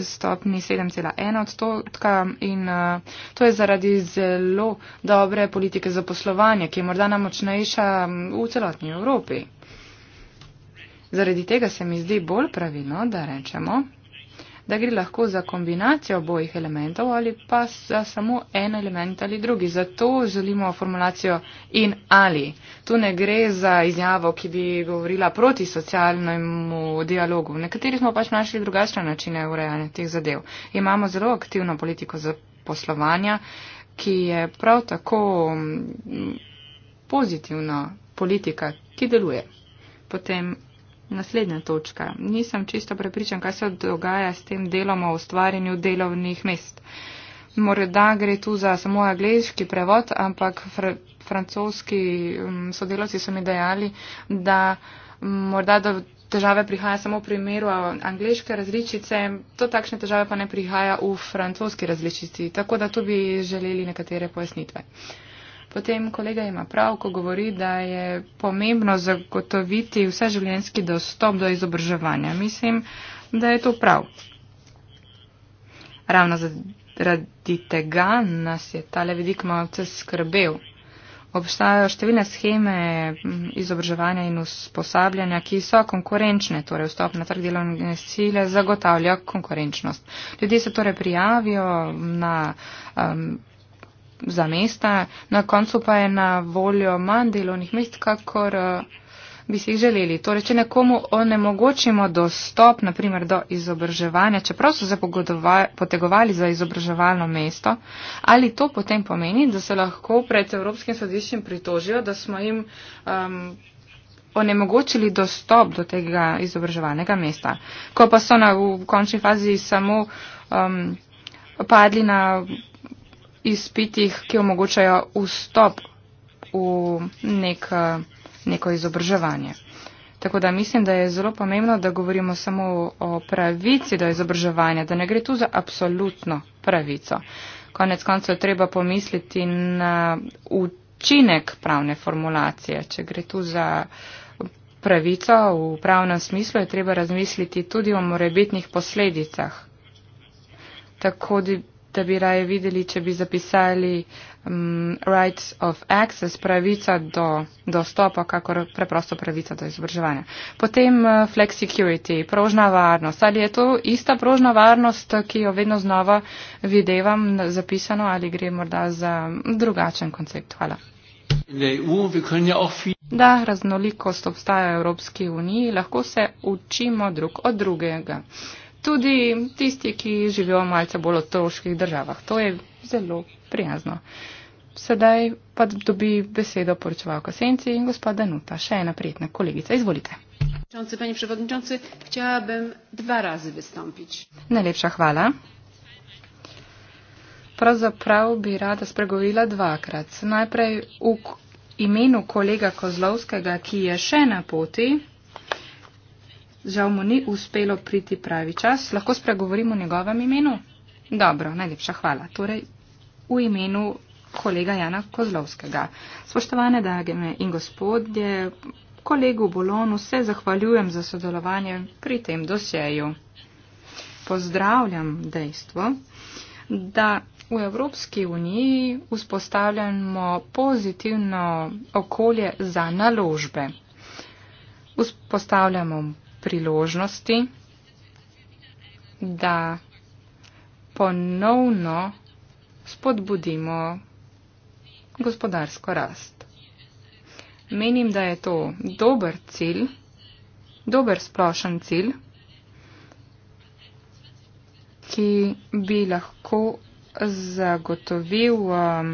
stopni 7,1 odstotka in uh, to je zaradi zelo dobre politike zaposlovanja, ki je morda najmočnejša mm, v celotni Evropi. Zaradi tega se mi zdi bolj pravilno, da rečemo, da gre lahko za kombinacijo obojih elementov ali pa za samo en element ali drugi. Zato želimo formulacijo in ali. Tu ne gre za izjavo, ki bi govorila proti socialnemu dialogu. Nekateri smo pač našli drugačne načine urejanja teh zadev. Imamo zelo aktivno politiko za poslovanja, ki je prav tako mm, pozitivna politika, ki deluje. Potem naslednja točka. Nisem čisto prepričan, kaj se dogaja s tem delom o ustvarjanju delovnih mest. Morda gre tu za samo angliški prevod, ampak fr francoski mm, sodelavci so mi dejali, da morda do težave prihaja samo v primeru angliške različice, to takšne težave pa ne prihaja v francoski različici. Tako da tu bi želeli nekatere pojasnitve. Uh, Potem kolega ima prav, ko govori, da je pomembno zagotoviti vseživljenski dostop do izobraževanja. Mislim, da je to prav. Ravno zaradi tega nas je tale vidik malce skrbel. Obstajajo številne scheme izobraževanja in usposabljanja, ki so konkurenčne, torej vstop na trg delovne sile zagotavlja konkurenčnost. Ljudje se torej prijavijo na. Um, za mesta, na koncu pa je na voljo manj delovnih mest, kakor eh, bi si jih želeli. Torej, če nekomu onemogočimo dostop, naprimer, do izobraževanja, čeprav so se potegovali za izobraževalno mesto, ali to potem pomeni, da se lahko pred Evropskim sodiščem pritožijo, da smo jim um, onemogočili dostop do tega izobraževalnega mesta. Ko pa so na, v končni fazi samo um, padli na izpitih, ki omogočajo vstop v nek, neko izobraževanje. Tako da mislim, da je zelo pomembno, da govorimo samo o pravici do izobraževanja, da ne gre tu za absolutno pravico. Konec koncev treba pomisliti na učinek pravne formulacije. Če gre tu za pravico v pravnem smislu, je treba razmisliti tudi o morebitnih posledicah. Tako da da bi raje videli, če bi zapisali um, rights of access, pravica do dostopa, kakor preprosto pravica do izobraževanja. Potem uh, flex security, prožna varnost. Ali je to ista prožna varnost, ki jo vedno znova videvam zapisano ali gre morda za drugačen koncept? Hvala. Da, raznolikost obstaja v Evropski uniji, lahko se učimo drug od drugega. Uh, tudi tisti, ki živijo malce bolj otroških državah. To je zelo prijazno. Sedaj pa dobi besedo poročevalka Senci in gospa Danuta. Še ena prijetna kolegica. Izvolite. Pani predsednici, htela bi dva razi vstopiti. Najlepša hvala. Pravzaprav bi rada spregovila dvakrat. Najprej v imenu kolega Kozlovskega, ki je še na poti žal mu ni uspelo priti pravi čas. Lahko spregovorim v njegovem imenu? Dobro, najlepša hvala. Torej, v imenu kolega Jana Kozlovskega. Spoštovane dame in gospodje, kolegu Bolonu se zahvaljujem za sodelovanje pri tem dosjeju. Pozdravljam dejstvo, da v Evropski uniji vzpostavljamo pozitivno okolje za naložbe. Vzpostavljamo priložnosti, da ponovno spodbudimo gospodarsko rast. Menim, da je to dober cilj, dober splošen cilj, ki bi lahko zagotovil um,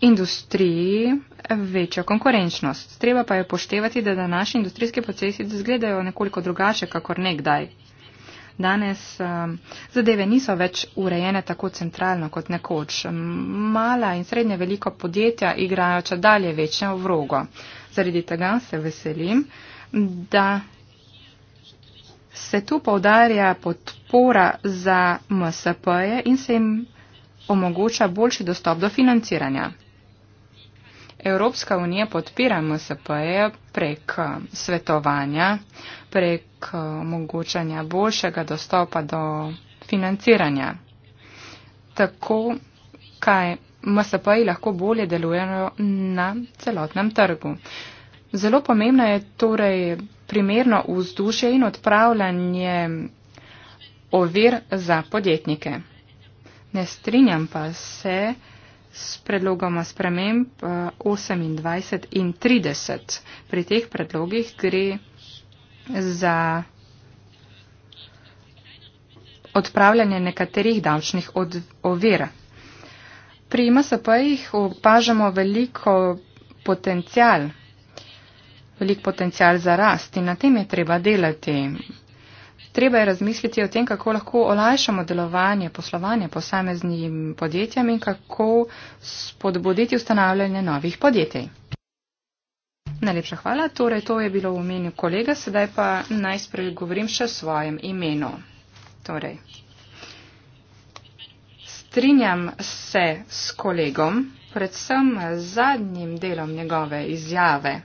industriji, večjo konkurenčnost. Treba pa je poštevati, da današnji industrijski procesi izgledajo nekoliko drugače, kakor nekdaj. Danes um, zadeve niso več urejene tako centralno kot nekoč. Mala in srednje veliko podjetja igrajo če dalje večjo vrogo. Zaradi tega se veselim, da se tu povdarja podpora za MSP-je in se jim omogoča boljši dostop do financiranja. Evropska unija podpira MSP-je prek eh, svetovanja, prek eh, omogočanja boljšega dostopa do financiranja. Tako, kaj MSP-ji lahko bolje delujejo na celotnem trgu. Zelo pomembno je torej primerno vzdušje in odpravljanje ovir za podjetnike. Ne strinjam pa se, s predlogoma sprememb 28 eh, in 30. Pri teh predlogih gre za odpravljanje nekaterih davčnih ovir. Pri MSP-jih opažamo veliko potencijal, velik potencijal za rast in na tem je treba delati. Treba je razmisliti o tem, kako lahko olajšamo delovanje, poslovanje posameznim podjetjem in kako spodbuditi ustanavljanje novih podjetij. Najlepša hvala. Torej, to je bilo v imenu kolega, sedaj pa naj spregovorim še o svojem imenu. Torej, strinjam se s kolegom, predvsem z zadnjim delom njegove izjave.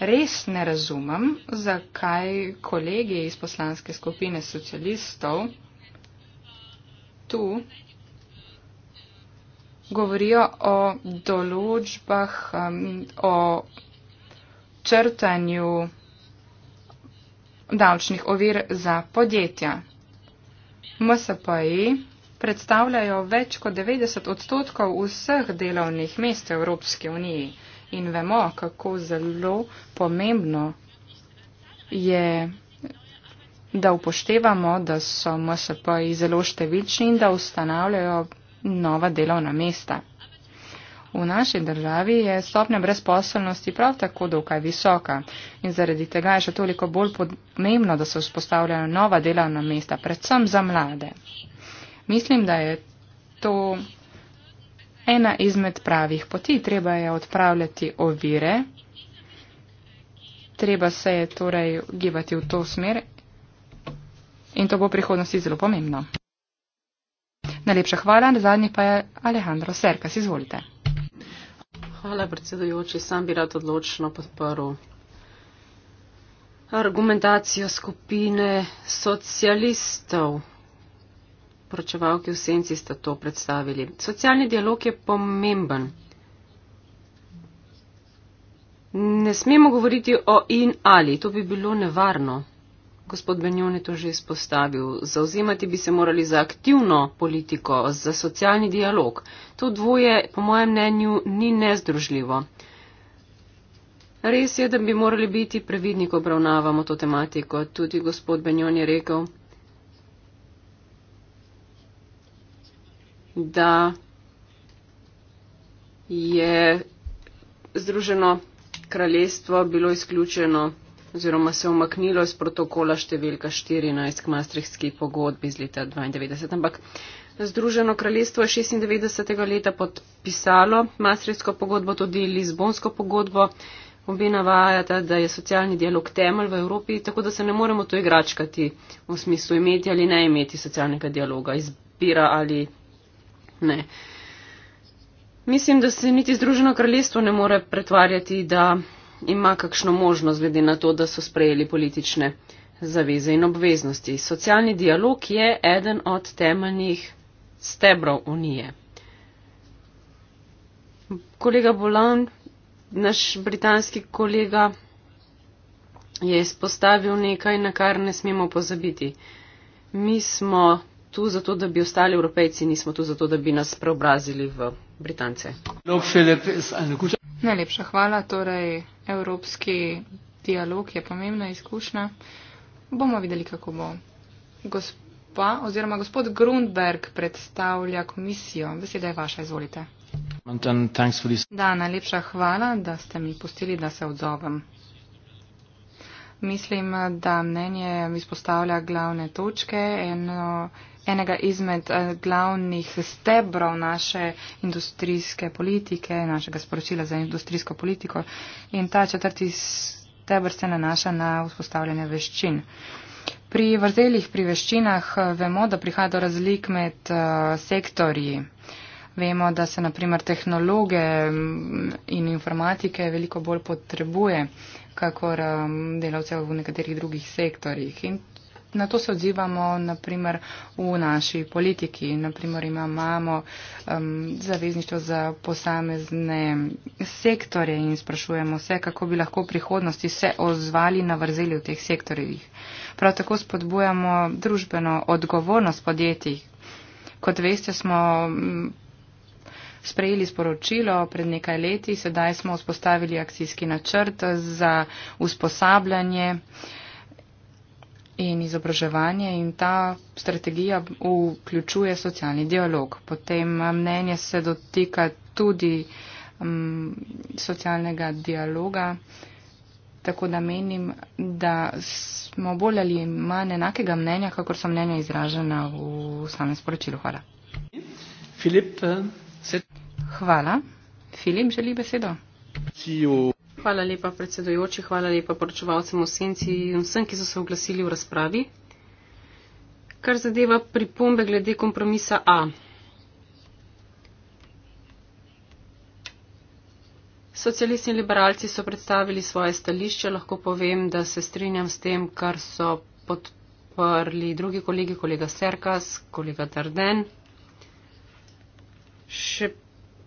Res ne razumem, zakaj kolege iz poslanske skupine socialistov tu govorijo o določbah, um, o črtanju davčnih ovir za podjetja. MSPI predstavljajo več kot 90 odstotkov vseh delovnih mest v Evropski uniji in vemo, kako zelo pomembno je, da upoštevamo, da so MSP-ji zelo številčni in da ustanavljajo nova delovna mesta. V naši državi je stopnja brezposelnosti prav tako dokaj visoka in zaradi tega je še toliko bolj pomembno, da se vzpostavljajo nova delovna mesta, predvsem za mlade. Mislim, da je to ena izmed pravih poti. Treba je odpravljati ovire, treba se je torej gibati v to smer in to bo v prihodnosti zelo pomembno. Najlepša hvala, na zadnji pa je Alejandro Serkas, izvolite. Hvala, predsedujoči, sam bi rad odločno podporil argumentacijo skupine socialistov poročevalki v senci sta to predstavili. Socialni dialog je pomemben. Ne smemo govoriti o in ali, to bi bilo nevarno. Gospod Benjon je to že izpostavil. Zauzemati bi se morali za aktivno politiko, za socialni dialog. To dvoje, po mojem mnenju, ni nezdružljivo. Res je, da bi morali biti previdni, ko obravnavamo to tematiko. Tudi gospod Benjon je rekel, da je Združeno kraljestvo bilo izključeno oziroma se omaknilo iz protokola številka 14 k Maastrichtski pogodbi iz leta 92. Ampak Združeno kraljestvo je 96. leta podpisalo Maastrichtsko pogodbo, tudi Lizbonsko pogodbo. Obe navajata, da je socialni dialog temelj v Evropi, tako da se ne moremo to igračkati v smislu imeti ali ne imeti socialnega dialoga, izbira ali ne. Mislim, da se niti Združeno kraljestvo ne more pretvarjati, da ima kakšno možnost, glede na to, da so sprejeli politične zaveze in obveznosti. Socialni dialog je eden od temeljnih stebrov unije. Kolega Bolan, naš britanski kolega, je izpostavil nekaj, na kar ne smemo pozabiti. Mi smo tu zato, da bi ostali evropejci, nismo tu zato, da bi nas preobrazili v Britance. Najlepša hvala. Torej, evropski dialog je pomembna izkušnja. Bomo videli, kako bo. Gospa oziroma gospod Grundberg predstavlja komisijo. Beseda je vaša, izvolite. Da, najlepša hvala, da ste mi pustili, da se odzovem. Mislim, da mnenje izpostavlja glavne točke. Eno, enega izmed eh, glavnih stebrov naše industrijske politike, našega sporočila za industrijsko politiko. In ta četrti stebr se nanaša na vzpostavljanje veščin. Pri vrzeljih, pri veščinah eh, vemo, da prihaja do razlik med eh, sektorji. Vemo, da se naprimer tehnologe mm, in informatike veliko bolj potrebuje, kakor delavce v nekaterih drugih sektorjih. In na to se odzivamo naprimer v naši politiki. Naprimer imamo um, zavezništvo za posamezne sektorje in sprašujemo se, kako bi lahko v prihodnosti se ozvali na vrzeli v teh sektorjih. Prav tako spodbujamo družbeno odgovornost podjetij. Kot veste, smo mm, sprejeli sporočilo pred nekaj leti, sedaj smo vzpostavili akcijski načrt za usposabljanje. Uh, in izobraževanje in ta strategija vključuje socialni dialog. Potem eh, mnenje se dotika tudi um, socialnega dialoga, tako da menim, da smo bolj ali manj enakega mnenja, kakor so mnenja izražena v samem sporočilu. Hvala. Filip, eh, se... Hvala. Filip želi besedo. Cio. Hvala lepa predsedujoči, hvala lepa poročevalcem v senci in vsem, ki so se oglasili v razpravi. Kar zadeva pripombe glede kompromisa A. Socialisti in liberalci so predstavili svoje stališče, lahko povem, da se strinjam s tem, kar so podprli drugi kolegi, kolega Serkas, kolega Tarden. Še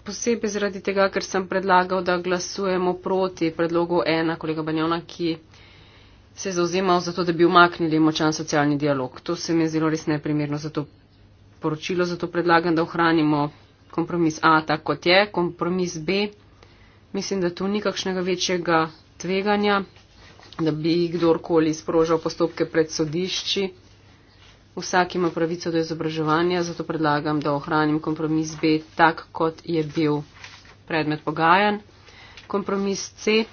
posebej zaradi tega, ker sem predlagal, da glasujemo proti predlogu ena kolega Banjona, ki se je zauzemal za to, da bi umaknili močan socialni dialog. To se mi je zelo res neprimerno za to poročilo, zato predlagam, da ohranimo kompromis A tak, kot je, kompromis B. Mislim, da tu ni kakšnega večjega tveganja, da bi kdorkoli sprožal postopke pred sodišči. Vsak ima pravico do izobraževanja, zato predlagam, da ohranim kompromis B tak, kot je bil predmet pogajan. Kompromis C.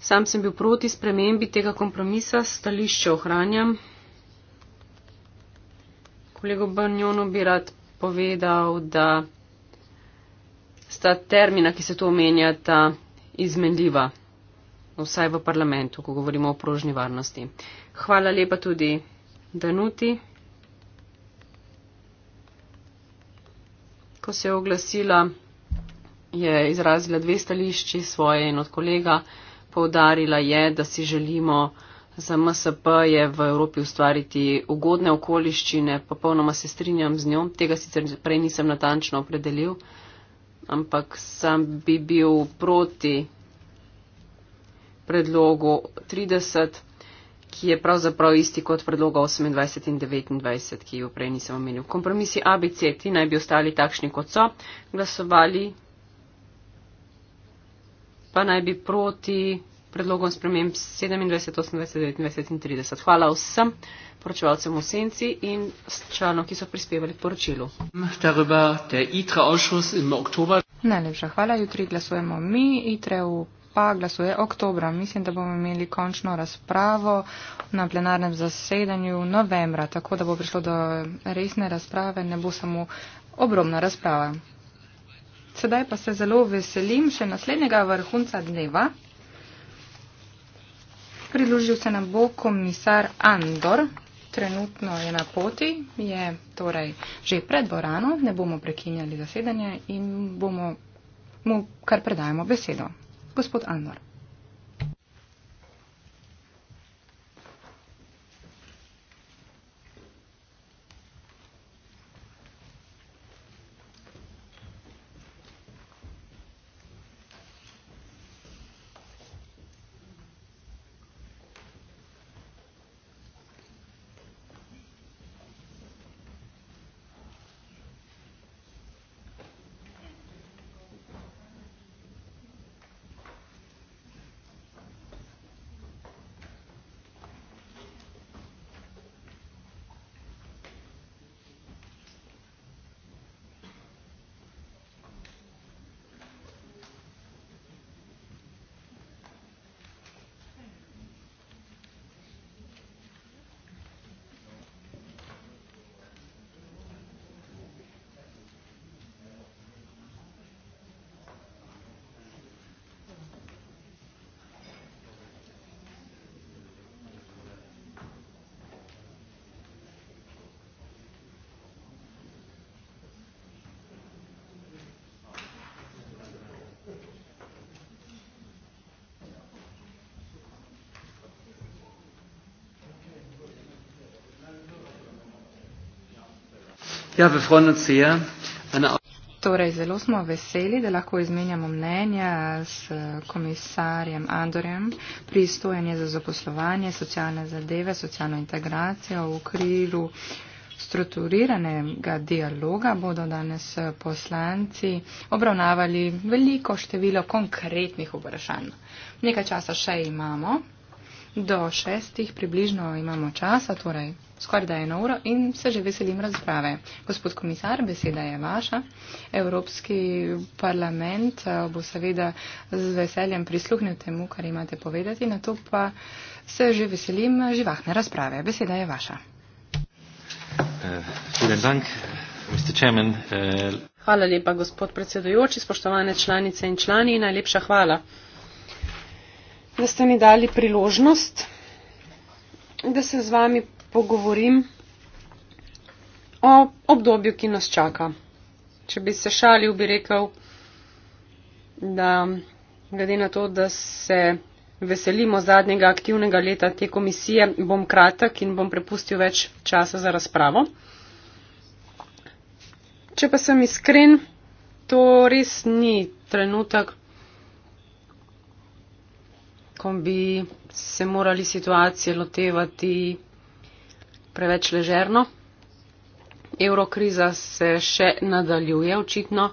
Sam sem bil proti spremembi tega kompromisa, stališče ohranjam. Kolego Banjonu bi rad povedal, da sta termina, ki se tu omenjata, izmenljiva, vsaj v parlamentu, ko govorimo o prožni varnosti. Hvala lepa tudi Danuti. Ko se je oglasila, je izrazila dve stališči svoje in od kolega. Povdarila je, da si želimo za MSP je v Evropi ustvariti ugodne okoliščine, popolnoma se strinjam z njo, tega sicer prej nisem natančno opredelil, ampak sam bi bil proti predlogu 30 ki je pravzaprav isti kot predloga 28 in 29, ki jo prej nisem omenil. Kompromisi ABC, ti naj bi ostali takšni, kot so, glasovali pa naj bi proti predlogom sprememb 27, 28, 29 in 30. Hvala vsem poročevalcem v senci in članom, ki so prispevali poročilu. Najlepša hvala, jutri glasujemo mi, ITRE v pa glasuje oktobra. Mislim, da bomo imeli končno razpravo na plenarnem zasedanju novembra, tako da bo prišlo do resne razprave, ne bo samo obrobna razprava. Sedaj pa se zelo veselim še naslednjega vrhunca dneva. Pridružil se nam bo komisar Andor, trenutno je na poti, je torej že pred dvorano, ne bomo prekinjali zasedanje in bomo mu kar predajemo besedo gospod Alnor. Ja, wir freuen uns sehr. Eine Torej, zelo smo veseli, da lahko izmenjamo mnenja s eh, komisarjem Andorjem. Pristojen je za zaposlovanje, socialne zadeve, socialno integracijo v okviru strukturiranega dialoga. Bodo danes eh, poslanci obravnavali veliko število konkretnih vprašanj. Nekaj časa še imamo do šestih približno imamo časa, torej skoraj da eno uro in se že veselim razprave. Gospod komisar, beseda je vaša. Evropski parlament eh, bo seveda z veseljem prisluhnil temu, kar imate povedati, na to pa se že veselim živahne razprave. Beseda je vaša. Eh, eh, hvala lepa, gospod predsedujoči, spoštovane članice in člani, najlepša hvala da ste mi dali priložnost, da se z vami pogovorim o obdobju, ki nas čaka. Če bi se šalil, bi rekel, da glede na to, da se veselimo zadnjega aktivnega leta te komisije, bom kratek in bom prepustil več časa za razpravo. Če pa sem iskren, to res ni trenutek, začetkom bi se morali situacije lotevati preveč ležerno. Evrokriza se še nadaljuje, očitno.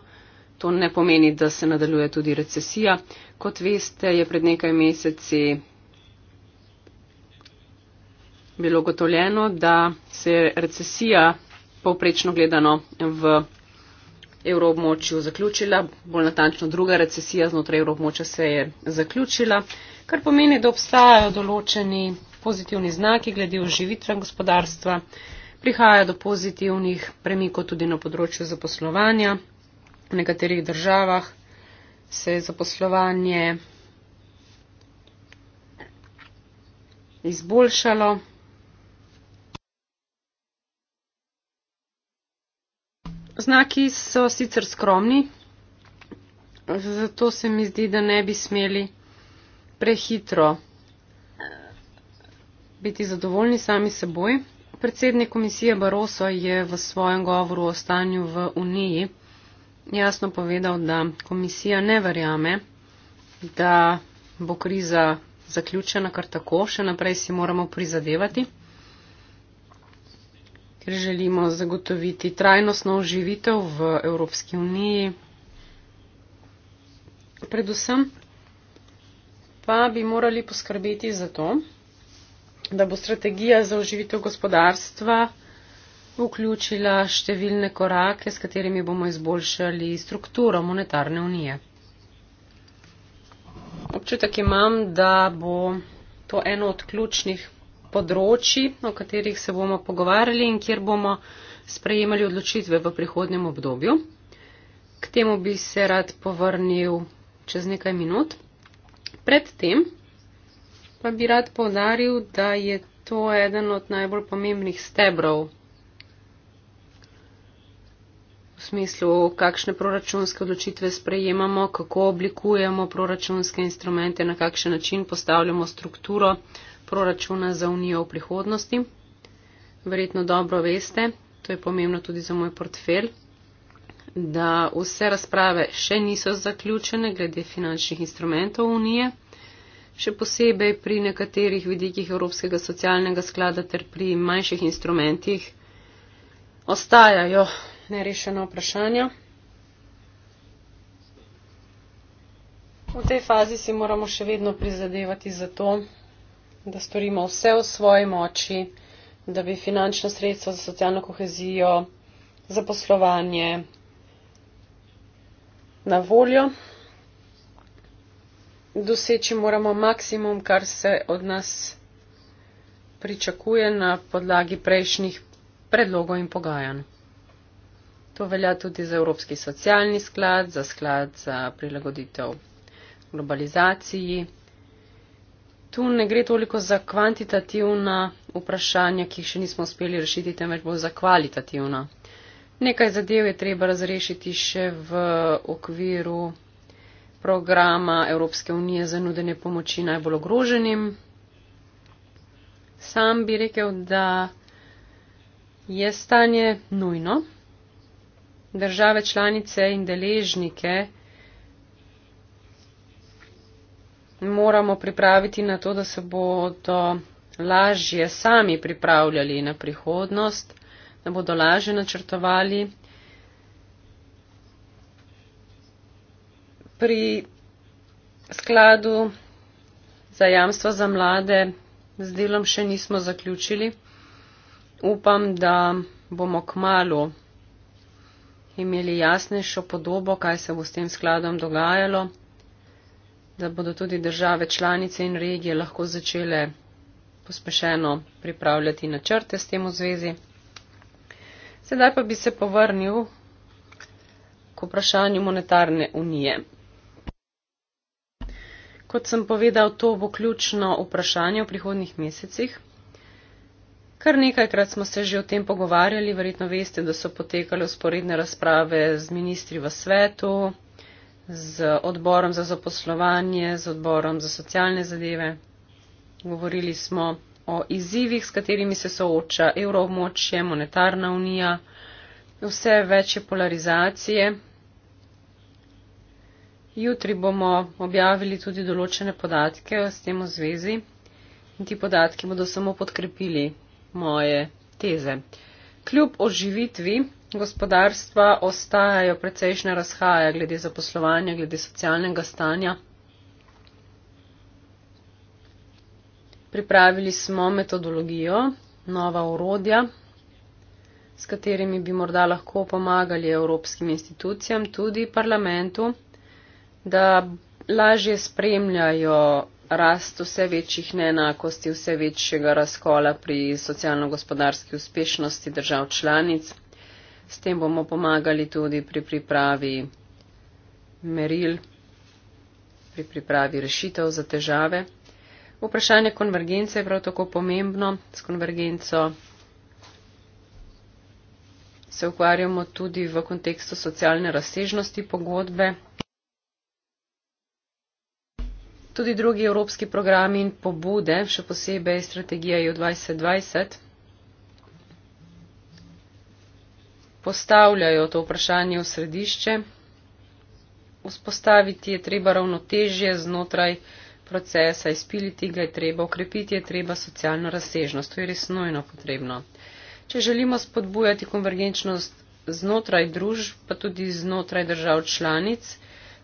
To ne pomeni, da se nadaljuje tudi recesija. Kot veste, je pred nekaj meseci bilo gotovljeno, da se je recesija povprečno gledano v evroobmočju zaključila, bolj natančno druga recesija znotraj evroobmočja se je zaključila kar pomeni, da obstajajo določeni pozitivni znaki glede oživitve gospodarstva, prihaja do pozitivnih premikov tudi na področju zaposlovanja. V nekaterih državah se je zaposlovanje izboljšalo. Znaki so sicer skromni, zato se mi zdi, da ne bi smeli prehitro biti zadovoljni sami seboj. Predsednik komisije Baroso je v svojem govoru o stanju v Uniji jasno povedal, da komisija ne verjame, da bo kriza zaključena kar tako, še naprej si moramo prizadevati, ker želimo zagotoviti trajnostno oživitev v Evropski uniji. Predvsem pa bi morali poskrbeti za to, da bo strategija za oživitev gospodarstva vključila številne korake, s katerimi bomo izboljšali strukturo monetarne unije. Občutek imam, da bo to eno od ključnih področji, o katerih se bomo pogovarjali in kjer bomo sprejemali odločitve v prihodnjem obdobju. K temu bi se rad povrnil čez nekaj minut. Predtem pa bi rad povdaril, da je to eden od najbolj pomembnih stebrov v smislu, kakšne proračunske odločitve sprejemamo, kako oblikujemo proračunske instrumente, na kakšen način postavljamo strukturo proračuna za unijo v prihodnosti. Verjetno dobro veste, to je pomembno tudi za moj portfelj da vse razprave še niso zaključene glede finančnih instrumentov Unije, še posebej pri nekaterih vidikih Evropskega socialnega sklada ter pri manjših instrumentih ostajajo nerešena vprašanja. V tej fazi si moramo še vedno prizadevati za to, da storimo vse v svoji moči, da bi finančna sredstva za socialno kohezijo, za poslovanje, na voljo. Doseči moramo maksimum, kar se od nas pričakuje na podlagi prejšnjih predlogov in pogajanj. To velja tudi za Evropski socialni sklad, za sklad za prilagoditev globalizaciji. Tu ne gre toliko za kvantitativna vprašanja, ki jih še nismo uspeli rešiti, temveč bolj za kvalitativna. Nekaj zadev je treba razrešiti še v okviru programa Evropske unije za nudenje pomoči najbolj ogroženim. Sam bi rekel, da je stanje nujno. Države članice in deležnike moramo pripraviti na to, da se bodo lažje sami pripravljali na prihodnost da bodo lažje načrtovali. Pri skladu za jamstva za mlade z delom še nismo zaključili. Upam, da bomo k malu imeli jasnejšo podobo, kaj se bo s tem skladom dogajalo, da bodo tudi države članice in regije lahko začele pospešeno pripravljati načrte s tem v zvezi. Sedaj pa bi se povrnil k vprašanju monetarne unije. Kot sem povedal, to bo ključno vprašanje v prihodnih mesecih. Kar nekajkrat smo se že o tem pogovarjali, verjetno veste, da so potekale usporedne razprave z ministri v svetu, z odborom za zaposlovanje, z odborom za socialne zadeve. Govorili smo o izzivih, s katerimi se sooča evroobmočje, monetarna unija, vse večje polarizacije. Jutri bomo objavili tudi določene podatke s tem v zvezi in ti podatki bodo samo podkrepili moje teze. Kljub oživitvi gospodarstva ostajajo precejšnja razhaja glede zaposlovanja, glede socialnega stanja. Pripravili smo metodologijo, nova orodja, s katerimi bi morda lahko pomagali evropskim institucijam, tudi parlamentu, da lažje spremljajo rast vse večjih neenakosti, vse večjega razkola pri socialno-gospodarski uspešnosti držav članic. S tem bomo pomagali tudi pri pripravi meril, pri pripravi rešitev za težave. Vprašanje konvergence je prav tako pomembno. S konvergenco se ukvarjamo tudi v kontekstu socialne razsežnosti pogodbe. Tudi drugi evropski programi in pobude, še posebej strategija EU 2020, postavljajo to vprašanje v središče. Vzpostaviti je treba ravnotežje znotraj procesa, izpiliti ga je treba, okrepiti je treba socialno razsežnost, to je res nujno potrebno. Če želimo spodbujati konvergenčnost znotraj družb, pa tudi znotraj držav članic,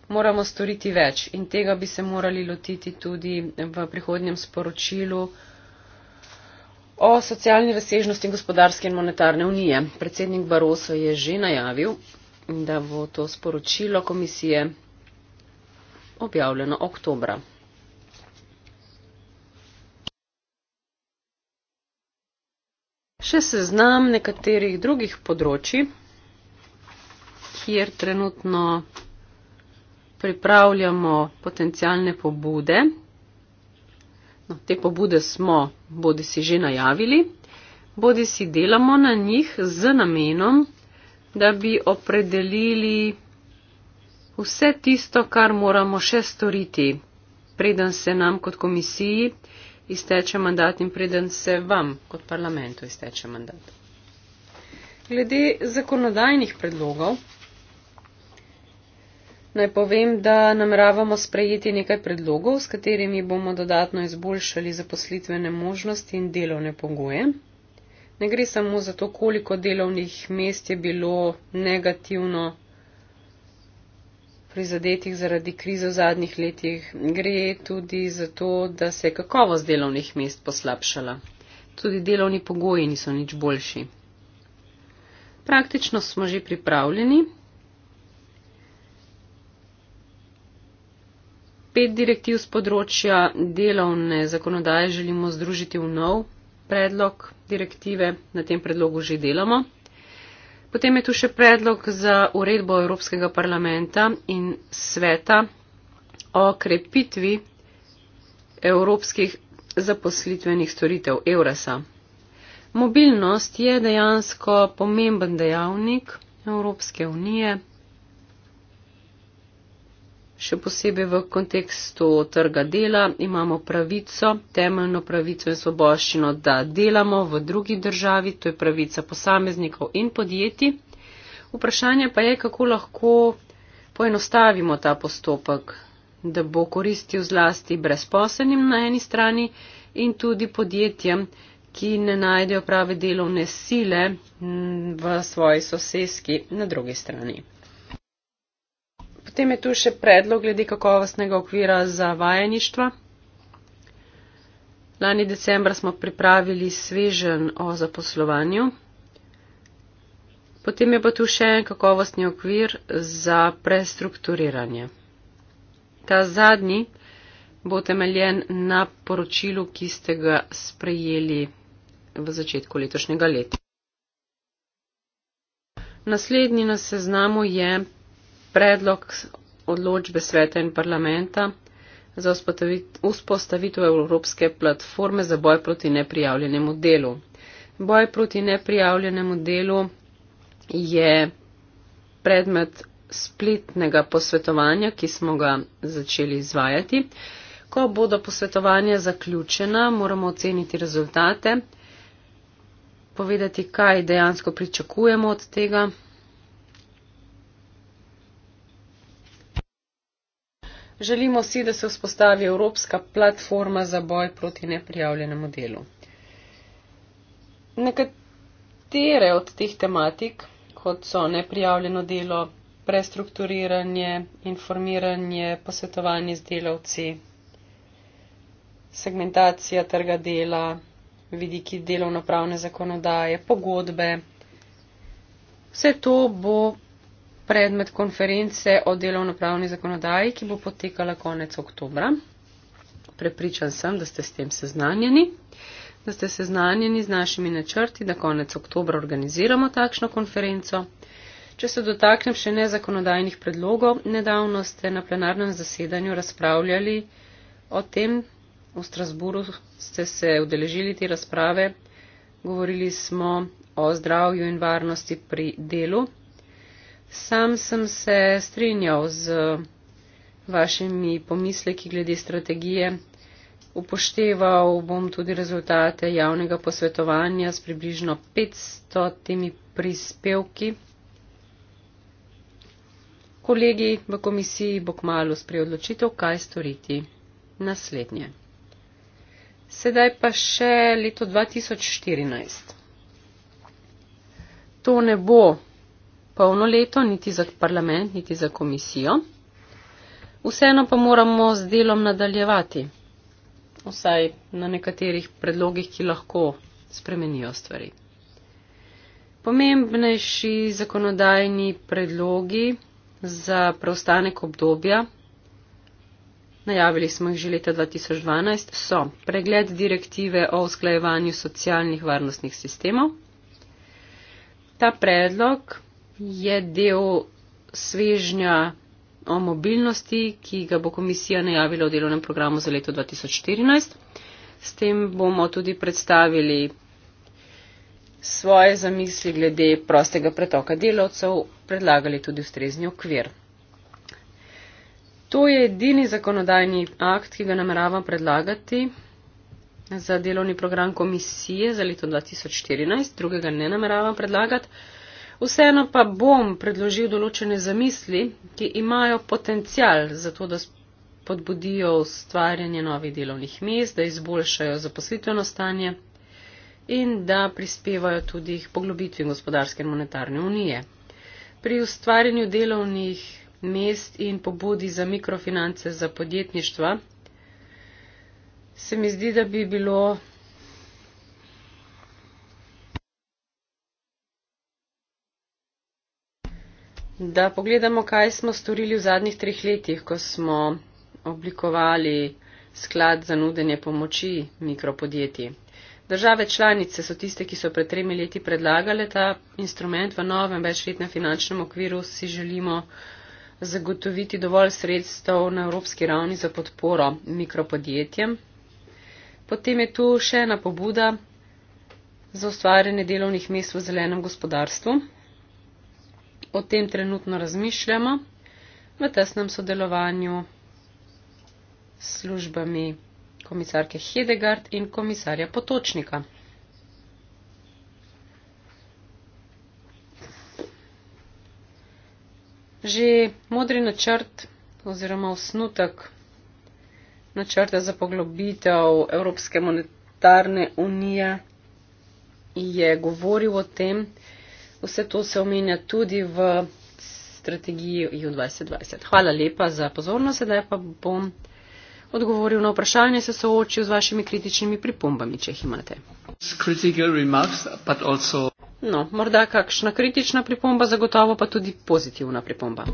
moramo storiti več in tega bi se morali lotiti tudi v prihodnjem sporočilu o socialni razsežnosti gospodarske in monetarne unije. Predsednik Baroso je že najavil, da bo to sporočilo komisije objavljeno oktobra. še seznam nekaterih drugih področji, kjer trenutno pripravljamo potencijalne pobude. No, te pobude smo bodi si že najavili, bodi si delamo na njih z namenom, da bi opredelili vse tisto, kar moramo še storiti, preden se nam kot komisiji izteče mandat in preden se vam kot parlamentu izteče mandat. Glede zakonodajnih predlogov naj povem, da nameravamo sprejeti nekaj predlogov, s katerimi bomo dodatno izboljšali zaposlitvene možnosti in delovne pogoje. Ne gre samo za to, koliko delovnih mest je bilo negativno prizadetih zaradi krize v zadnjih letih, gre tudi za to, da se je kakovost delovnih mest poslabšala. Tudi delovni pogoji niso nič boljši. Praktično smo že pripravljeni. Pet direktiv z področja delovne zakonodaje želimo združiti v nov predlog direktive. Na tem predlogu že delamo. Potem je tu še predlog za uredbo Evropskega parlamenta in sveta o krepitvi evropskih zaposlitvenih storitev Eurasa. Mobilnost je dejansko pomemben dejavnik Evropske unije še posebej v kontekstu trga dela, imamo pravico, temeljno pravico in svoboščino, da delamo v drugi državi, to je pravica posameznikov in podjetij. Vprašanje pa je, kako lahko poenostavimo ta postopek, da bo koristil zlasti brezposenim na eni strani in tudi podjetjem, ki ne najdejo prave delovne sile v svoji soseski na drugi strani. Potem je tu še predlog glede kakovostnega okvira za vajeništvo. Lani decembra smo pripravili svežen o zaposlovanju. Potem je pa tu še en kakovostni okvir za prestrukturiranje. Ta zadnji bo temeljen na poročilu, ki ste ga sprejeli v začetku letošnjega leta. Naslednji na seznamu je predlog odločbe sveta in parlamenta za vzpostavitev Evropske platforme za boj proti neprijavljenemu delu. Boj proti neprijavljenemu delu je predmet spletnega posvetovanja, ki smo ga začeli izvajati. Ko bodo posvetovanja zaključena, moramo oceniti rezultate, povedati, kaj dejansko pričakujemo od tega želimo si, da se vzpostavi evropska platforma za boj proti neprijavljenemu delu. Nekatere od teh tematik, kot so neprijavljeno delo, prestrukturiranje, informiranje, posvetovanje z delavci, segmentacija trga dela, vidiki delovno-pravne zakonodaje, pogodbe, vse to bo predmet konference o delovno-pravni zakonodaji, ki bo potekala konec oktobra. Prepričan sem, da ste s tem seznanjeni, da ste seznanjeni z našimi načrti, da konec oktobra organiziramo takšno konferenco. Če se dotaknem še nezakonodajnih predlogov, nedavno ste na plenarnem zasedanju razpravljali o tem, v Strasburu ste se udeležili te razprave, govorili smo o zdravju in varnosti pri delu. Sam sem se strinjal z vašimi pomisleki glede strategije. Upošteval bom tudi rezultate javnega posvetovanja s približno 500 temi prispevki. Kolegi v komisiji bo kmalo sprejel odločitev, kaj storiti naslednje. Sedaj pa še leto 2014. To ne bo polno leto, niti za parlament, niti za komisijo. Vseeno pa moramo z delom nadaljevati, vsaj na nekaterih predlogih, ki lahko spremenijo stvari. Pomembnejši zakonodajni predlogi za preostanek obdobja, najavili smo jih že leta 2012, so pregled direktive o usklajevanju socialnih varnostnih sistemov. Ta predlog je del svežnja o mobilnosti, ki ga bo komisija najavila v delovnem programu za leto 2014. S tem bomo tudi predstavili svoje zamisli glede prostega pretoka delavcev, predlagali tudi ustrezni okvir. To je edini zakonodajni akt, ki ga nameravam predlagati za delovni program komisije za leto 2014, drugega ne nameravam predlagati. Vseeno pa bom predložil določene zamisli, ki imajo potencial za to, da podbudijo ustvarjanje novih delovnih mest, da izboljšajo zaposlitveno stanje in da prispevajo tudi k poglobitvi gospodarske in monetarne unije. Pri ustvarjanju delovnih mest in pobudi za mikrofinance za podjetništva se mi zdi, da bi bilo da pogledamo, kaj smo storili v zadnjih treh letih, ko smo oblikovali sklad za nudenje pomoči mikropodjetij. Države članice so tiste, ki so pred tremi leti predlagale ta instrument v novem večletnem finančnem okviru, si želimo zagotoviti dovolj sredstev na evropski ravni za podporo mikropodjetjem. Potem je tu še ena pobuda za ustvarjanje delovnih mest v zelenem gospodarstvu o tem trenutno razmišljamo v tesnem sodelovanju s službami komisarke Hedegard in komisarja Potočnika. Že modri načrt oziroma osnutek načrta za poglobitev Evropske monetarne unije je govoril o tem, vse to se omenja tudi v strategiji EU 2020. Hvala lepa za pozornost, sedaj pa bom odgovoril na vprašanje, se soočil z vašimi kritičnimi pripombami, če jih imate. No, morda kakšna kritična pripomba, zagotovo pa tudi pozitivna pripomba.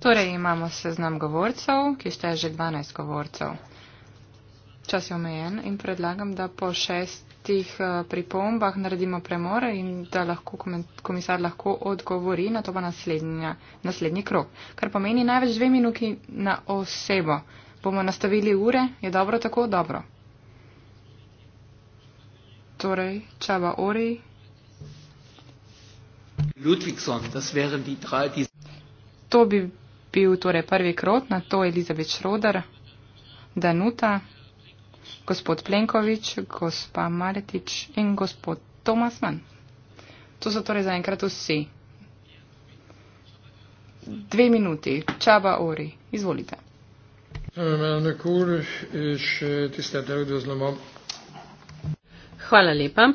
Torej imamo seznam govorcev, ki šteje že 12 govorcev. Čas je omejen in predlagam, da po šest tih eh, pripombah naredimo premore in da lahko komisar lahko odgovori na to pa naslednja, naslednji krok. Kar pomeni največ dve minuti na osebo. Bomo nastavili ure, je dobro tako, dobro. Torej, čava ori. Ludvigson, das wären die drei, die... To bi bil torej prvi krok, na to Elizabeth Schroeder, Danuta gospod Plenkovič, gospa Maretič in gospod Tomasman. To so torej zaenkrat vsi. Dve minuti, čaba uri, izvolite. Hvala lepa.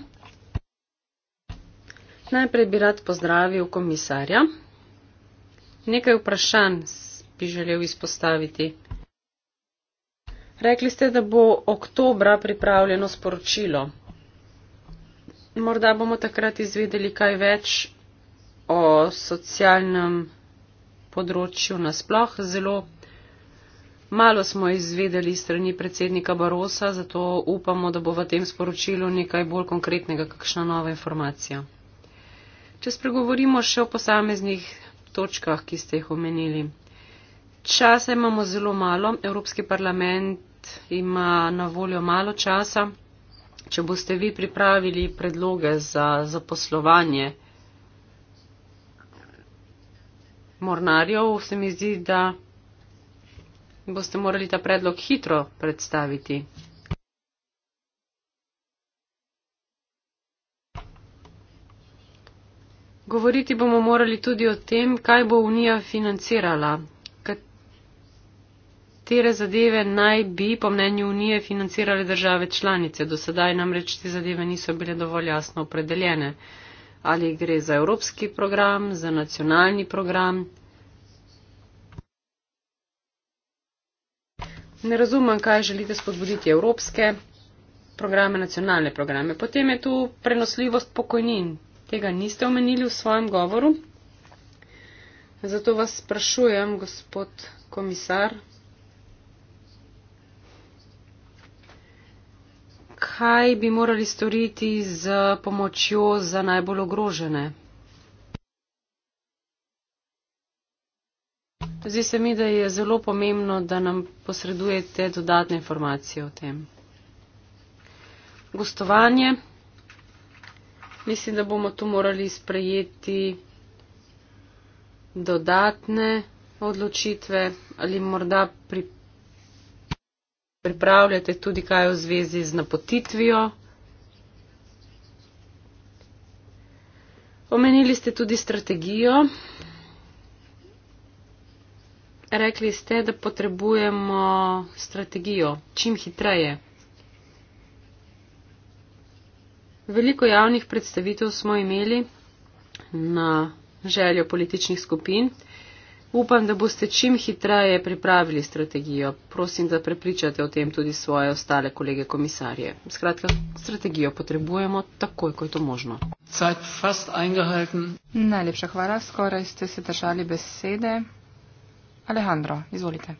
Najprej bi rad pozdravil komisarja. Nekaj vprašanj bi želel izpostaviti. Rekli ste, da bo oktobra pripravljeno sporočilo. Morda bomo takrat izvedeli kaj več o socialnem področju nasploh. Zelo malo smo izvedeli strani predsednika Barosa, zato upamo, da bo v tem sporočilu nekaj bolj konkretnega, kakšna nova informacija. Če spregovorimo še o posameznih točkah, ki ste jih omenili. Časa imamo zelo malo. Evropski parlament ima na voljo malo časa. Če boste vi pripravili predloge za zaposlovanje mornarjev, se mi zdi, da boste morali ta predlog hitro predstaviti. Govoriti bomo morali tudi o tem, kaj bo Unija financirala, Tere zadeve naj bi, po mnenju Unije, financirale države članice, do sedaj namreč te zadeve niso bile dovolj jasno opredeljene. Ali gre za evropski program, za nacionalni program? Ne razumem, kaj želite spodbuditi evropske programe, nacionalne programe. Potem je tu prenosljivost pokojnin. Tega niste omenili v svojem govoru. Zato vas sprašujem, gospod komisar, kaj bi morali storiti z pomočjo za najbolj ogrožene? Zdi se mi, da je zelo pomembno, da nam posredujete dodatne informacije o tem. Gostovanje. Mislim, da bomo tu morali sprejeti dodatne odločitve ali morda pripraviti pripravljate tudi kaj v zvezi z napotitvijo. Omenili ste tudi strategijo. Rekli ste, da potrebujemo strategijo čim hitreje. Veliko javnih predstavitev smo imeli na željo političnih skupin. Upam, da boste čim hitreje pripravili strategijo. Prosim, da prepričate o tem tudi svoje ostale kolege komisarje. Skratka, strategijo potrebujemo takoj, ko je to možno. Najlepša hvala, skoraj ste se držali besede. Alejandro, izvolite.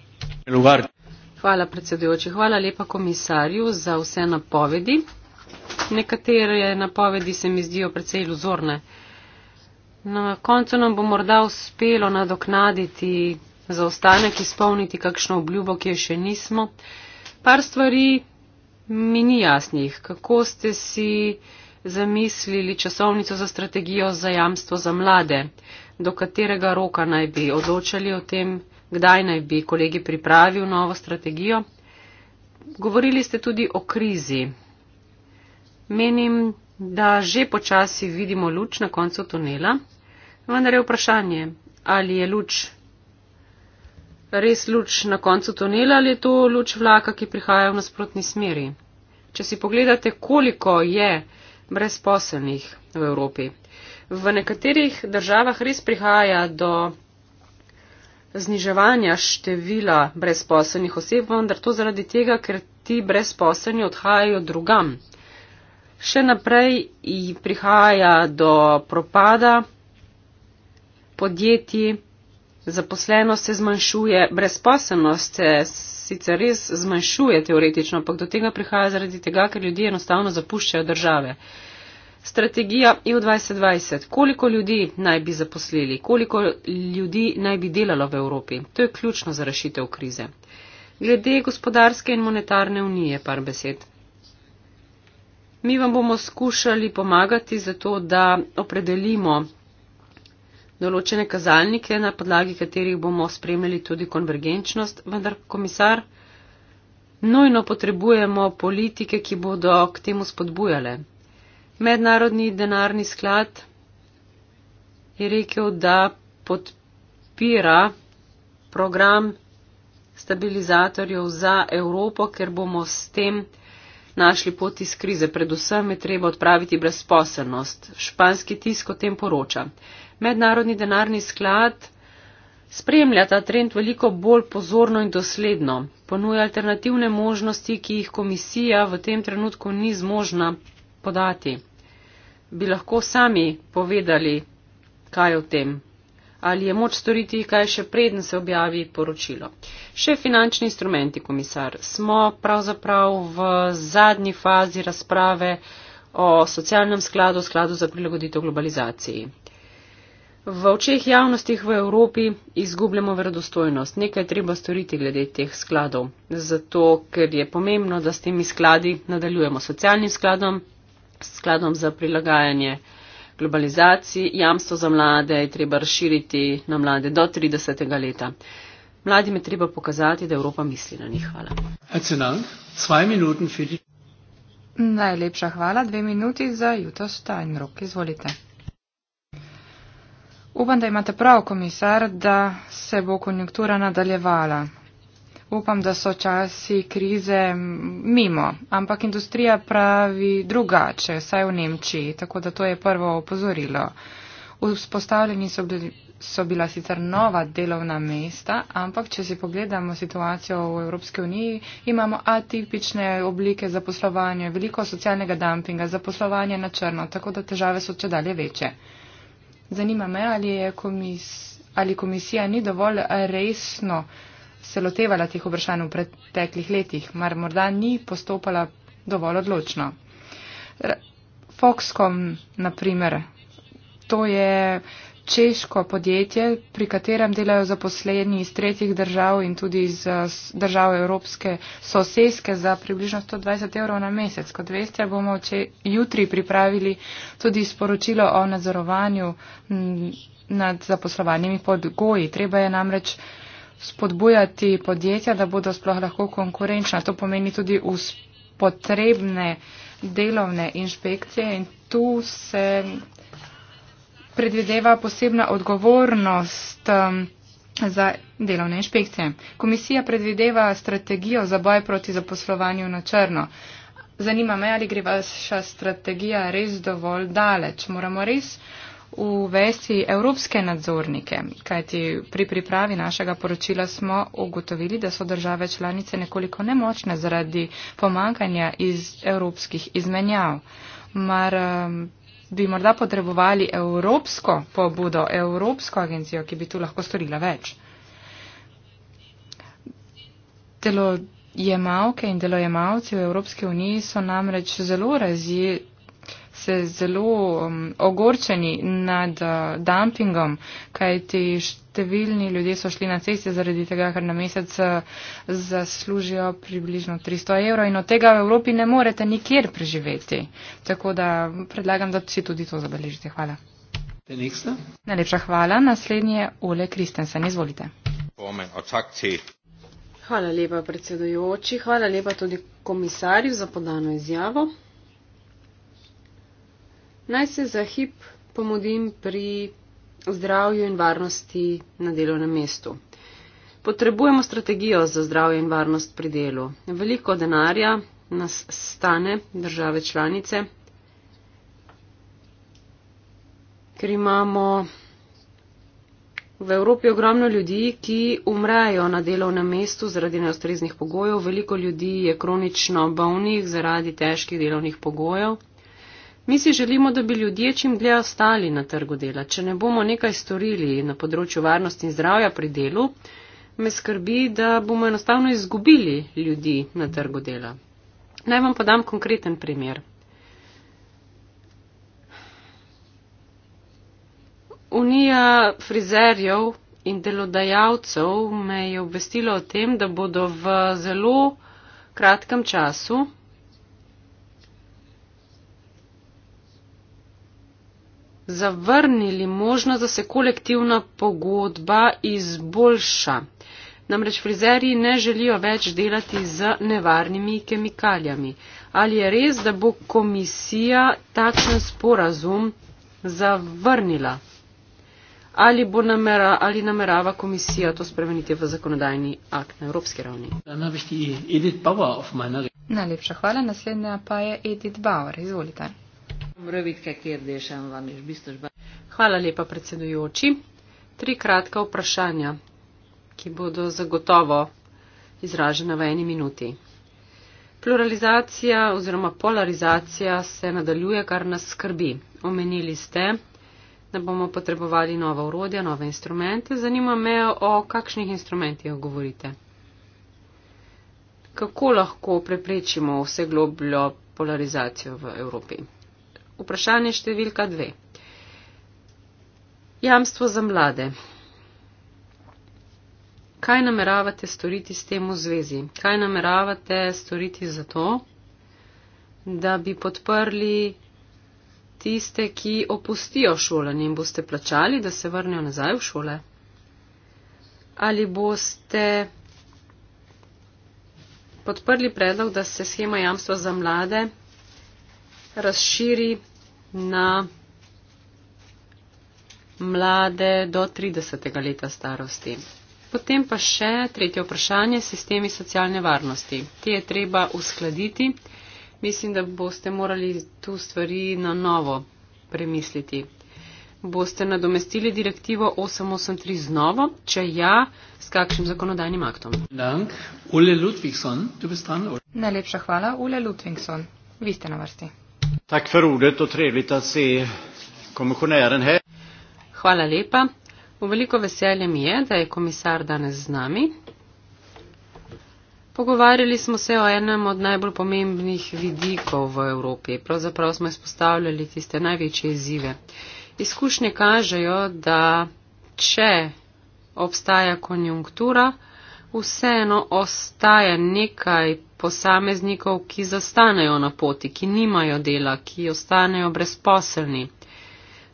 Hvala, predsedujoči. Hvala lepa komisarju za vse napovedi. Nekatere napovedi se mi zdijo precej iluzorne. Na koncu nam bo morda uspelo nadoknaditi zaostanek, izpolniti kakšno obljubo, ki jo še nismo. Par stvari mi ni jasnih. Kako ste si zamislili časovnico za strategijo za jamstvo za mlade? Do katerega roka naj bi odločali o tem, kdaj naj bi kolegi pripravil novo strategijo? Govorili ste tudi o krizi. Menim, da že počasi vidimo luč na koncu tunela. Vendar je vprašanje, ali je luč res luč na koncu tunela ali je to luč vlaka, ki prihaja v nasprotni smeri. Če si pogledate, koliko je brezposelnih v Evropi. V nekaterih državah res prihaja do zniževanja števila brezposelnih oseb, vendar to zaradi tega, ker ti brezposelni odhajajo drugam. Še naprej prihaja do propada podjetij, zaposlenost se zmanjšuje, brezposelnost se sicer res zmanjšuje teoretično, ampak do tega prihaja zaradi tega, ker ljudje enostavno zapuščajo države. Strategija EU 2020. Koliko ljudi naj bi zaposlili, koliko ljudi naj bi delalo v Evropi? To je ključno za rešitev krize. Glede gospodarske in monetarne unije, par besed. Mi vam bomo skušali pomagati za to, da opredelimo določene kazalnike, na podlagi katerih bomo spremljali tudi konvergenčnost, vendar, komisar, nujno potrebujemo politike, ki bodo k temu spodbujale. Mednarodni denarni sklad je rekel, da podpira program stabilizatorjev za Evropo, ker bomo s tem našli pot iz krize. Predvsem je treba odpraviti brezposelnost. Španski tisk o tem poroča. Mednarodni denarni sklad spremlja ta trend veliko bolj pozorno in dosledno. Ponuja alternativne možnosti, ki jih komisija v tem trenutku ni zmožna podati. Bi lahko sami povedali, kaj o tem ali je moč storiti kaj še preden se objavi poročilo. Še finančni instrumenti, komisar. Smo pravzaprav v zadnji fazi razprave o socialnem skladu, skladu za prilagoditev globalizaciji. V očeh javnostih v Evropi izgubljamo verodostojnost. Nekaj je treba storiti glede teh skladov, zato ker je pomembno, da s temi skladi nadaljujemo socialnim skladom, skladom za prilagajanje globalizaciji, jamstvo za mlade je treba razširiti na mlade do 30. leta. Mladim je treba pokazati, da Evropa misli na njih. Hvala. Najlepša hvala, dve minuti za jutro Steinrock. Izvolite. Upam, da imate prav, komisar, da se bo konjunktura nadaljevala upam, da so časi krize mimo, ampak industrija pravi drugače, saj v Nemčiji, tako da to je prvo opozorilo. Vzpostavljeni so, so bila sicer nova delovna mesta, ampak če si pogledamo situacijo v Evropski uniji, imamo atipične oblike zaposlovanja, veliko socialnega dumpinga, zaposlovanje na črno, tako da težave so če dalje večje. Zanima me, ali, je komis, ali komisija ni dovolj resno se lotevala teh vprašanj v preteklih letih, mar morda ni postopala dovolj odločno. Foxcom, na primer, to je češko podjetje, pri katerem delajo zaposleni iz tretjih držav in tudi iz eh, držav evropske soseske za približno 120 evrov na mesec. Kot veste, bomo če, jutri pripravili tudi sporočilo o nadzorovanju nad zaposlovanjimi podgoji. Treba je namreč spodbujati podjetja, da bodo sploh lahko konkurenčna. To pomeni tudi potrebne delovne inšpekcije in tu se predvideva posebna odgovornost um, za delovne inšpekcije. Komisija predvideva strategijo za boj proti zaposlovanju na črno. Zanima me, ali gre vaša strategija res dovolj daleč. Moramo res uvesti evropske nadzornike, kajti pri pripravi našega poročila smo ugotovili, da so države članice nekoliko nemočne zaradi pomankanja iz evropskih izmenjav. Mar um, bi morda potrebovali evropsko pobudo, evropsko agencijo, ki bi tu lahko storila več? Delojemalke in delojemalci v Evropski uniji so namreč zelo različni se zelo um, ogorčeni nad uh, dumpingom, kajti številni ljudje so šli na ceste zaradi tega, ker na mesec uh, zaslužijo približno 300 evrov in od tega v Evropi ne morete nikjer preživeti. Tako da predlagam, da si tudi to zabeležite. Hvala. Najlepša hvala. Naslednji je Ole Kristensen. Izvolite. Hvala lepa predsedujoči, hvala lepa tudi komisarju za podano izjavo. Naj se za hip pomodim pri zdravju in varnosti na delovnem mestu. Potrebujemo strategijo za zdravje in varnost pri delu. Veliko denarja nas stane države članice, ker imamo v Evropi ogromno ljudi, ki umrejo na delovnem mestu zaradi neustreznih pogojev. Veliko ljudi je kronično bolnih zaradi težkih delovnih pogojev. Mi si želimo, da bi ljudje čim dlje ostali na trgu dela. Če ne bomo nekaj storili na področju varnosti in zdravja pri delu, me skrbi, da bomo enostavno izgubili ljudi na trgu dela. Naj vam podam konkreten primer. Unija frizerjev in delodajalcev me je obvestila o tem, da bodo v zelo kratkem času zavrnili možnost, da se kolektivna pogodba izboljša. Namreč frizeri ne želijo več delati z nevarnimi kemikalijami. Ali je res, da bo komisija takšen sporazum zavrnila? Ali, bo namera, ali namerava komisija to spremeniti v zakonodajni akt na evropski ravni? Najlepša hvala, naslednja pa je Edith Bauer. Izvolite. Rövidke kérdésem van, és biztos be... Hvala lepa, predsedujoči. Tri kratka vprašanja, ki bodo zagotovo izražena v eni minuti. Pluralizacija oziroma polarizacija se nadaljuje, kar nas skrbi. Omenili ste, da bomo potrebovali nova urodja, nove instrumente. Zanima me, o kakšnih instrumentih govorite. Kako lahko preprečimo vse globljo polarizacijo v Evropi? Vprašanje številka dve. Jamstvo za mlade. Kaj nameravate storiti s tem v zvezi? Kaj nameravate storiti za to, da bi podprli tiste, ki opustijo šolanje in boste plačali, da se vrnejo nazaj v šole? Ali boste podprli predlog, da se schema jamstva za mlade razširi na mlade do 30. leta starosti. Potem pa še tretje vprašanje, sistemi socialne varnosti. Te je treba uskladiti. Mislim, da boste morali tu stvari na novo premisliti. Boste nadomestili direktivo 883 z novo, če ja, s kakšnim zakonodajnim aktom? Najlepša hvala, Ule Ludvigson. Vi ste na vrsti. Tack för ordet och trevligt att se kommissionären här. Hvala lepa. V veliko veselje mi je, da je komisar danes z nami. Pogovarjali smo se o enem od najbolj pomembnih vidikov v Evropi. Pravzaprav smo izpostavljali tiste največje izzive. Izkušnje kažejo, da če obstaja konjunktura, vseeno ostaja nekaj posameznikov, ki zastanejo na poti, ki nimajo dela, ki ostanejo brezposelni.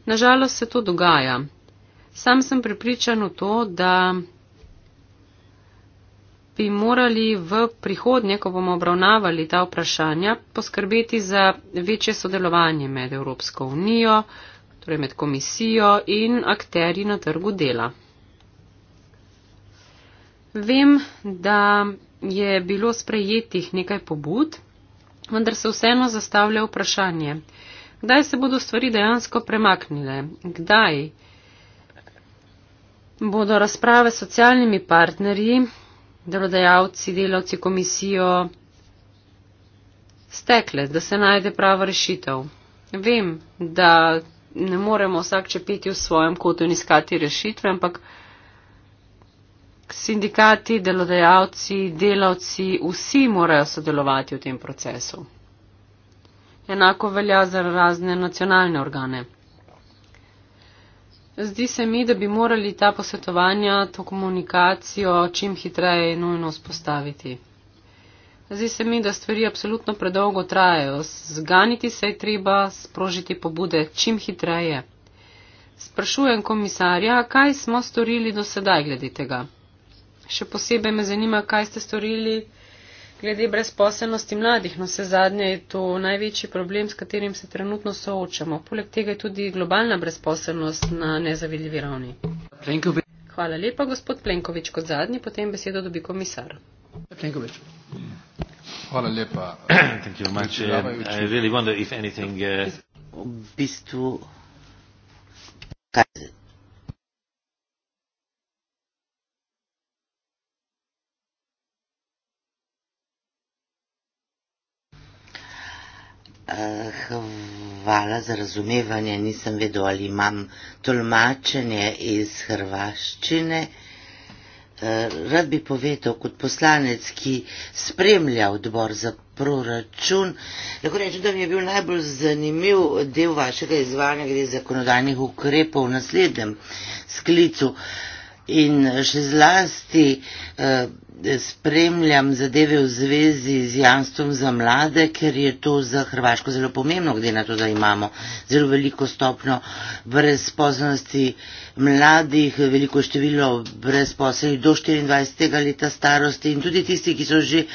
Nažalost se to dogaja. Sam sem prepričan v to, da bi morali v prihodnje, ko bomo obravnavali ta vprašanja, poskrbeti za večje sodelovanje med Evropsko unijo, torej med komisijo in akteri na trgu dela. Vem, da je bilo sprejetih nekaj pobud, vendar se vseeno zastavlja vprašanje, kdaj se bodo stvari dejansko premaknile, kdaj bodo razprave s socialnimi partnerji, delodajalci, delavci, komisijo stekle, da se najde prava rešitev. Vem, da ne moremo vsak čepeti v svojem kotu in iskati rešitve, ampak sindikati, delodajalci, delavci, vsi morajo sodelovati v tem procesu. Enako velja za razne nacionalne organe. Zdi se mi, da bi morali ta posvetovanja, to komunikacijo čim hitreje in nujno spostaviti. Zdi se mi, da stvari apsolutno predolgo trajajo. Zganiti se je treba, sprožiti pobude čim hitreje. Sprašujem komisarja, kaj smo storili do sedaj glede tega. Še posebej me zanima, kaj ste storili glede brezposelnosti mladih. No, vse zadnje je to največji problem, s katerim se trenutno soočamo. Poleg tega je tudi globalna brezposelnost na nezavidljivi ravni. Plenkovič. Hvala lepa, gospod Plenkovič, kot zadnji, potem besedo dobi komisar. Plenkovič. Hvala lepa. Hvala um, lepa. Uh, v bistvu. hvala za razumevanje, nisem vedel, ali imam tolmačenje iz hrvaščine. Eh, rad bi povedal, kot poslanec, ki spremlja odbor za proračun, lahko rečem, da mi je bil najbolj zanimiv del vašega izvanja glede zakonodajnih ukrepov v naslednjem sklicu in še zlasti eh, spremljam zadeve v zvezi z jamstvom za mlade, ker je to za Hrvaško zelo pomembno, glede na to, da imamo zelo veliko stopno brezposobnosti mladih, veliko število brezposobnih do 24. leta starosti in tudi tisti, ki so že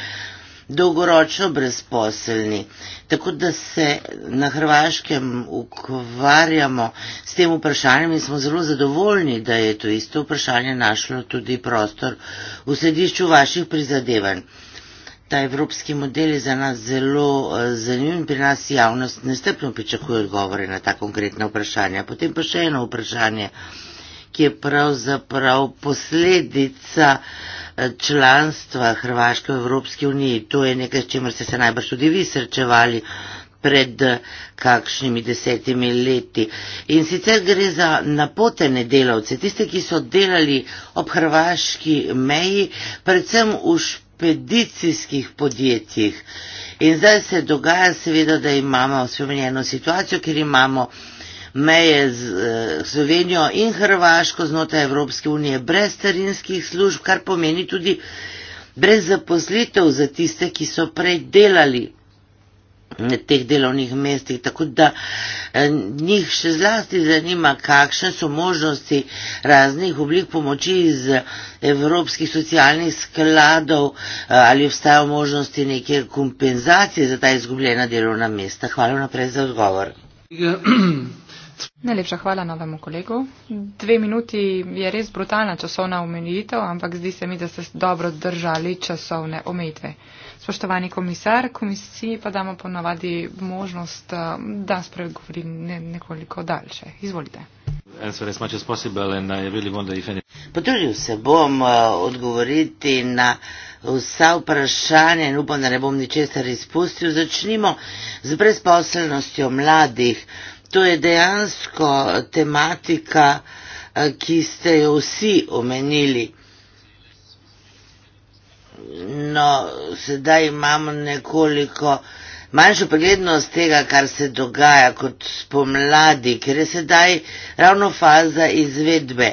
dolgoročno brezposelni. Tako da se na Hrvaškem ukvarjamo s tem vprašanjem in smo zelo zadovoljni, da je to isto vprašanje našlo tudi prostor v središču vaših prizadevanj. Ta evropski model je za nas zelo eh, zanimiv in pri nas javnost nestrpno pričakuje odgovore na ta konkretna vprašanja. Potem pa še eno vprašanje, ki je pravzaprav posledica članstva Hrvaške v Evropski uniji. To je nekaj, s čimer ste se najbrž tudi vi srečevali pred kakšnimi desetimi leti. In sicer gre za napotene delavce, tiste, ki so delali ob hrvaški meji, predvsem v špedicijskih podjetjih. In zdaj se dogaja seveda, da imamo spremenjeno situacijo, ker imamo meje z eh, Slovenijo in Hrvaško znotraj Evropske unije brez carinskih služb, kar pomeni tudi brez zaposlitev za tiste, ki so prej delali na teh delovnih mestih, tako da eh, njih še zlasti zanima, kakšne so možnosti raznih oblik pomoči iz evropskih socialnih skladov eh, ali obstajajo možnosti neke kompenzacije za ta izgubljena delovna mesta. Hvala naprej za odgovor. Najlepša hvala novemu kolegu. Dve minuti je res brutalna časovna omenitev, ampak zdi se mi, da ste dobro držali časovne omejitve. Spoštovani komisar, komisiji pa damo ponovadi možnost, eh, da spregovori ne, nekoliko daljše. Izvolite. Potrudil se bom eh, odgovoriti na vsa vprašanja in upam, da ne bom ničesar izpustil. Začnimo z brezposelnostjo mladih to je dejansko tematika, eh, ki ste jo vsi omenili. No, sedaj imamo nekoliko manjšo preglednost tega, kar se dogaja kot spomladi, ker je sedaj ravno faza izvedbe.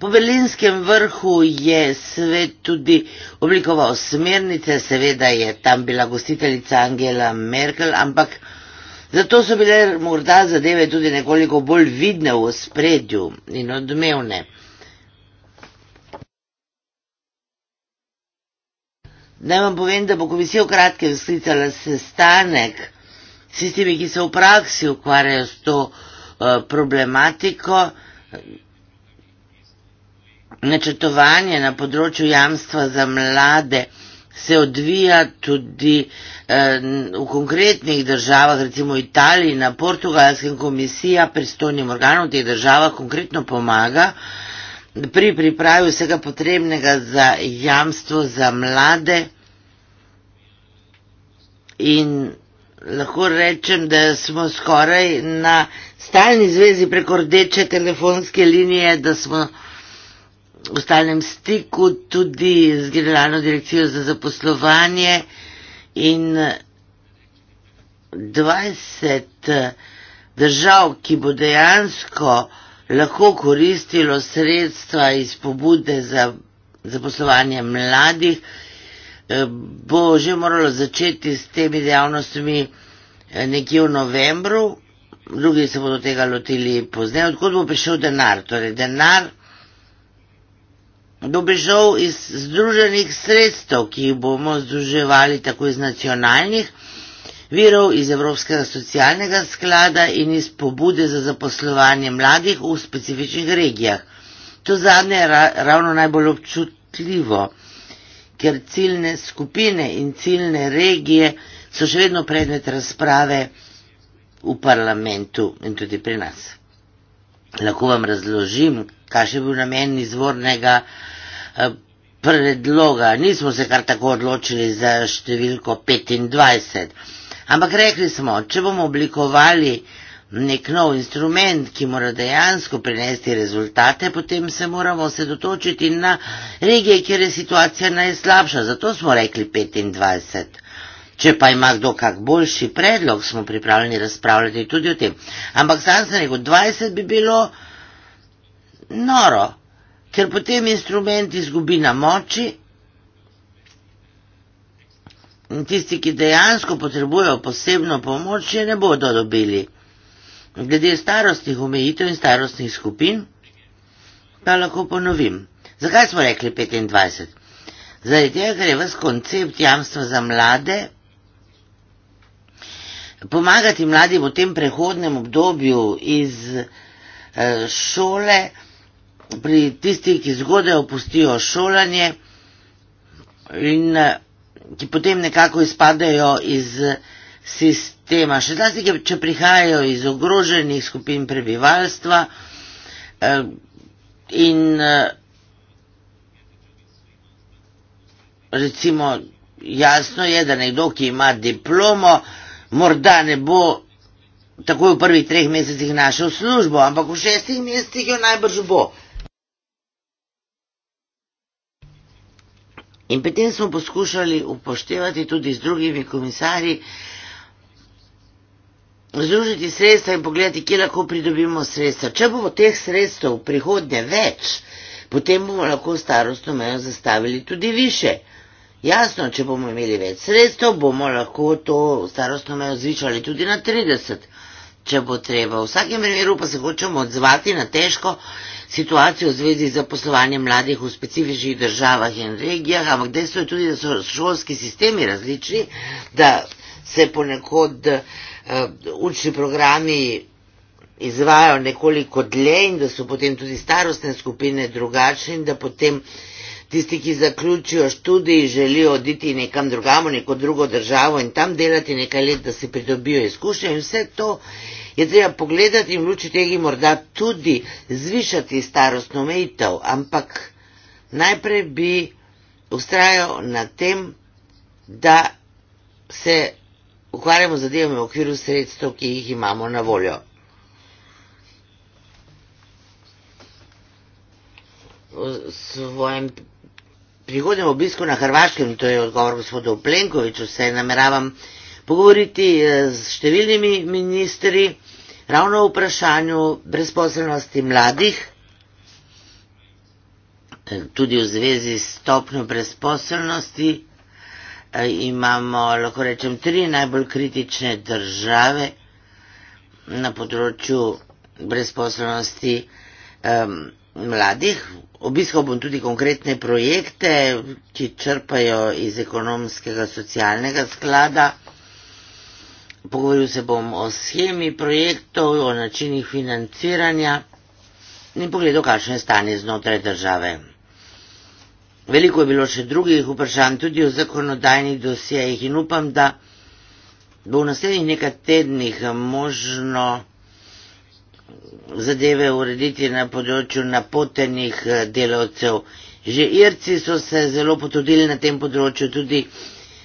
Po Berlinskem vrhu je svet tudi oblikoval smernice, seveda je tam bila gostiteljica Angela Merkel, ampak Zato so bile morda zadeve tudi nekoliko bolj vidne v spredju in odmevne. Naj vam povem, da bo komisija v kratkem sklicala sestanek s tistimi, ki se v praksi ukvarjajo s to uh, problematiko. Načrtovanje na področju jamstva za mlade se odvija tudi eh, v konkretnih državah, recimo v Italiji, na portugalskem komisija pristojnim organom teh država konkretno pomaga pri pripravi vsega potrebnega za jamstvo za mlade in lahko rečem, da smo skoraj na stalni zvezi preko rdeče telefonske linije, da smo v stalnem stiku tudi z generalno direkcijo za zaposlovanje in 20 eh, držav, ki bo dejansko lahko koristilo sredstva iz pobude za zaposlovanje mladih, eh, bo že moralo začeti s temi dejavnostmi eh, nekje v novembru, drugi se bodo tega lotili pozneje. Odkud bo prišel denar? Torej, denar dobežal iz združenih sredstev, ki jih bomo združevali tako iz nacionalnih virov, iz Evropskega socialnega sklada in iz pobude za zaposlovanje mladih v specifičnih regijah. To zadnje je ra ravno najbolj občutljivo, ker ciljne skupine in ciljne regije so še vedno predmet razprave v parlamentu in tudi pri nas. Lahko vam razložim, kakšen je bil namen izvornega predloga, nismo se kar tako odločili za številko 25. Ampak rekli smo, če bomo oblikovali nek nov instrument, ki mora dejansko prinesti rezultate, potem se moramo sedotočiti na regije, kjer je situacija najslabša. Zato smo rekli 25. Če pa ima kdo kak boljši predlog, smo pripravljeni razpravljati tudi o tem. Ampak sam sem rekel, 20 bi bilo noro ker potem instrument izgubi na moči in tisti, ki dejansko potrebujejo posebno pomoč, je ne bodo dobili. Glede starostnih omejitev in starostnih skupin, pa lahko ponovim. Zakaj smo rekli 25? Zaradi tega, ker je vas koncept jamstva za mlade, pomagati mladim v tem prehodnem obdobju iz eh, šole, pri tistih, ki zgodaj opustijo šolanje in eh, ki potem nekako izpadajo iz eh, sistema. Še zlasti, če prihajajo iz ogroženih skupin prebivalstva eh, in recimo jasno je, da nekdo, ki ima diplomo, morda ne bo takoj v prvih treh mesecih našel službo, ampak v šestih mesecih jo najbrž bo. In potem smo poskušali upoštevati tudi z drugimi komisarji, združiti sredstva in pogledati, kje lahko pridobimo sredstva. Če bomo teh sredstev v prihodnje več, potem bomo lahko starostno mejo zastavili tudi više. Jasno, če bomo imeli več sredstev, bomo lahko to starostno mejo zvišali tudi na 30, če bo treba. V vsakem primeru pa se hočemo odzvati na težko situacijo v zvezi z poslovanjem mladih v specifičnih državah in regijah, ampak dejstvo je tudi, da so šolski sistemi različni, da se ponekod uh, učni programi izvajo nekoliko dlje in da so potem tudi starostne skupine drugačne in da potem tisti, ki zaključijo študij, želijo oditi nekam drugamo, neko drugo državo in tam delati nekaj let, da si pridobijo izkušnje in vse to je treba pogledati in v luči tega morda tudi zvišati starostno omejitev, ampak najprej bi ustrajal na tem, da se ukvarjamo zadevami v okviru sredstev, ki jih imamo na voljo. V svojem prihodnem obisku na Hrvaškem, to je odgovor gospodu Plenkoviču, se nameravam pogovoriti z eh, številnimi ministri ravno o vprašanju brezposelnosti mladih, eh, tudi v zvezi s stopnjo brezposelnosti. Eh, imamo, lahko rečem, tri najbolj kritične države na področju brezposelnosti ehm, mladih. Obiskal bom tudi konkretne projekte, ki črpajo iz ekonomskega socialnega sklada. Pogovoril se bom o schemi projektov, o načinih financiranja in pogledal, kakšno je stanje znotraj države. Veliko je bilo še drugih vprašanj, tudi o zakonodajnih dosijajih in upam, da bo v naslednjih nekaj tednih možno zadeve urediti na področju napotenih eh, delavcev. Že Irci so se zelo potrudili na tem področju, tudi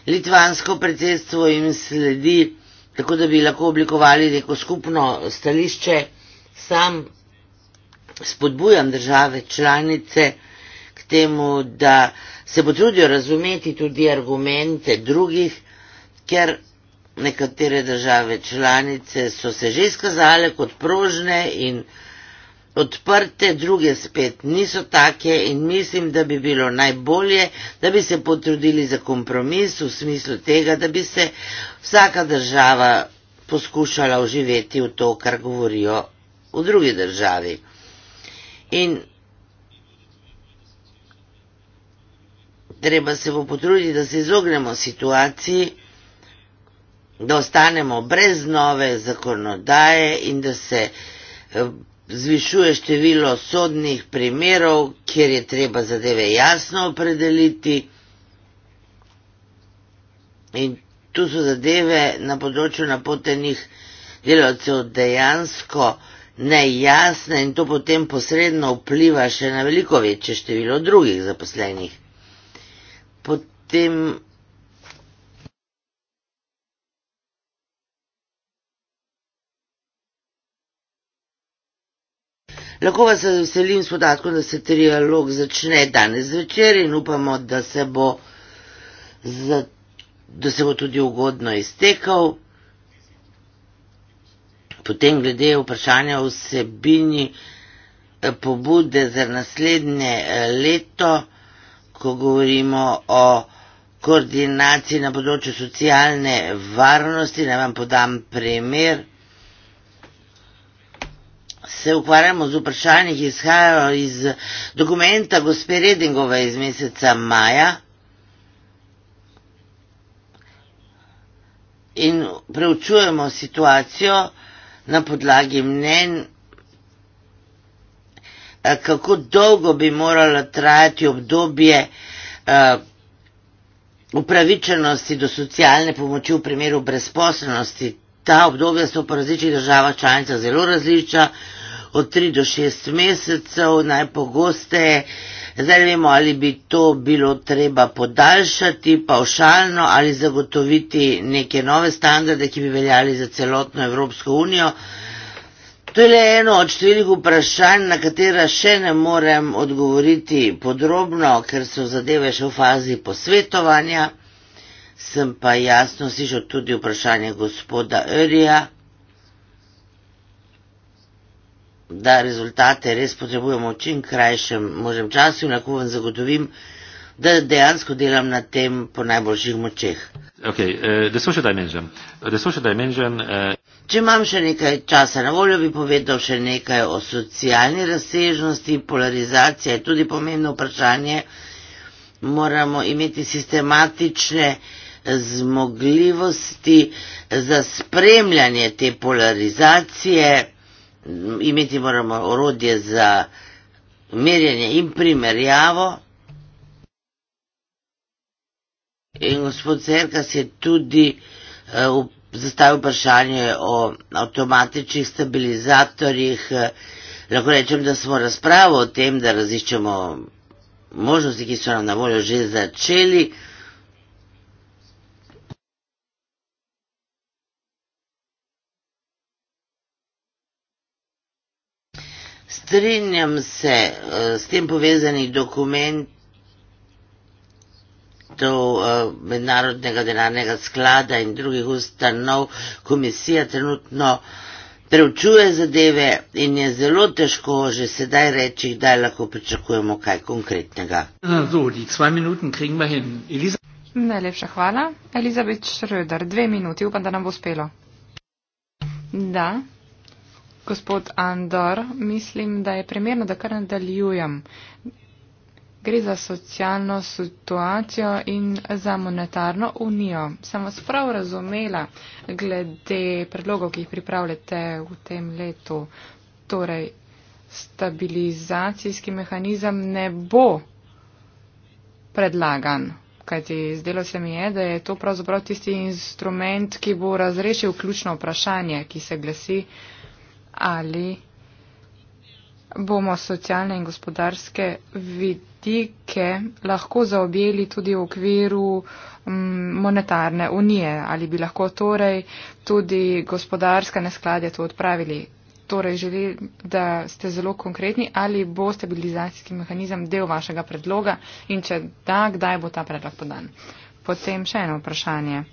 Litvansko predsedstvo jim sledi tako da bi lahko oblikovali neko skupno stališče. Sam spodbujam države članice k temu, da se potrudijo razumeti tudi argumente drugih, ker nekatere države članice so se že izkazale kot prožne in prožne odprte, druge spet niso take in mislim, da bi bilo najbolje, da bi se potrudili za kompromis v smislu tega, da bi se vsaka država poskušala oživeti v to, kar govorijo v drugi državi. In treba se bo potruditi, da se izognemo situaciji, da ostanemo brez nove zakonodaje in da se eh, zvišuje število sodnih primerov, kjer je treba zadeve jasno opredeliti. In tu so zadeve na področju napotenih delavcev dejansko nejasne in to potem posredno vpliva še na veliko večje število drugih zaposlenih. Potem Lahko vas veselim s podatkom, da se trialog začne danes večer in upamo, da se bo, za, da se bo tudi ugodno iztekal. Potem glede vprašanja vsebini eh, pobude za naslednje eh, leto, ko govorimo o koordinaciji na področju socialne varnosti, naj vam podam primer se ukvarjamo z vprašanji, ki izhajajo iz dokumenta gospe Redingove iz meseca maja. In preučujemo situacijo na podlagi mnen, eh, kako dolgo bi morala trajati obdobje eh, upravičenosti do socialne pomoči v primeru brezposobnosti. Ta obdobja so po različnih državah članica zelo različna od 3 do 6 mesecev najpogosteje. Zdaj ne vemo, ali bi to bilo treba podaljšati paušalno ali zagotoviti neke nove standarde, ki bi veljali za celotno Evropsko unijo. To je le eno od številnih vprašanj, na katera še ne morem odgovoriti podrobno, ker so zadeve še v fazi posvetovanja. Sem pa jasno slišal tudi vprašanje gospoda Örija. da rezultate res potrebujemo v čim krajšem možem času in lahko vam zagotovim, da dejansko delam na tem po najboljših močeh. Okay, uh, uh... Če imam še nekaj časa na voljo, bi povedal še nekaj o socialni razsežnosti, polarizacija je tudi pomembno vprašanje. Moramo imeti sistematične eh, zmogljivosti za spremljanje te polarizacije imeti moramo orodje za merjenje in primerjavo. In gospod Cerkas je tudi uh, zastavil vprašanje o avtomatičnih stabilizatorjih. Eh, lahko rečem, da smo razpravo o tem, da raziščemo možnosti, ki so nam na voljo že začeli. Uh, strinjam se eh, s tem povezanih dokumentov eh, Mednarodnega denarnega sklada in drugih ustanov. Komisija trenutno preučuje zadeve in je zelo težko že sedaj reči, da lahko pričakujemo kaj konkretnega. Najlepša hvala. Elizabeth Schröder, dve minuti, upam, da nam bo uspelo. Da gospod Andor, mislim, da je primerno, da kar nadaljujem. Gre za socialno situacijo in za monetarno unijo. Sem vas prav razumela glede predlogov, ki jih pripravljate v tem letu. Torej, stabilizacijski mehanizem ne bo predlagan, kajti zdelo se mi je, da je to pravzaprav tisti instrument, ki bo razrešil ključno vprašanje, ki se glasi ali bomo socialne in gospodarske vidike lahko zaobjeli tudi v okviru mm, monetarne unije, ali bi lahko torej tudi gospodarska neskladja to odpravili. Torej želim, da ste zelo konkretni, ali bo stabilizacijski mehanizem del vašega predloga in če da, kdaj bo ta predlog podan. Potem še eno vprašanje.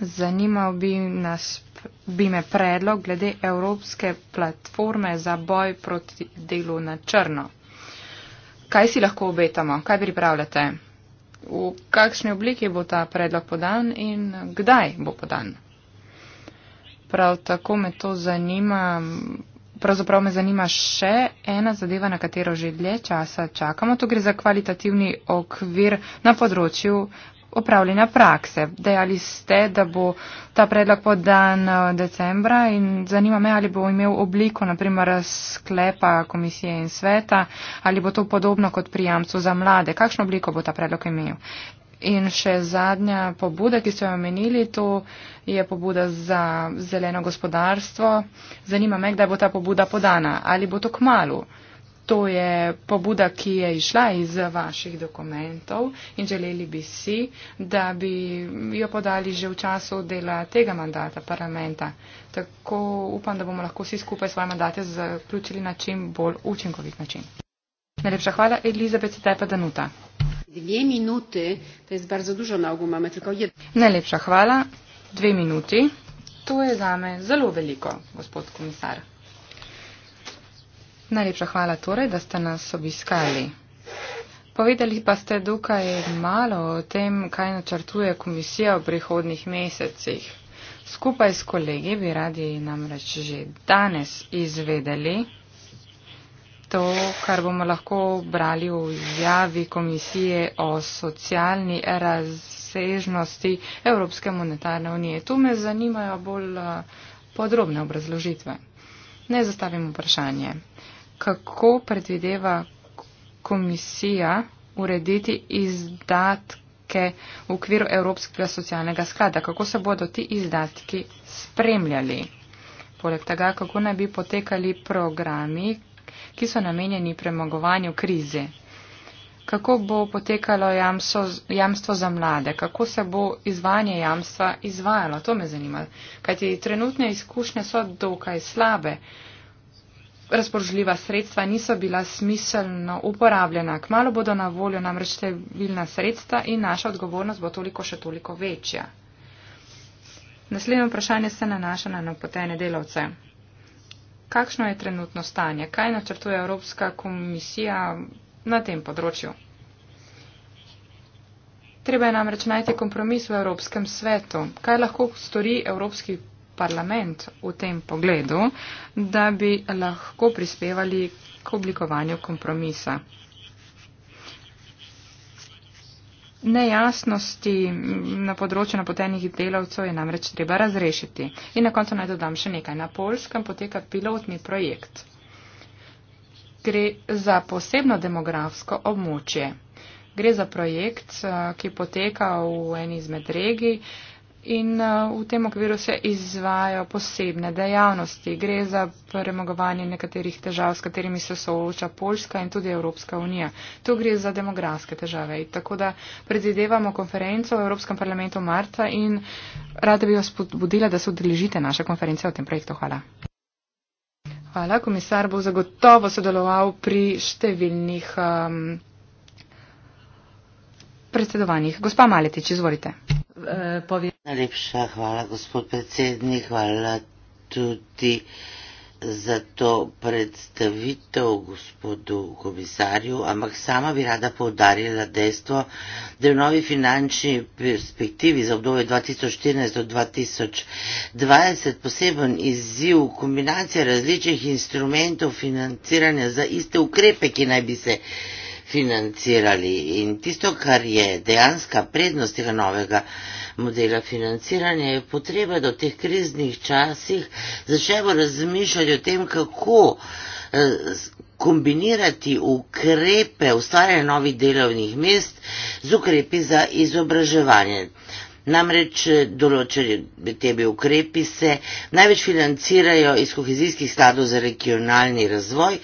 Zanimal bi nas bi me predlog glede Evropske platforme za boj proti delu na črno. Kaj si lahko obetamo? Kaj pripravljate? V kakšni obliki bo ta predlog podan in kdaj bo podan? Prav tako me to zanima. Pravzaprav me zanima še ena zadeva, na katero že dlje časa čakamo. Tu gre za kvalitativni okvir na področju upravljanja prakse. Dejali ste, da bo ta predlog podan eh, decembra in zanima me, ali bo imel obliko, naprimer, sklepa komisije in sveta, ali bo to podobno kot pri jamcu za mlade. Kakšno obliko bo ta predlog imel? In še zadnja pobuda, ki ste jo omenili, to je pobuda za zeleno gospodarstvo. Zanima me, kdaj bo ta pobuda podana. Ali bo to k malu? to je pobuda, ki je išla iz vaših dokumentov in želeli bi si, da bi jo podali že v času dela tega mandata parlamenta. Tako upam, da bomo lahko vsi skupaj svoje mandate zaključili na čim bolj učinkovit način. Najlepša hvala, Elizabeth Tepa Danuta. Dve minuti, to je zbar za dužo nogo, imamo tako jed. Najlepša hvala, dve minuti. To je zame zelo veliko, gospod komisar. Najlepša hvala torej, da ste nas obiskali. Povedali pa ste dokaj malo o tem, kaj načrtuje komisija v prihodnih mesecih. Skupaj s kolegi bi radi namreč že danes izvedeli to, kar bomo lahko brali v izjavi komisije o socialni razsežnosti Evropske monetarne unije. Tu me zanimajo bolj eh, podrobne obrazložitve. Ne zastavim vprašanje kako predvideva komisija urediti izdatke v okviru Evropskega socialnega sklada, kako se bodo ti izdatki spremljali. Poleg tega, kako naj bi potekali programi, ki so namenjeni premagovanju krize. Kako bo potekalo jamso, jamstvo za mlade, kako se bo izvajanje jamstva izvajalo, to me zanima. Kajti trenutne izkušnje so dokaj slabe. Uh, razpoložljiva sredstva niso bila smiselno uporabljena. Kmalo bodo na voljo namreč številna sredstva in naša odgovornost bo toliko še toliko večja. Naslednje vprašanje se nanaša na napotene delavce. Kakšno je trenutno stanje? Kaj načrtuje Evropska komisija na tem področju? Treba je namreč najti kompromis v Evropskem svetu. Kaj lahko stori Evropski parlament v tem pogledu, da bi lahko prispevali k oblikovanju kompromisa. Nejasnosti na področju napotenih delavcev je namreč treba razrešiti. In na koncu naj dodam še nekaj. Na Polskem poteka pilotni projekt. Gre za posebno demografsko območje. Gre za projekt, eh, ki poteka v eni izmed regij, in uh, v tem okviru se izvajo posebne dejavnosti. Gre za premagovanje nekaterih težav, s katerimi se sooča Poljska in tudi Evropska unija. Tu gre za demografske težave. Tako da predvidevamo konferenco v Evropskem parlamentu marca in rada bi vas podbudila, da se odeležite naše konference o tem projektu. Hvala. Hvala. Komisar bo zagotovo sodeloval pri številnih. Um, predsedovanjih. Gospa Maletič, izvolite. E, Najlepša hvala, gospod predsednik. Hvala tudi za to predstavitev gospodu komisarju, ampak sama bi rada poudarila dejstvo, da je v novi finančni perspektivi za obdobje 2014 do 2020 poseben izziv kombinacija različnih instrumentov financiranja za iste ukrepe, ki naj bi se financirali. In tisto, kar je dejanska prednost tega novega modela financiranja, je potreba, da v teh kriznih časih začnemo razmišljati o tem, kako eh, kombinirati ukrepe ustvarjanja novih delovnih mest z ukrepi za izobraževanje. Namreč eh, določeni tebi ukrepi se največ financirajo iz kohezijskih skladov za regionalni razvoj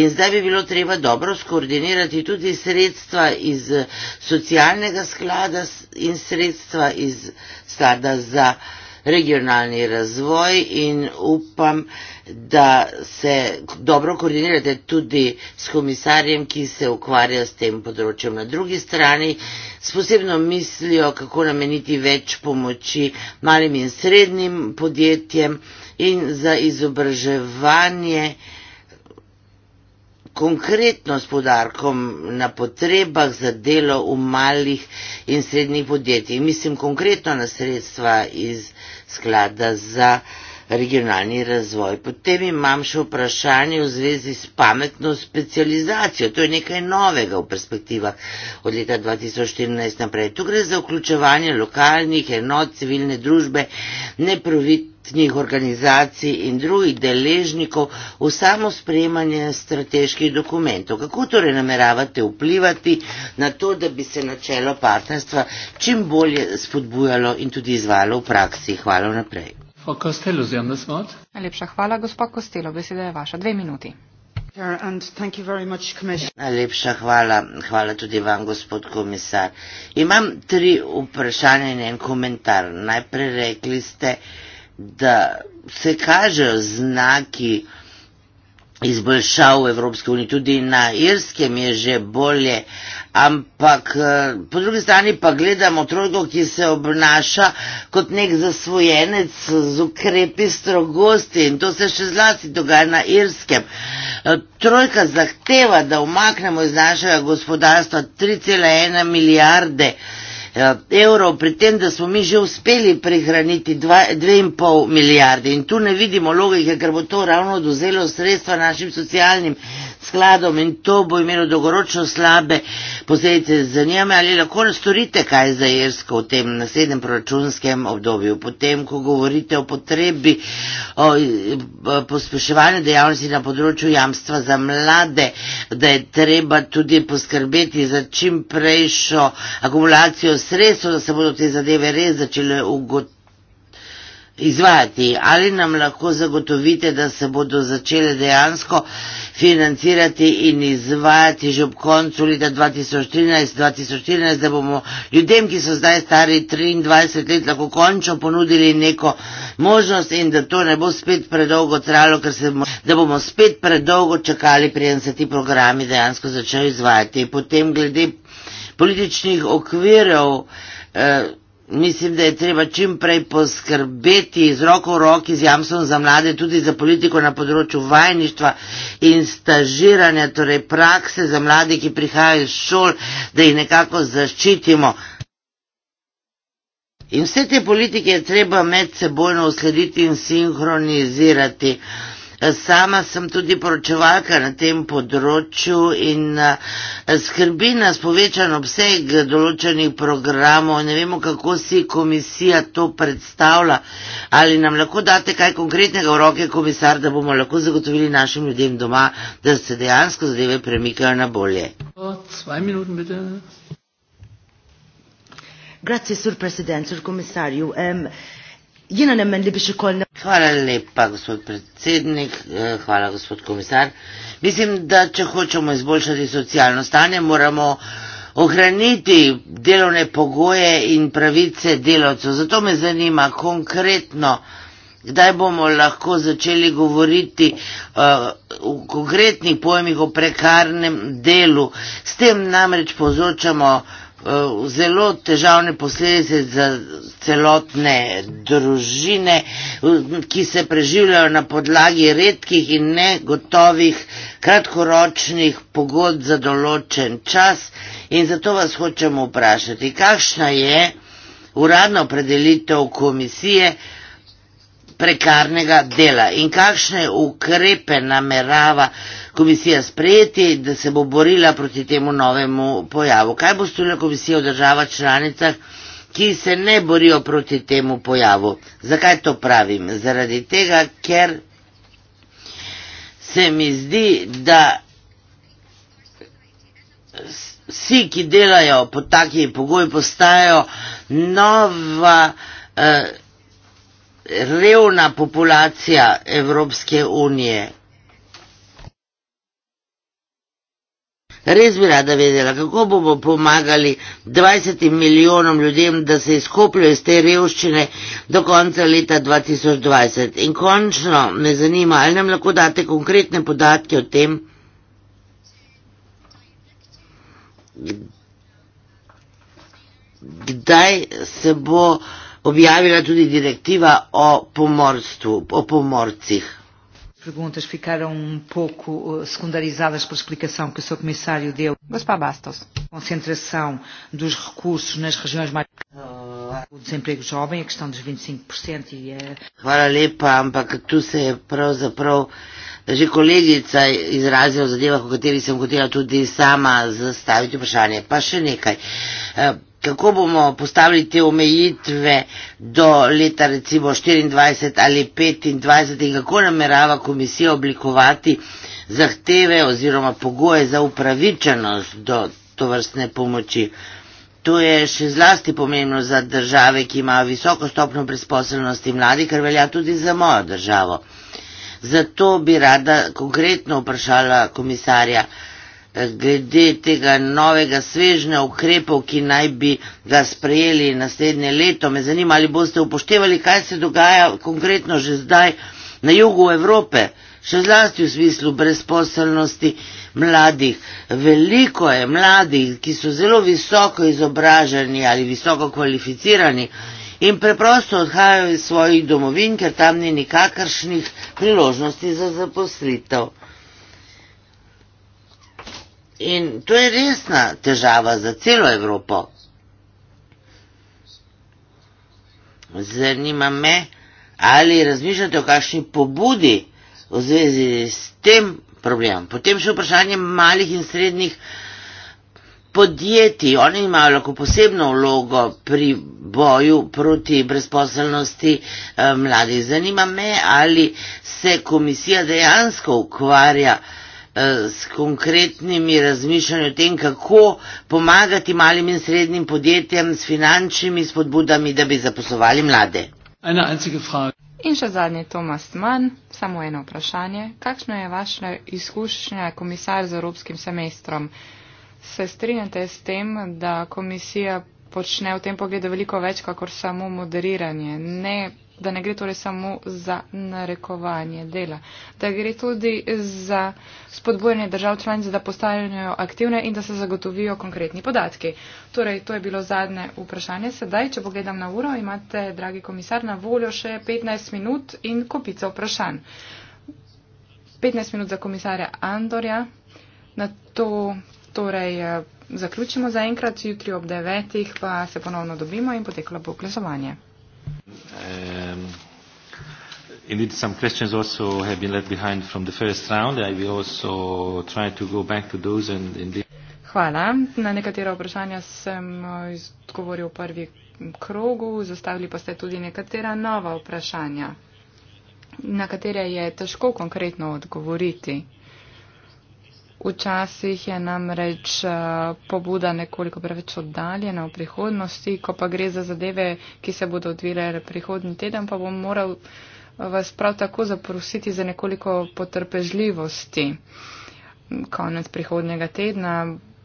in zdaj bi bilo treba dobro skoordinirati tudi sredstva iz eh, socialnega sklada in sredstva iz sklada za regionalni razvoj in upam, da se dobro koordinirate tudi s komisarjem, ki se ukvarja s tem področjem. Na drugi strani s posebno mislijo, kako nameniti več pomoči malim in srednjim podjetjem in za izobraževanje konkretno s podarkom na potrebah za delo v malih in srednjih podjetjih. Mislim konkretno na sredstva iz sklada za regionalni razvoj. Potem imam še vprašanje v zvezi s pametno specializacijo. To je nekaj novega v perspektivah od leta 2014 naprej. Tu gre za vključevanje lokalnih enot civilne družbe, neprovitnih organizacij in drugih deležnikov v samo sprejemanje strateških dokumentov. Kako torej nameravate vplivati na to, da bi se načelo partnerstva čim bolje spodbujalo in tudi izvalo v praksi? Hvala naprej. Gospa Kostelo, zjem nas mat. Najlepša hvala, gospa Kostelo, beseda je vaša. Dve minuti. Najlepša hvala, hvala tudi vam, gospod komisar. Imam tri vprašanja in en komentar. Najprej rekli ste, da se kažejo znaki, izboljšav v Evropski uniji, tudi na Irskem je že bolje, ampak eh, po drugi strani pa gledamo trojko, ki se obnaša kot nek zasvojenec z ukrepi strogosti in to se še zlasti dogaja na Irskem. Eh, trojka zahteva, da umaknemo iz našega gospodarstva 3,1 milijarde evrov Eh, evrov, pri tem, da smo mi že uspeli prihraniti 2,5 milijarde in tu ne vidimo logike, ker bo to ravno oduzelo sredstva našim socialnim uh, skladom in to bo imelo dolgoročno slabe posledice za njame, ali lahko storite kaj za Jersko v tem naslednjem proračunskem obdobju, potem, ko govorite o potrebi o, o pospeševanju dejavnosti na področju jamstva za mlade, da je treba tudi poskrbeti za čim prejšo akumulacijo sredstva, da se bodo te zadeve res začele ugotoviti izvajati. Ali nam lahko zagotovite, da se bodo začele dejansko financirati in izvajati že ob koncu leta 2013-2014, da bomo ljudem, ki so zdaj stari 23 let, lahko končno ponudili neko možnost in da to ne bo spet predolgo trajalo, ker se, da bomo spet predolgo čakali, preden se ti programi dejansko začnejo izvajati. Potem glede političnih okvirov. Eh, Mislim, da je treba čim prej poskrbeti z roko v roki z jamstvom za mlade tudi za politiko na področju vajništva in stažiranja, torej prakse za mlade, ki prihajajo iz šol, da jih nekako zaščitimo. In vse te politike je treba med sebojno uskladiti in sinhronizirati. Sama sem tudi poročevalka na tem področju in eh, skrbi nas povečan obseg določenih programov. Ne vemo, kako si komisija to predstavlja. Ali nam lahko date kaj konkretnega v roke, komisar, da bomo lahko zagotovili našim ljudem doma, da se dejansko zadeve premikajo na bolje? Grazie, sur presidente, sur commissario. Um, Jena ne meni, da bi še kolne. Hvala lepa, gospod predsednik, eh, hvala, gospod komisar. Mislim, da če hočemo izboljšati socialno stanje, moramo ohraniti delovne pogoje in pravice delavcev. Zato me zanima konkretno, kdaj bomo lahko začeli govoriti uh, v konkretnih pojmih o prekarnem delu. S tem namreč povzročamo uh, Eh, zelo težavne posledice za celotne družine, eh, ki se preživljajo na podlagi redkih in negotovih kratkoročnih pogod za določen čas in zato vas hočemo vprašati, kakšna je uradna opredelitev komisije prekarnega dela in kakšne ukrepe namerava komisija sprejeti, da se bo borila proti temu novemu pojavu. Kaj bo storila komisija v državah članicah, ki se ne borijo proti temu pojavu? Zakaj to pravim? Zaradi tega, ker se mi zdi, da vsi, ki delajo pod taki pogoj, postajajo nova eh, revna populacija Evropske unije. Res bi rada vedela, kako bomo pomagali 20 milijonom ljudem, da se izkopljajo iz te revščine do konca leta 2020. In končno me zanima, ali nam lahko date konkretne podatke o tem, kdaj se bo objavila tudi direktiva o pomorstvu, o pomorcih perguntas ficaram um pouco eh, secundarizadas pela explicação que o Sr. Comissário deu. Gospa Bastos. Concentração dos recursos nas regiões mais. O desemprego jovem, a questão dos 25% e, e a. Hvala lepa, ampak tu se je pravzaprav že kolegica izrazila o zadevah, o kateri sem hotela tudi sama zastaviti vprašanje. Pa še nekaj. Eh, kako bomo postavili te omejitve do leta recimo 24 ali 25 in kako namerava komisija oblikovati zahteve oziroma pogoje za upravičenost do tovrstne pomoči. To je še zlasti pomembno za države, ki imajo visoko stopno brezposobnosti mladi, kar velja tudi za mojo državo. Zato bi rada konkretno vprašala komisarja, glede tega novega svežnja ukrepov, ki naj bi ga sprejeli naslednje leto. Me zanima, ali boste upoštevali, kaj se dogaja konkretno že zdaj na jugu Evrope, še zlasti v smislu brezposelnosti mladih. Veliko je mladih, ki so zelo visoko izobraženi ali visoko kvalificirani in preprosto odhajajo iz svojih domovin, ker tam ni nikakršnih priložnosti za zaposlitev. In to je resna težava za celo Evropo. Zanima me, ali razmišljate o kakšni pobudi v zvezi s tem problemom. Potem še vprašanje malih in srednjih podjetij. Oni imajo lahko posebno vlogo pri boju proti brezposelnosti eh, mladih. Zanima me, ali se komisija dejansko ukvarja. Eh, s konkretnimi razmišljanji o tem, kako pomagati malim in srednjim podjetjem s finančnimi spodbudami, da bi zaposlovali mlade. In še zadnje, Tomas Mann, samo eno vprašanje. Kakšno je vaše izkušnje, komisar z evropskim semestrom? Se strinjate s tem, da komisija počne v tem pogledu veliko več, kakor samo moderiranje, ne da ne gre torej samo za narekovanje dela, da gre tudi za spodbujanje držav članic, da postanejo aktivne in da se zagotovijo konkretni podatki. Torej, to je bilo zadnje vprašanje. Sedaj, če pogledam na uro, imate, dragi komisar, na voljo še 15 minut in kopico vprašanj. 15 minut za komisarja Andorja, na to torej eh, zaključimo zaenkrat, jutri ob 9. pa se ponovno dobimo in poteklo bo glasovanje. Um, indeed, some questions also have been left behind from the first round. I will also try to go back to those and indeed. Hvala. Na nekatera vprašanja sem odgovoril uh, v prvi krogu, zastavili pa ste tudi nekatera nova vprašanja, na katere je težko konkretno odgovoriti. Včasih je namreč uh, pobuda nekoliko preveč oddaljena v prihodnosti, ko pa gre za zadeve, ki se bodo odvile prihodnji teden, pa bom moral eh, vas prav tako zaprositi za nekoliko potrpežljivosti. Konec prihodnjega tedna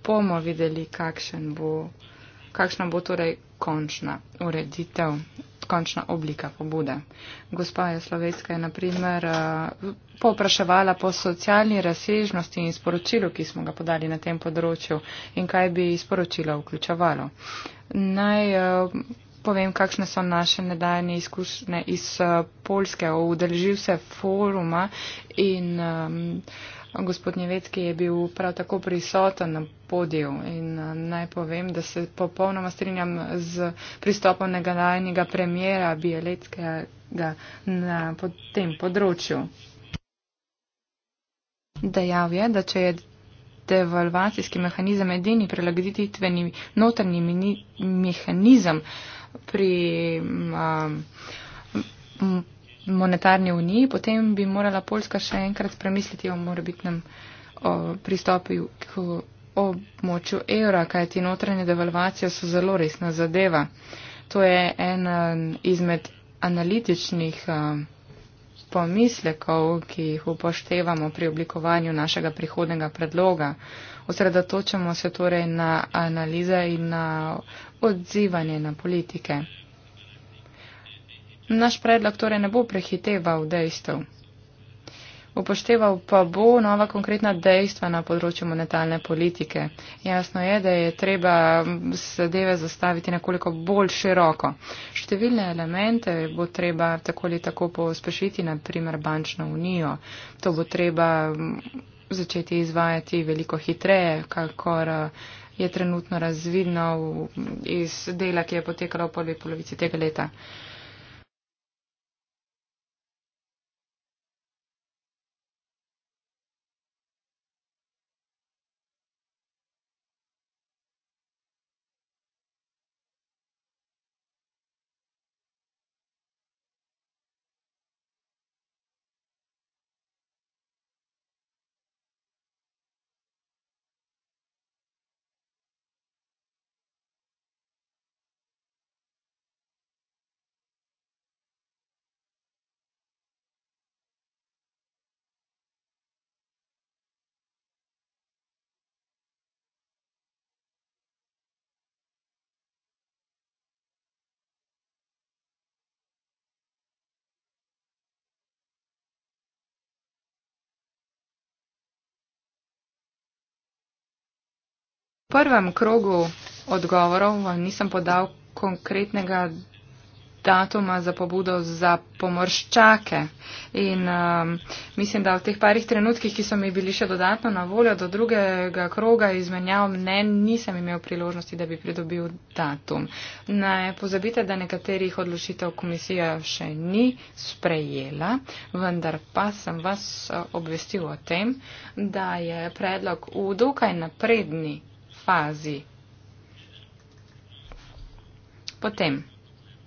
bomo videli, kakšen bo, kakšna bo torej končna ureditev končna oblika pobude. Gospa je slovenska je naprimer eh, popraševala po socialni razsežnosti in sporočilu, ki smo ga podali na tem področju in kaj bi sporočilo vključevalo. Naj eh, povem, kakšne so naše nedajne izkušnje iz eh, Polske o udeležil se foruma in um, Gospod Njevetki je bil prav tako prisoten na podiju in eh, naj povem, da se popolnoma strinjam z pristopom negadajnega premjera Bijeletskega na tem področju. Dejal je, da če je devalvacijski mehanizem edini prilagoditveni notrni mehanizem pri um, monetarni uniji, potem bi morala Poljska še enkrat spremisliti o morebitnem pristopu k območju evra, kajti notranje devalvacije so zelo resna zadeva. To je ena um, izmed analitičnih um, pomislekov, ki jih upoštevamo pri oblikovanju našega prihodnega predloga. Osredotočamo se torej na analize in na odzivanje na politike. Naš predlog torej ne bo prehiteval dejstev. Upošteval pa bo nova konkretna dejstva na področju monetalne politike. Jasno je, da je treba zadeve zastaviti nekoliko bolj široko. Številne elemente bo treba tako ali tako pospešiti, naprimer bančno unijo. To bo treba mm, začeti izvajati veliko hitreje, kakor eh, je trenutno razvidno mm, iz dela, ki je potekalo v prvi polovici tega leta. Uh, prvem krogu odgovorov vam nisem podal konkretnega datuma za pobudo za pomorščake. In um, mislim, da v teh parih trenutkih, ki so mi bili še dodatno na voljo do drugega kroga izmenjav mnen, nisem imel priložnosti, da bi pridobil datum. Ne pozabite, da nekaterih odločitev komisija še ni sprejela, vendar pa sem vas obvestil o tem, da je predlog v dokaj napredni fazi. Potem,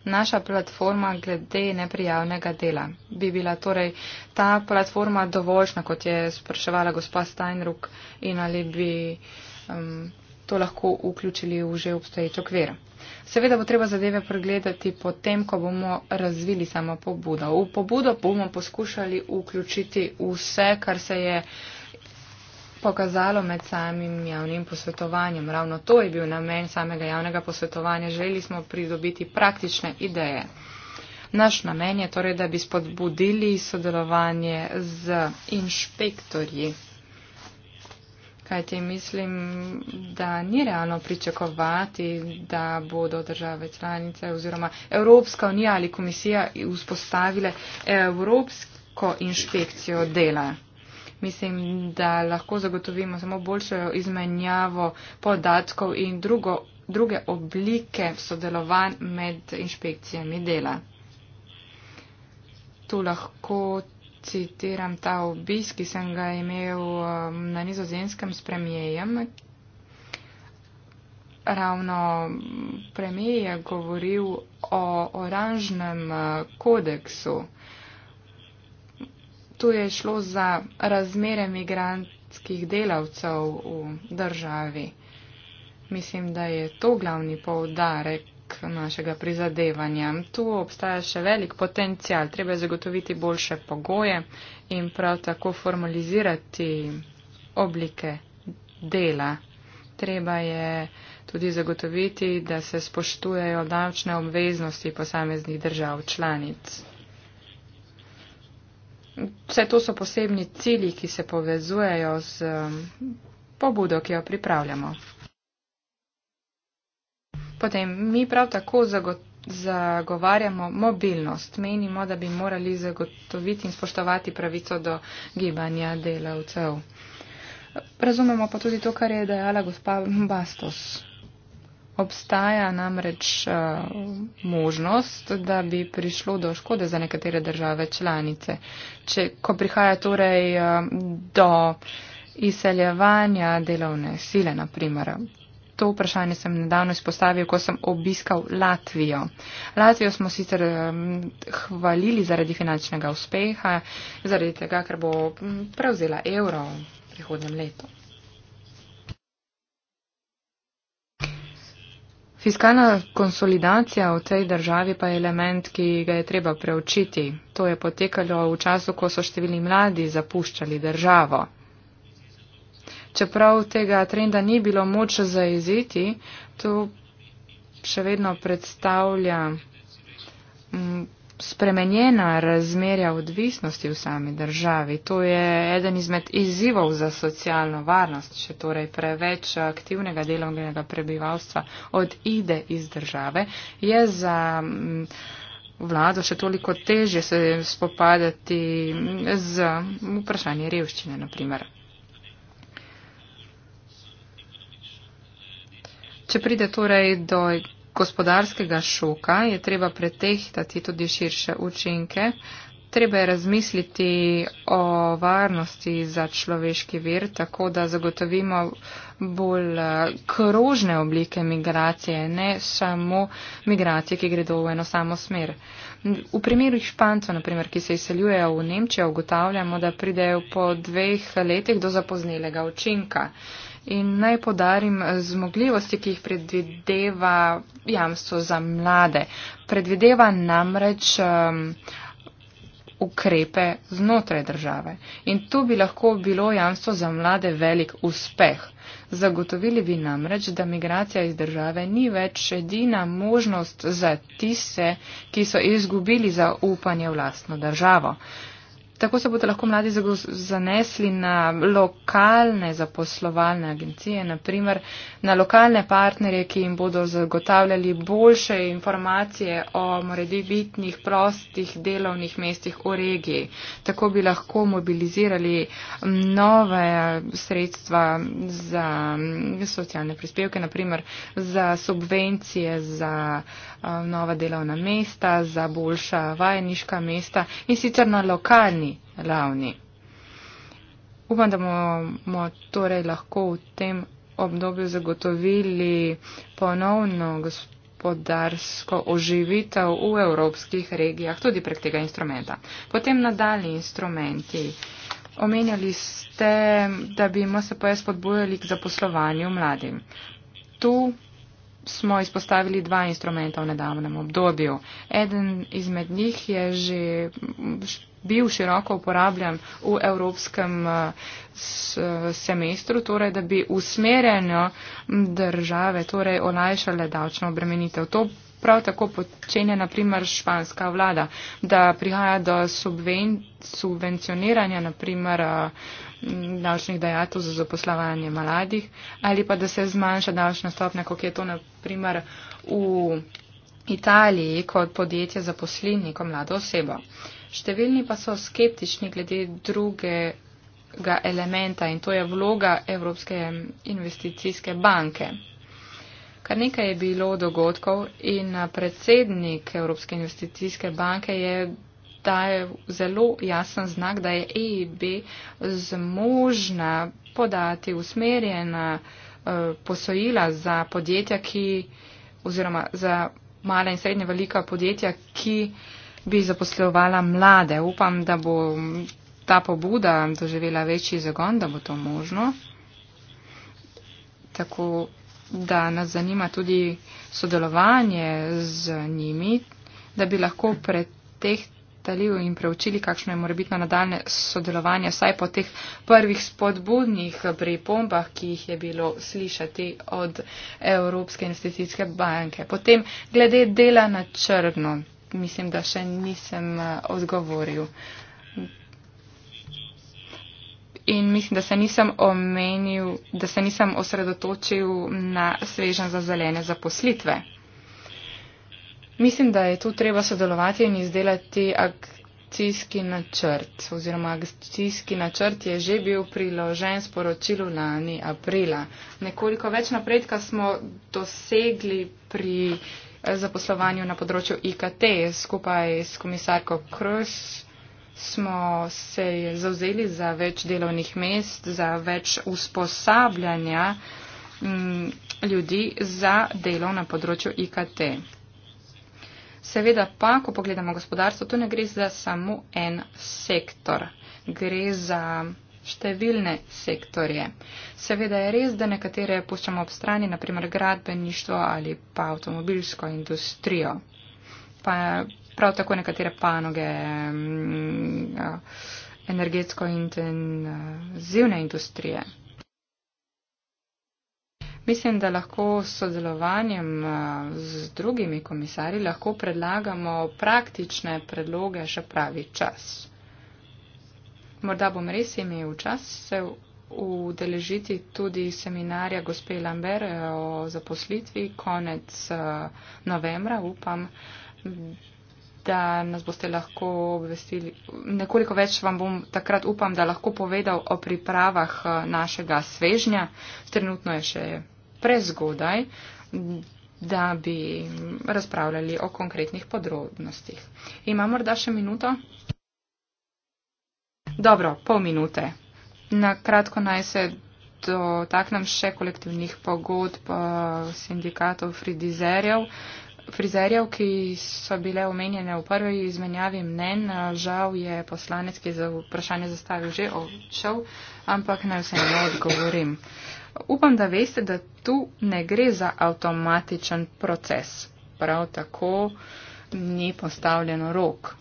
naša platforma glede neprijavnega dela. Bi bila torej ta platforma dovoljšna, kot je spraševala gospa Steinruck, in ali bi um, to lahko vključili v že obstoječ okvir? Seveda bo treba zadeve pregledati potem, ko bomo razvili samo pobudo. V pobudo bomo poskušali vključiti vse, kar se je. Uh, pokazalo med samim javnim posvetovanjem. Ravno to je bil namen samega javnega posvetovanja. Želeli smo pridobiti praktične ideje. Naš namen je torej, da bi spodbudili sodelovanje z inšpektorji. Kaj ti mislim, da ni realno pričakovati, da bodo države članice oziroma Evropska unija ali komisija vzpostavile Evropsko inšpekcijo dela mislim, da lahko zagotovimo samo boljšo izmenjavo podatkov in drugo, druge oblike sodelovanj med inšpekcijami dela. Tu lahko citiram ta obisk, ki sem ga imel um, na nizozemskem s premijejem. Ravno premije je govoril o oranžnem uh, kodeksu tu je šlo za razmere migrantskih delavcev v državi. Mislim, da je to glavni povdarek našega prizadevanja. Tu obstaja še velik potencial. Treba je zagotoviti boljše pogoje in prav tako formalizirati oblike dela. Treba je tudi zagotoviti, da se spoštujejo davčne obveznosti posameznih držav članic. Vse to so posebni cilji, ki se povezujejo z um, pobudo, ki jo pripravljamo. Potem mi prav tako zagovarjamo mobilnost. Menimo, da bi morali zagotoviti in spoštovati pravico do gibanja delavcev. Razumemo pa tudi to, kar je dejala gospa Bastos. Obstaja namreč uh, možnost, da bi prišlo do škode za nekatere države članice. Če, ko prihaja torej uh, do izseljevanja delovne sile, naprimer. To vprašanje sem nedavno izpostavil, ko sem obiskal Latvijo. Latvijo smo sicer hvalili zaradi finančnega uspeha, zaradi tega, ker bo prevzela evro v prihodnem letu. Fiskalna konsolidacija v tej državi pa je element, ki ga je treba preučiti. To je potekalo v času, ko so številni mladi zapuščali državo. Čeprav tega trenda ni bilo moč zaeziti, to še vedno predstavlja. Mm, spremenjena razmerja odvisnosti v sami državi. To je eden izmed izzivov za socialno varnost, če torej preveč aktivnega delovnega prebivalstva odide iz države, je za mm, vlado še toliko težje se spopadati z mm, vprašanje revščine, naprimer. Če pride torej do gospodarskega šoka je treba pretehtati tudi širše učinke. Treba je razmisliti o varnosti za človeški vir, tako da zagotovimo bolj eh, krožne oblike migracije, ne samo migracije, ki gredo v eno samo smer. V primeru Špancov, naprimer, ki se izseljujejo v Nemčijo, ugotavljamo, da pridejo po dveh letih do zapoznelega učinka. In naj podarim zmogljivosti, ki jih predvideva jamstvo za mlade. Predvideva namreč um, ukrepe znotraj države. In tu bi lahko bilo jamstvo za mlade velik uspeh. Zagotovili bi namreč, da migracija iz države ni več edina možnost za tiste, ki so izgubili zaupanje v lastno državo. Tako se bodo lahko mladi zanesli na lokalne zaposlovalne agencije, naprimer na lokalne partnerje, ki jim bodo zagotavljali boljše informacije o morebitnih prostih delovnih mestih v regiji. Tako bi lahko mobilizirali nove sredstva za socialne prispevke, naprimer za subvencije, za eh, nova delovna mesta, za boljša vajeniška mesta in sicer na lokalni mentalni ravni. Upam, da bomo torej lahko v tem obdobju zagotovili ponovno gospodarsko oživitev v evropskih regijah tudi prek tega instrumenta. Potem nadaljni instrumenti. Omenjali ste, da bi MSP-je spodbujali k zaposlovanju mladim. Tu smo izpostavili dva instrumenta v nedavnem obdobju. Eden izmed njih je že bil široko uporabljan v evropskem eh, semestru, torej da bi usmerjanje države torej olajšale davčno obremenitev. To prav tako počenja naprimer španska vlada, da prihaja do subven, subvencioniranja naprimer eh, davčnih dejatov za zaposlovanje mladih ali pa da se zmanjša davčna stopnja, kot je to naprimer v Italiji, kot podjetje zaposli neko mlado osebo. Uh, Številni pa so skeptični glede drugega elementa in to je vloga Evropske investicijske banke. Kar nekaj je bilo dogodkov in predsednik Evropske investicijske banke je dajal zelo jasen znak, da je EIB zmožna podati usmerjena eh, posojila za podjetja, ki oziroma za mala in srednje velika podjetja, ki uh, bi zaposlovala mlade. Upam, da bo ta pobuda doživela večji zagon, da bo to možno. Tako da nas zanima tudi sodelovanje z njimi, da bi lahko pred teh in preučili, kakšno je morebitno nadaljne sodelovanje, saj po teh prvih spodbudnih pripombah, ki jih je bilo slišati od Evropske investicijske banke. Potem glede dela na črno mislim, da še nisem eh, odgovoril. In mislim, da se nisem omenil, da se nisem osredotočil na svežen za zelene zaposlitve. Mislim, da je tu treba sodelovati in izdelati akcijski načrt. Oziroma akcijski načrt je že bil priložen sporočilu lani aprila. Nekoliko več napredka smo dosegli pri zaposlovanju na področju IKT. Skupaj s komisarko Krš smo se zauzeli za več delovnih mest, za več usposabljanja mm, ljudi za delo na področju IKT. Seveda pa, ko pogledamo gospodarstvo, tu ne gre za samo en sektor. Gre za številne sektorje. Seveda je res, da nekatere puščamo ob strani, naprimer gradbeništvo ali pa avtomobilsko industrijo. Pa prav tako nekatere panoge, mm, energetsko intenzivne industrije. Mislim, da lahko s sodelovanjem z drugimi komisarji lahko predlagamo praktične predloge še pravi čas morda bom res imel čas se udeležiti tudi seminarja gospe Lamber eh, o zaposlitvi konec eh, novembra, upam da nas boste lahko obvestili. Nekoliko več vam bom takrat upam, da lahko povedal o pripravah eh, našega svežnja. Trenutno je še prezgodaj, da bi razpravljali o konkretnih podrobnostih. Imam morda še minuto? Dobro, pol minute. Na kratko naj se dotaknem še kolektivnih pogodb eh, sindikatov fridizerjev. Frizerjev, ki so bile omenjene v prvi izmenjavi mnen, žal je poslanec, ki je za vprašanje zastavil, že odšel, ampak naj vse ne odgovorim. Upam, da veste, da tu ne gre za avtomatičen proces. Prav tako ni postavljen rok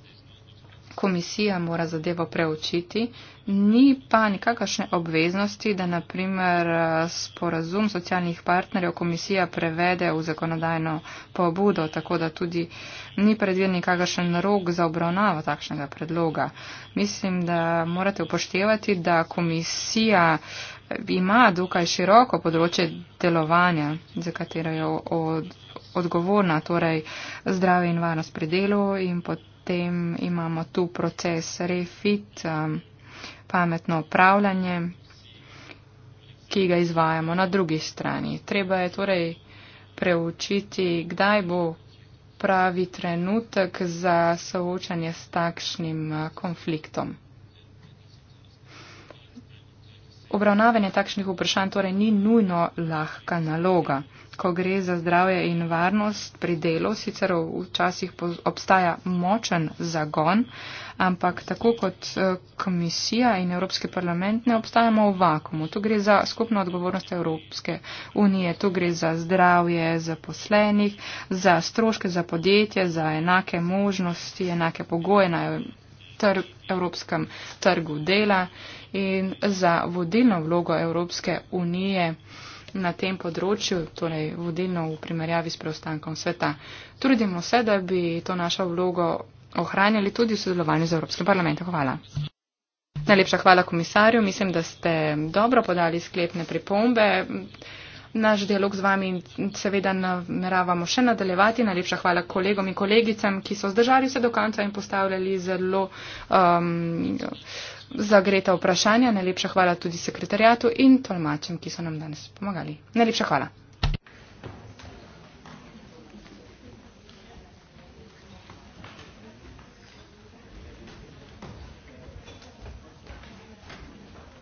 komisija mora zadevo preučiti, ni pa nikakršne obveznosti, da naprimer eh, sporazum socialnih partnerjev komisija prevede v zakonodajno pobudo, tako da tudi ni predviden nikakršen rok za obravnavo takšnega predloga. Mislim, da morate upoštevati, da komisija eh, ima dokaj široko področje delovanja, za katero je od, odgovorna, torej zdravje in varnost pri delu in potem potem imamo tu proces refit, um, pametno upravljanje, ki ga izvajamo na drugi strani. Treba je torej preučiti, kdaj bo pravi trenutek za soočanje s takšnim uh, konfliktom. Obravnavanje takšnih vprašanj torej ni nujno lahka naloga ko gre za zdravje in varnost pri delu, sicer včasih obstaja močen zagon, ampak tako kot eh, komisija in Evropski parlament ne obstajamo v vakumu. Tu gre za skupno odgovornost Evropske unije, tu gre za zdravje zaposlenih, za stroške za podjetje, za enake možnosti, enake pogoje na tr Evropskem trgu dela in za vodilno vlogo Evropske unije na tem področju, torej vodilno v primerjavi s preostankom sveta. Trudimo se, da bi to našo vlogo ohranjali tudi v sodelovanju z Evropskim parlamentom. Hvala. Najlepša hvala komisarju. Mislim, da ste dobro podali sklepne pripombe. Naš dialog z vami seveda nameravamo še nadaljevati. Najlepša hvala kolegom in kolegicam, ki so zdržali vse do konca in postavljali zelo. Um, zagreta vprašanja. Najlepša hvala tudi sekretarjatu in tolmačem, ki so nam danes pomagali. Najlepša hvala.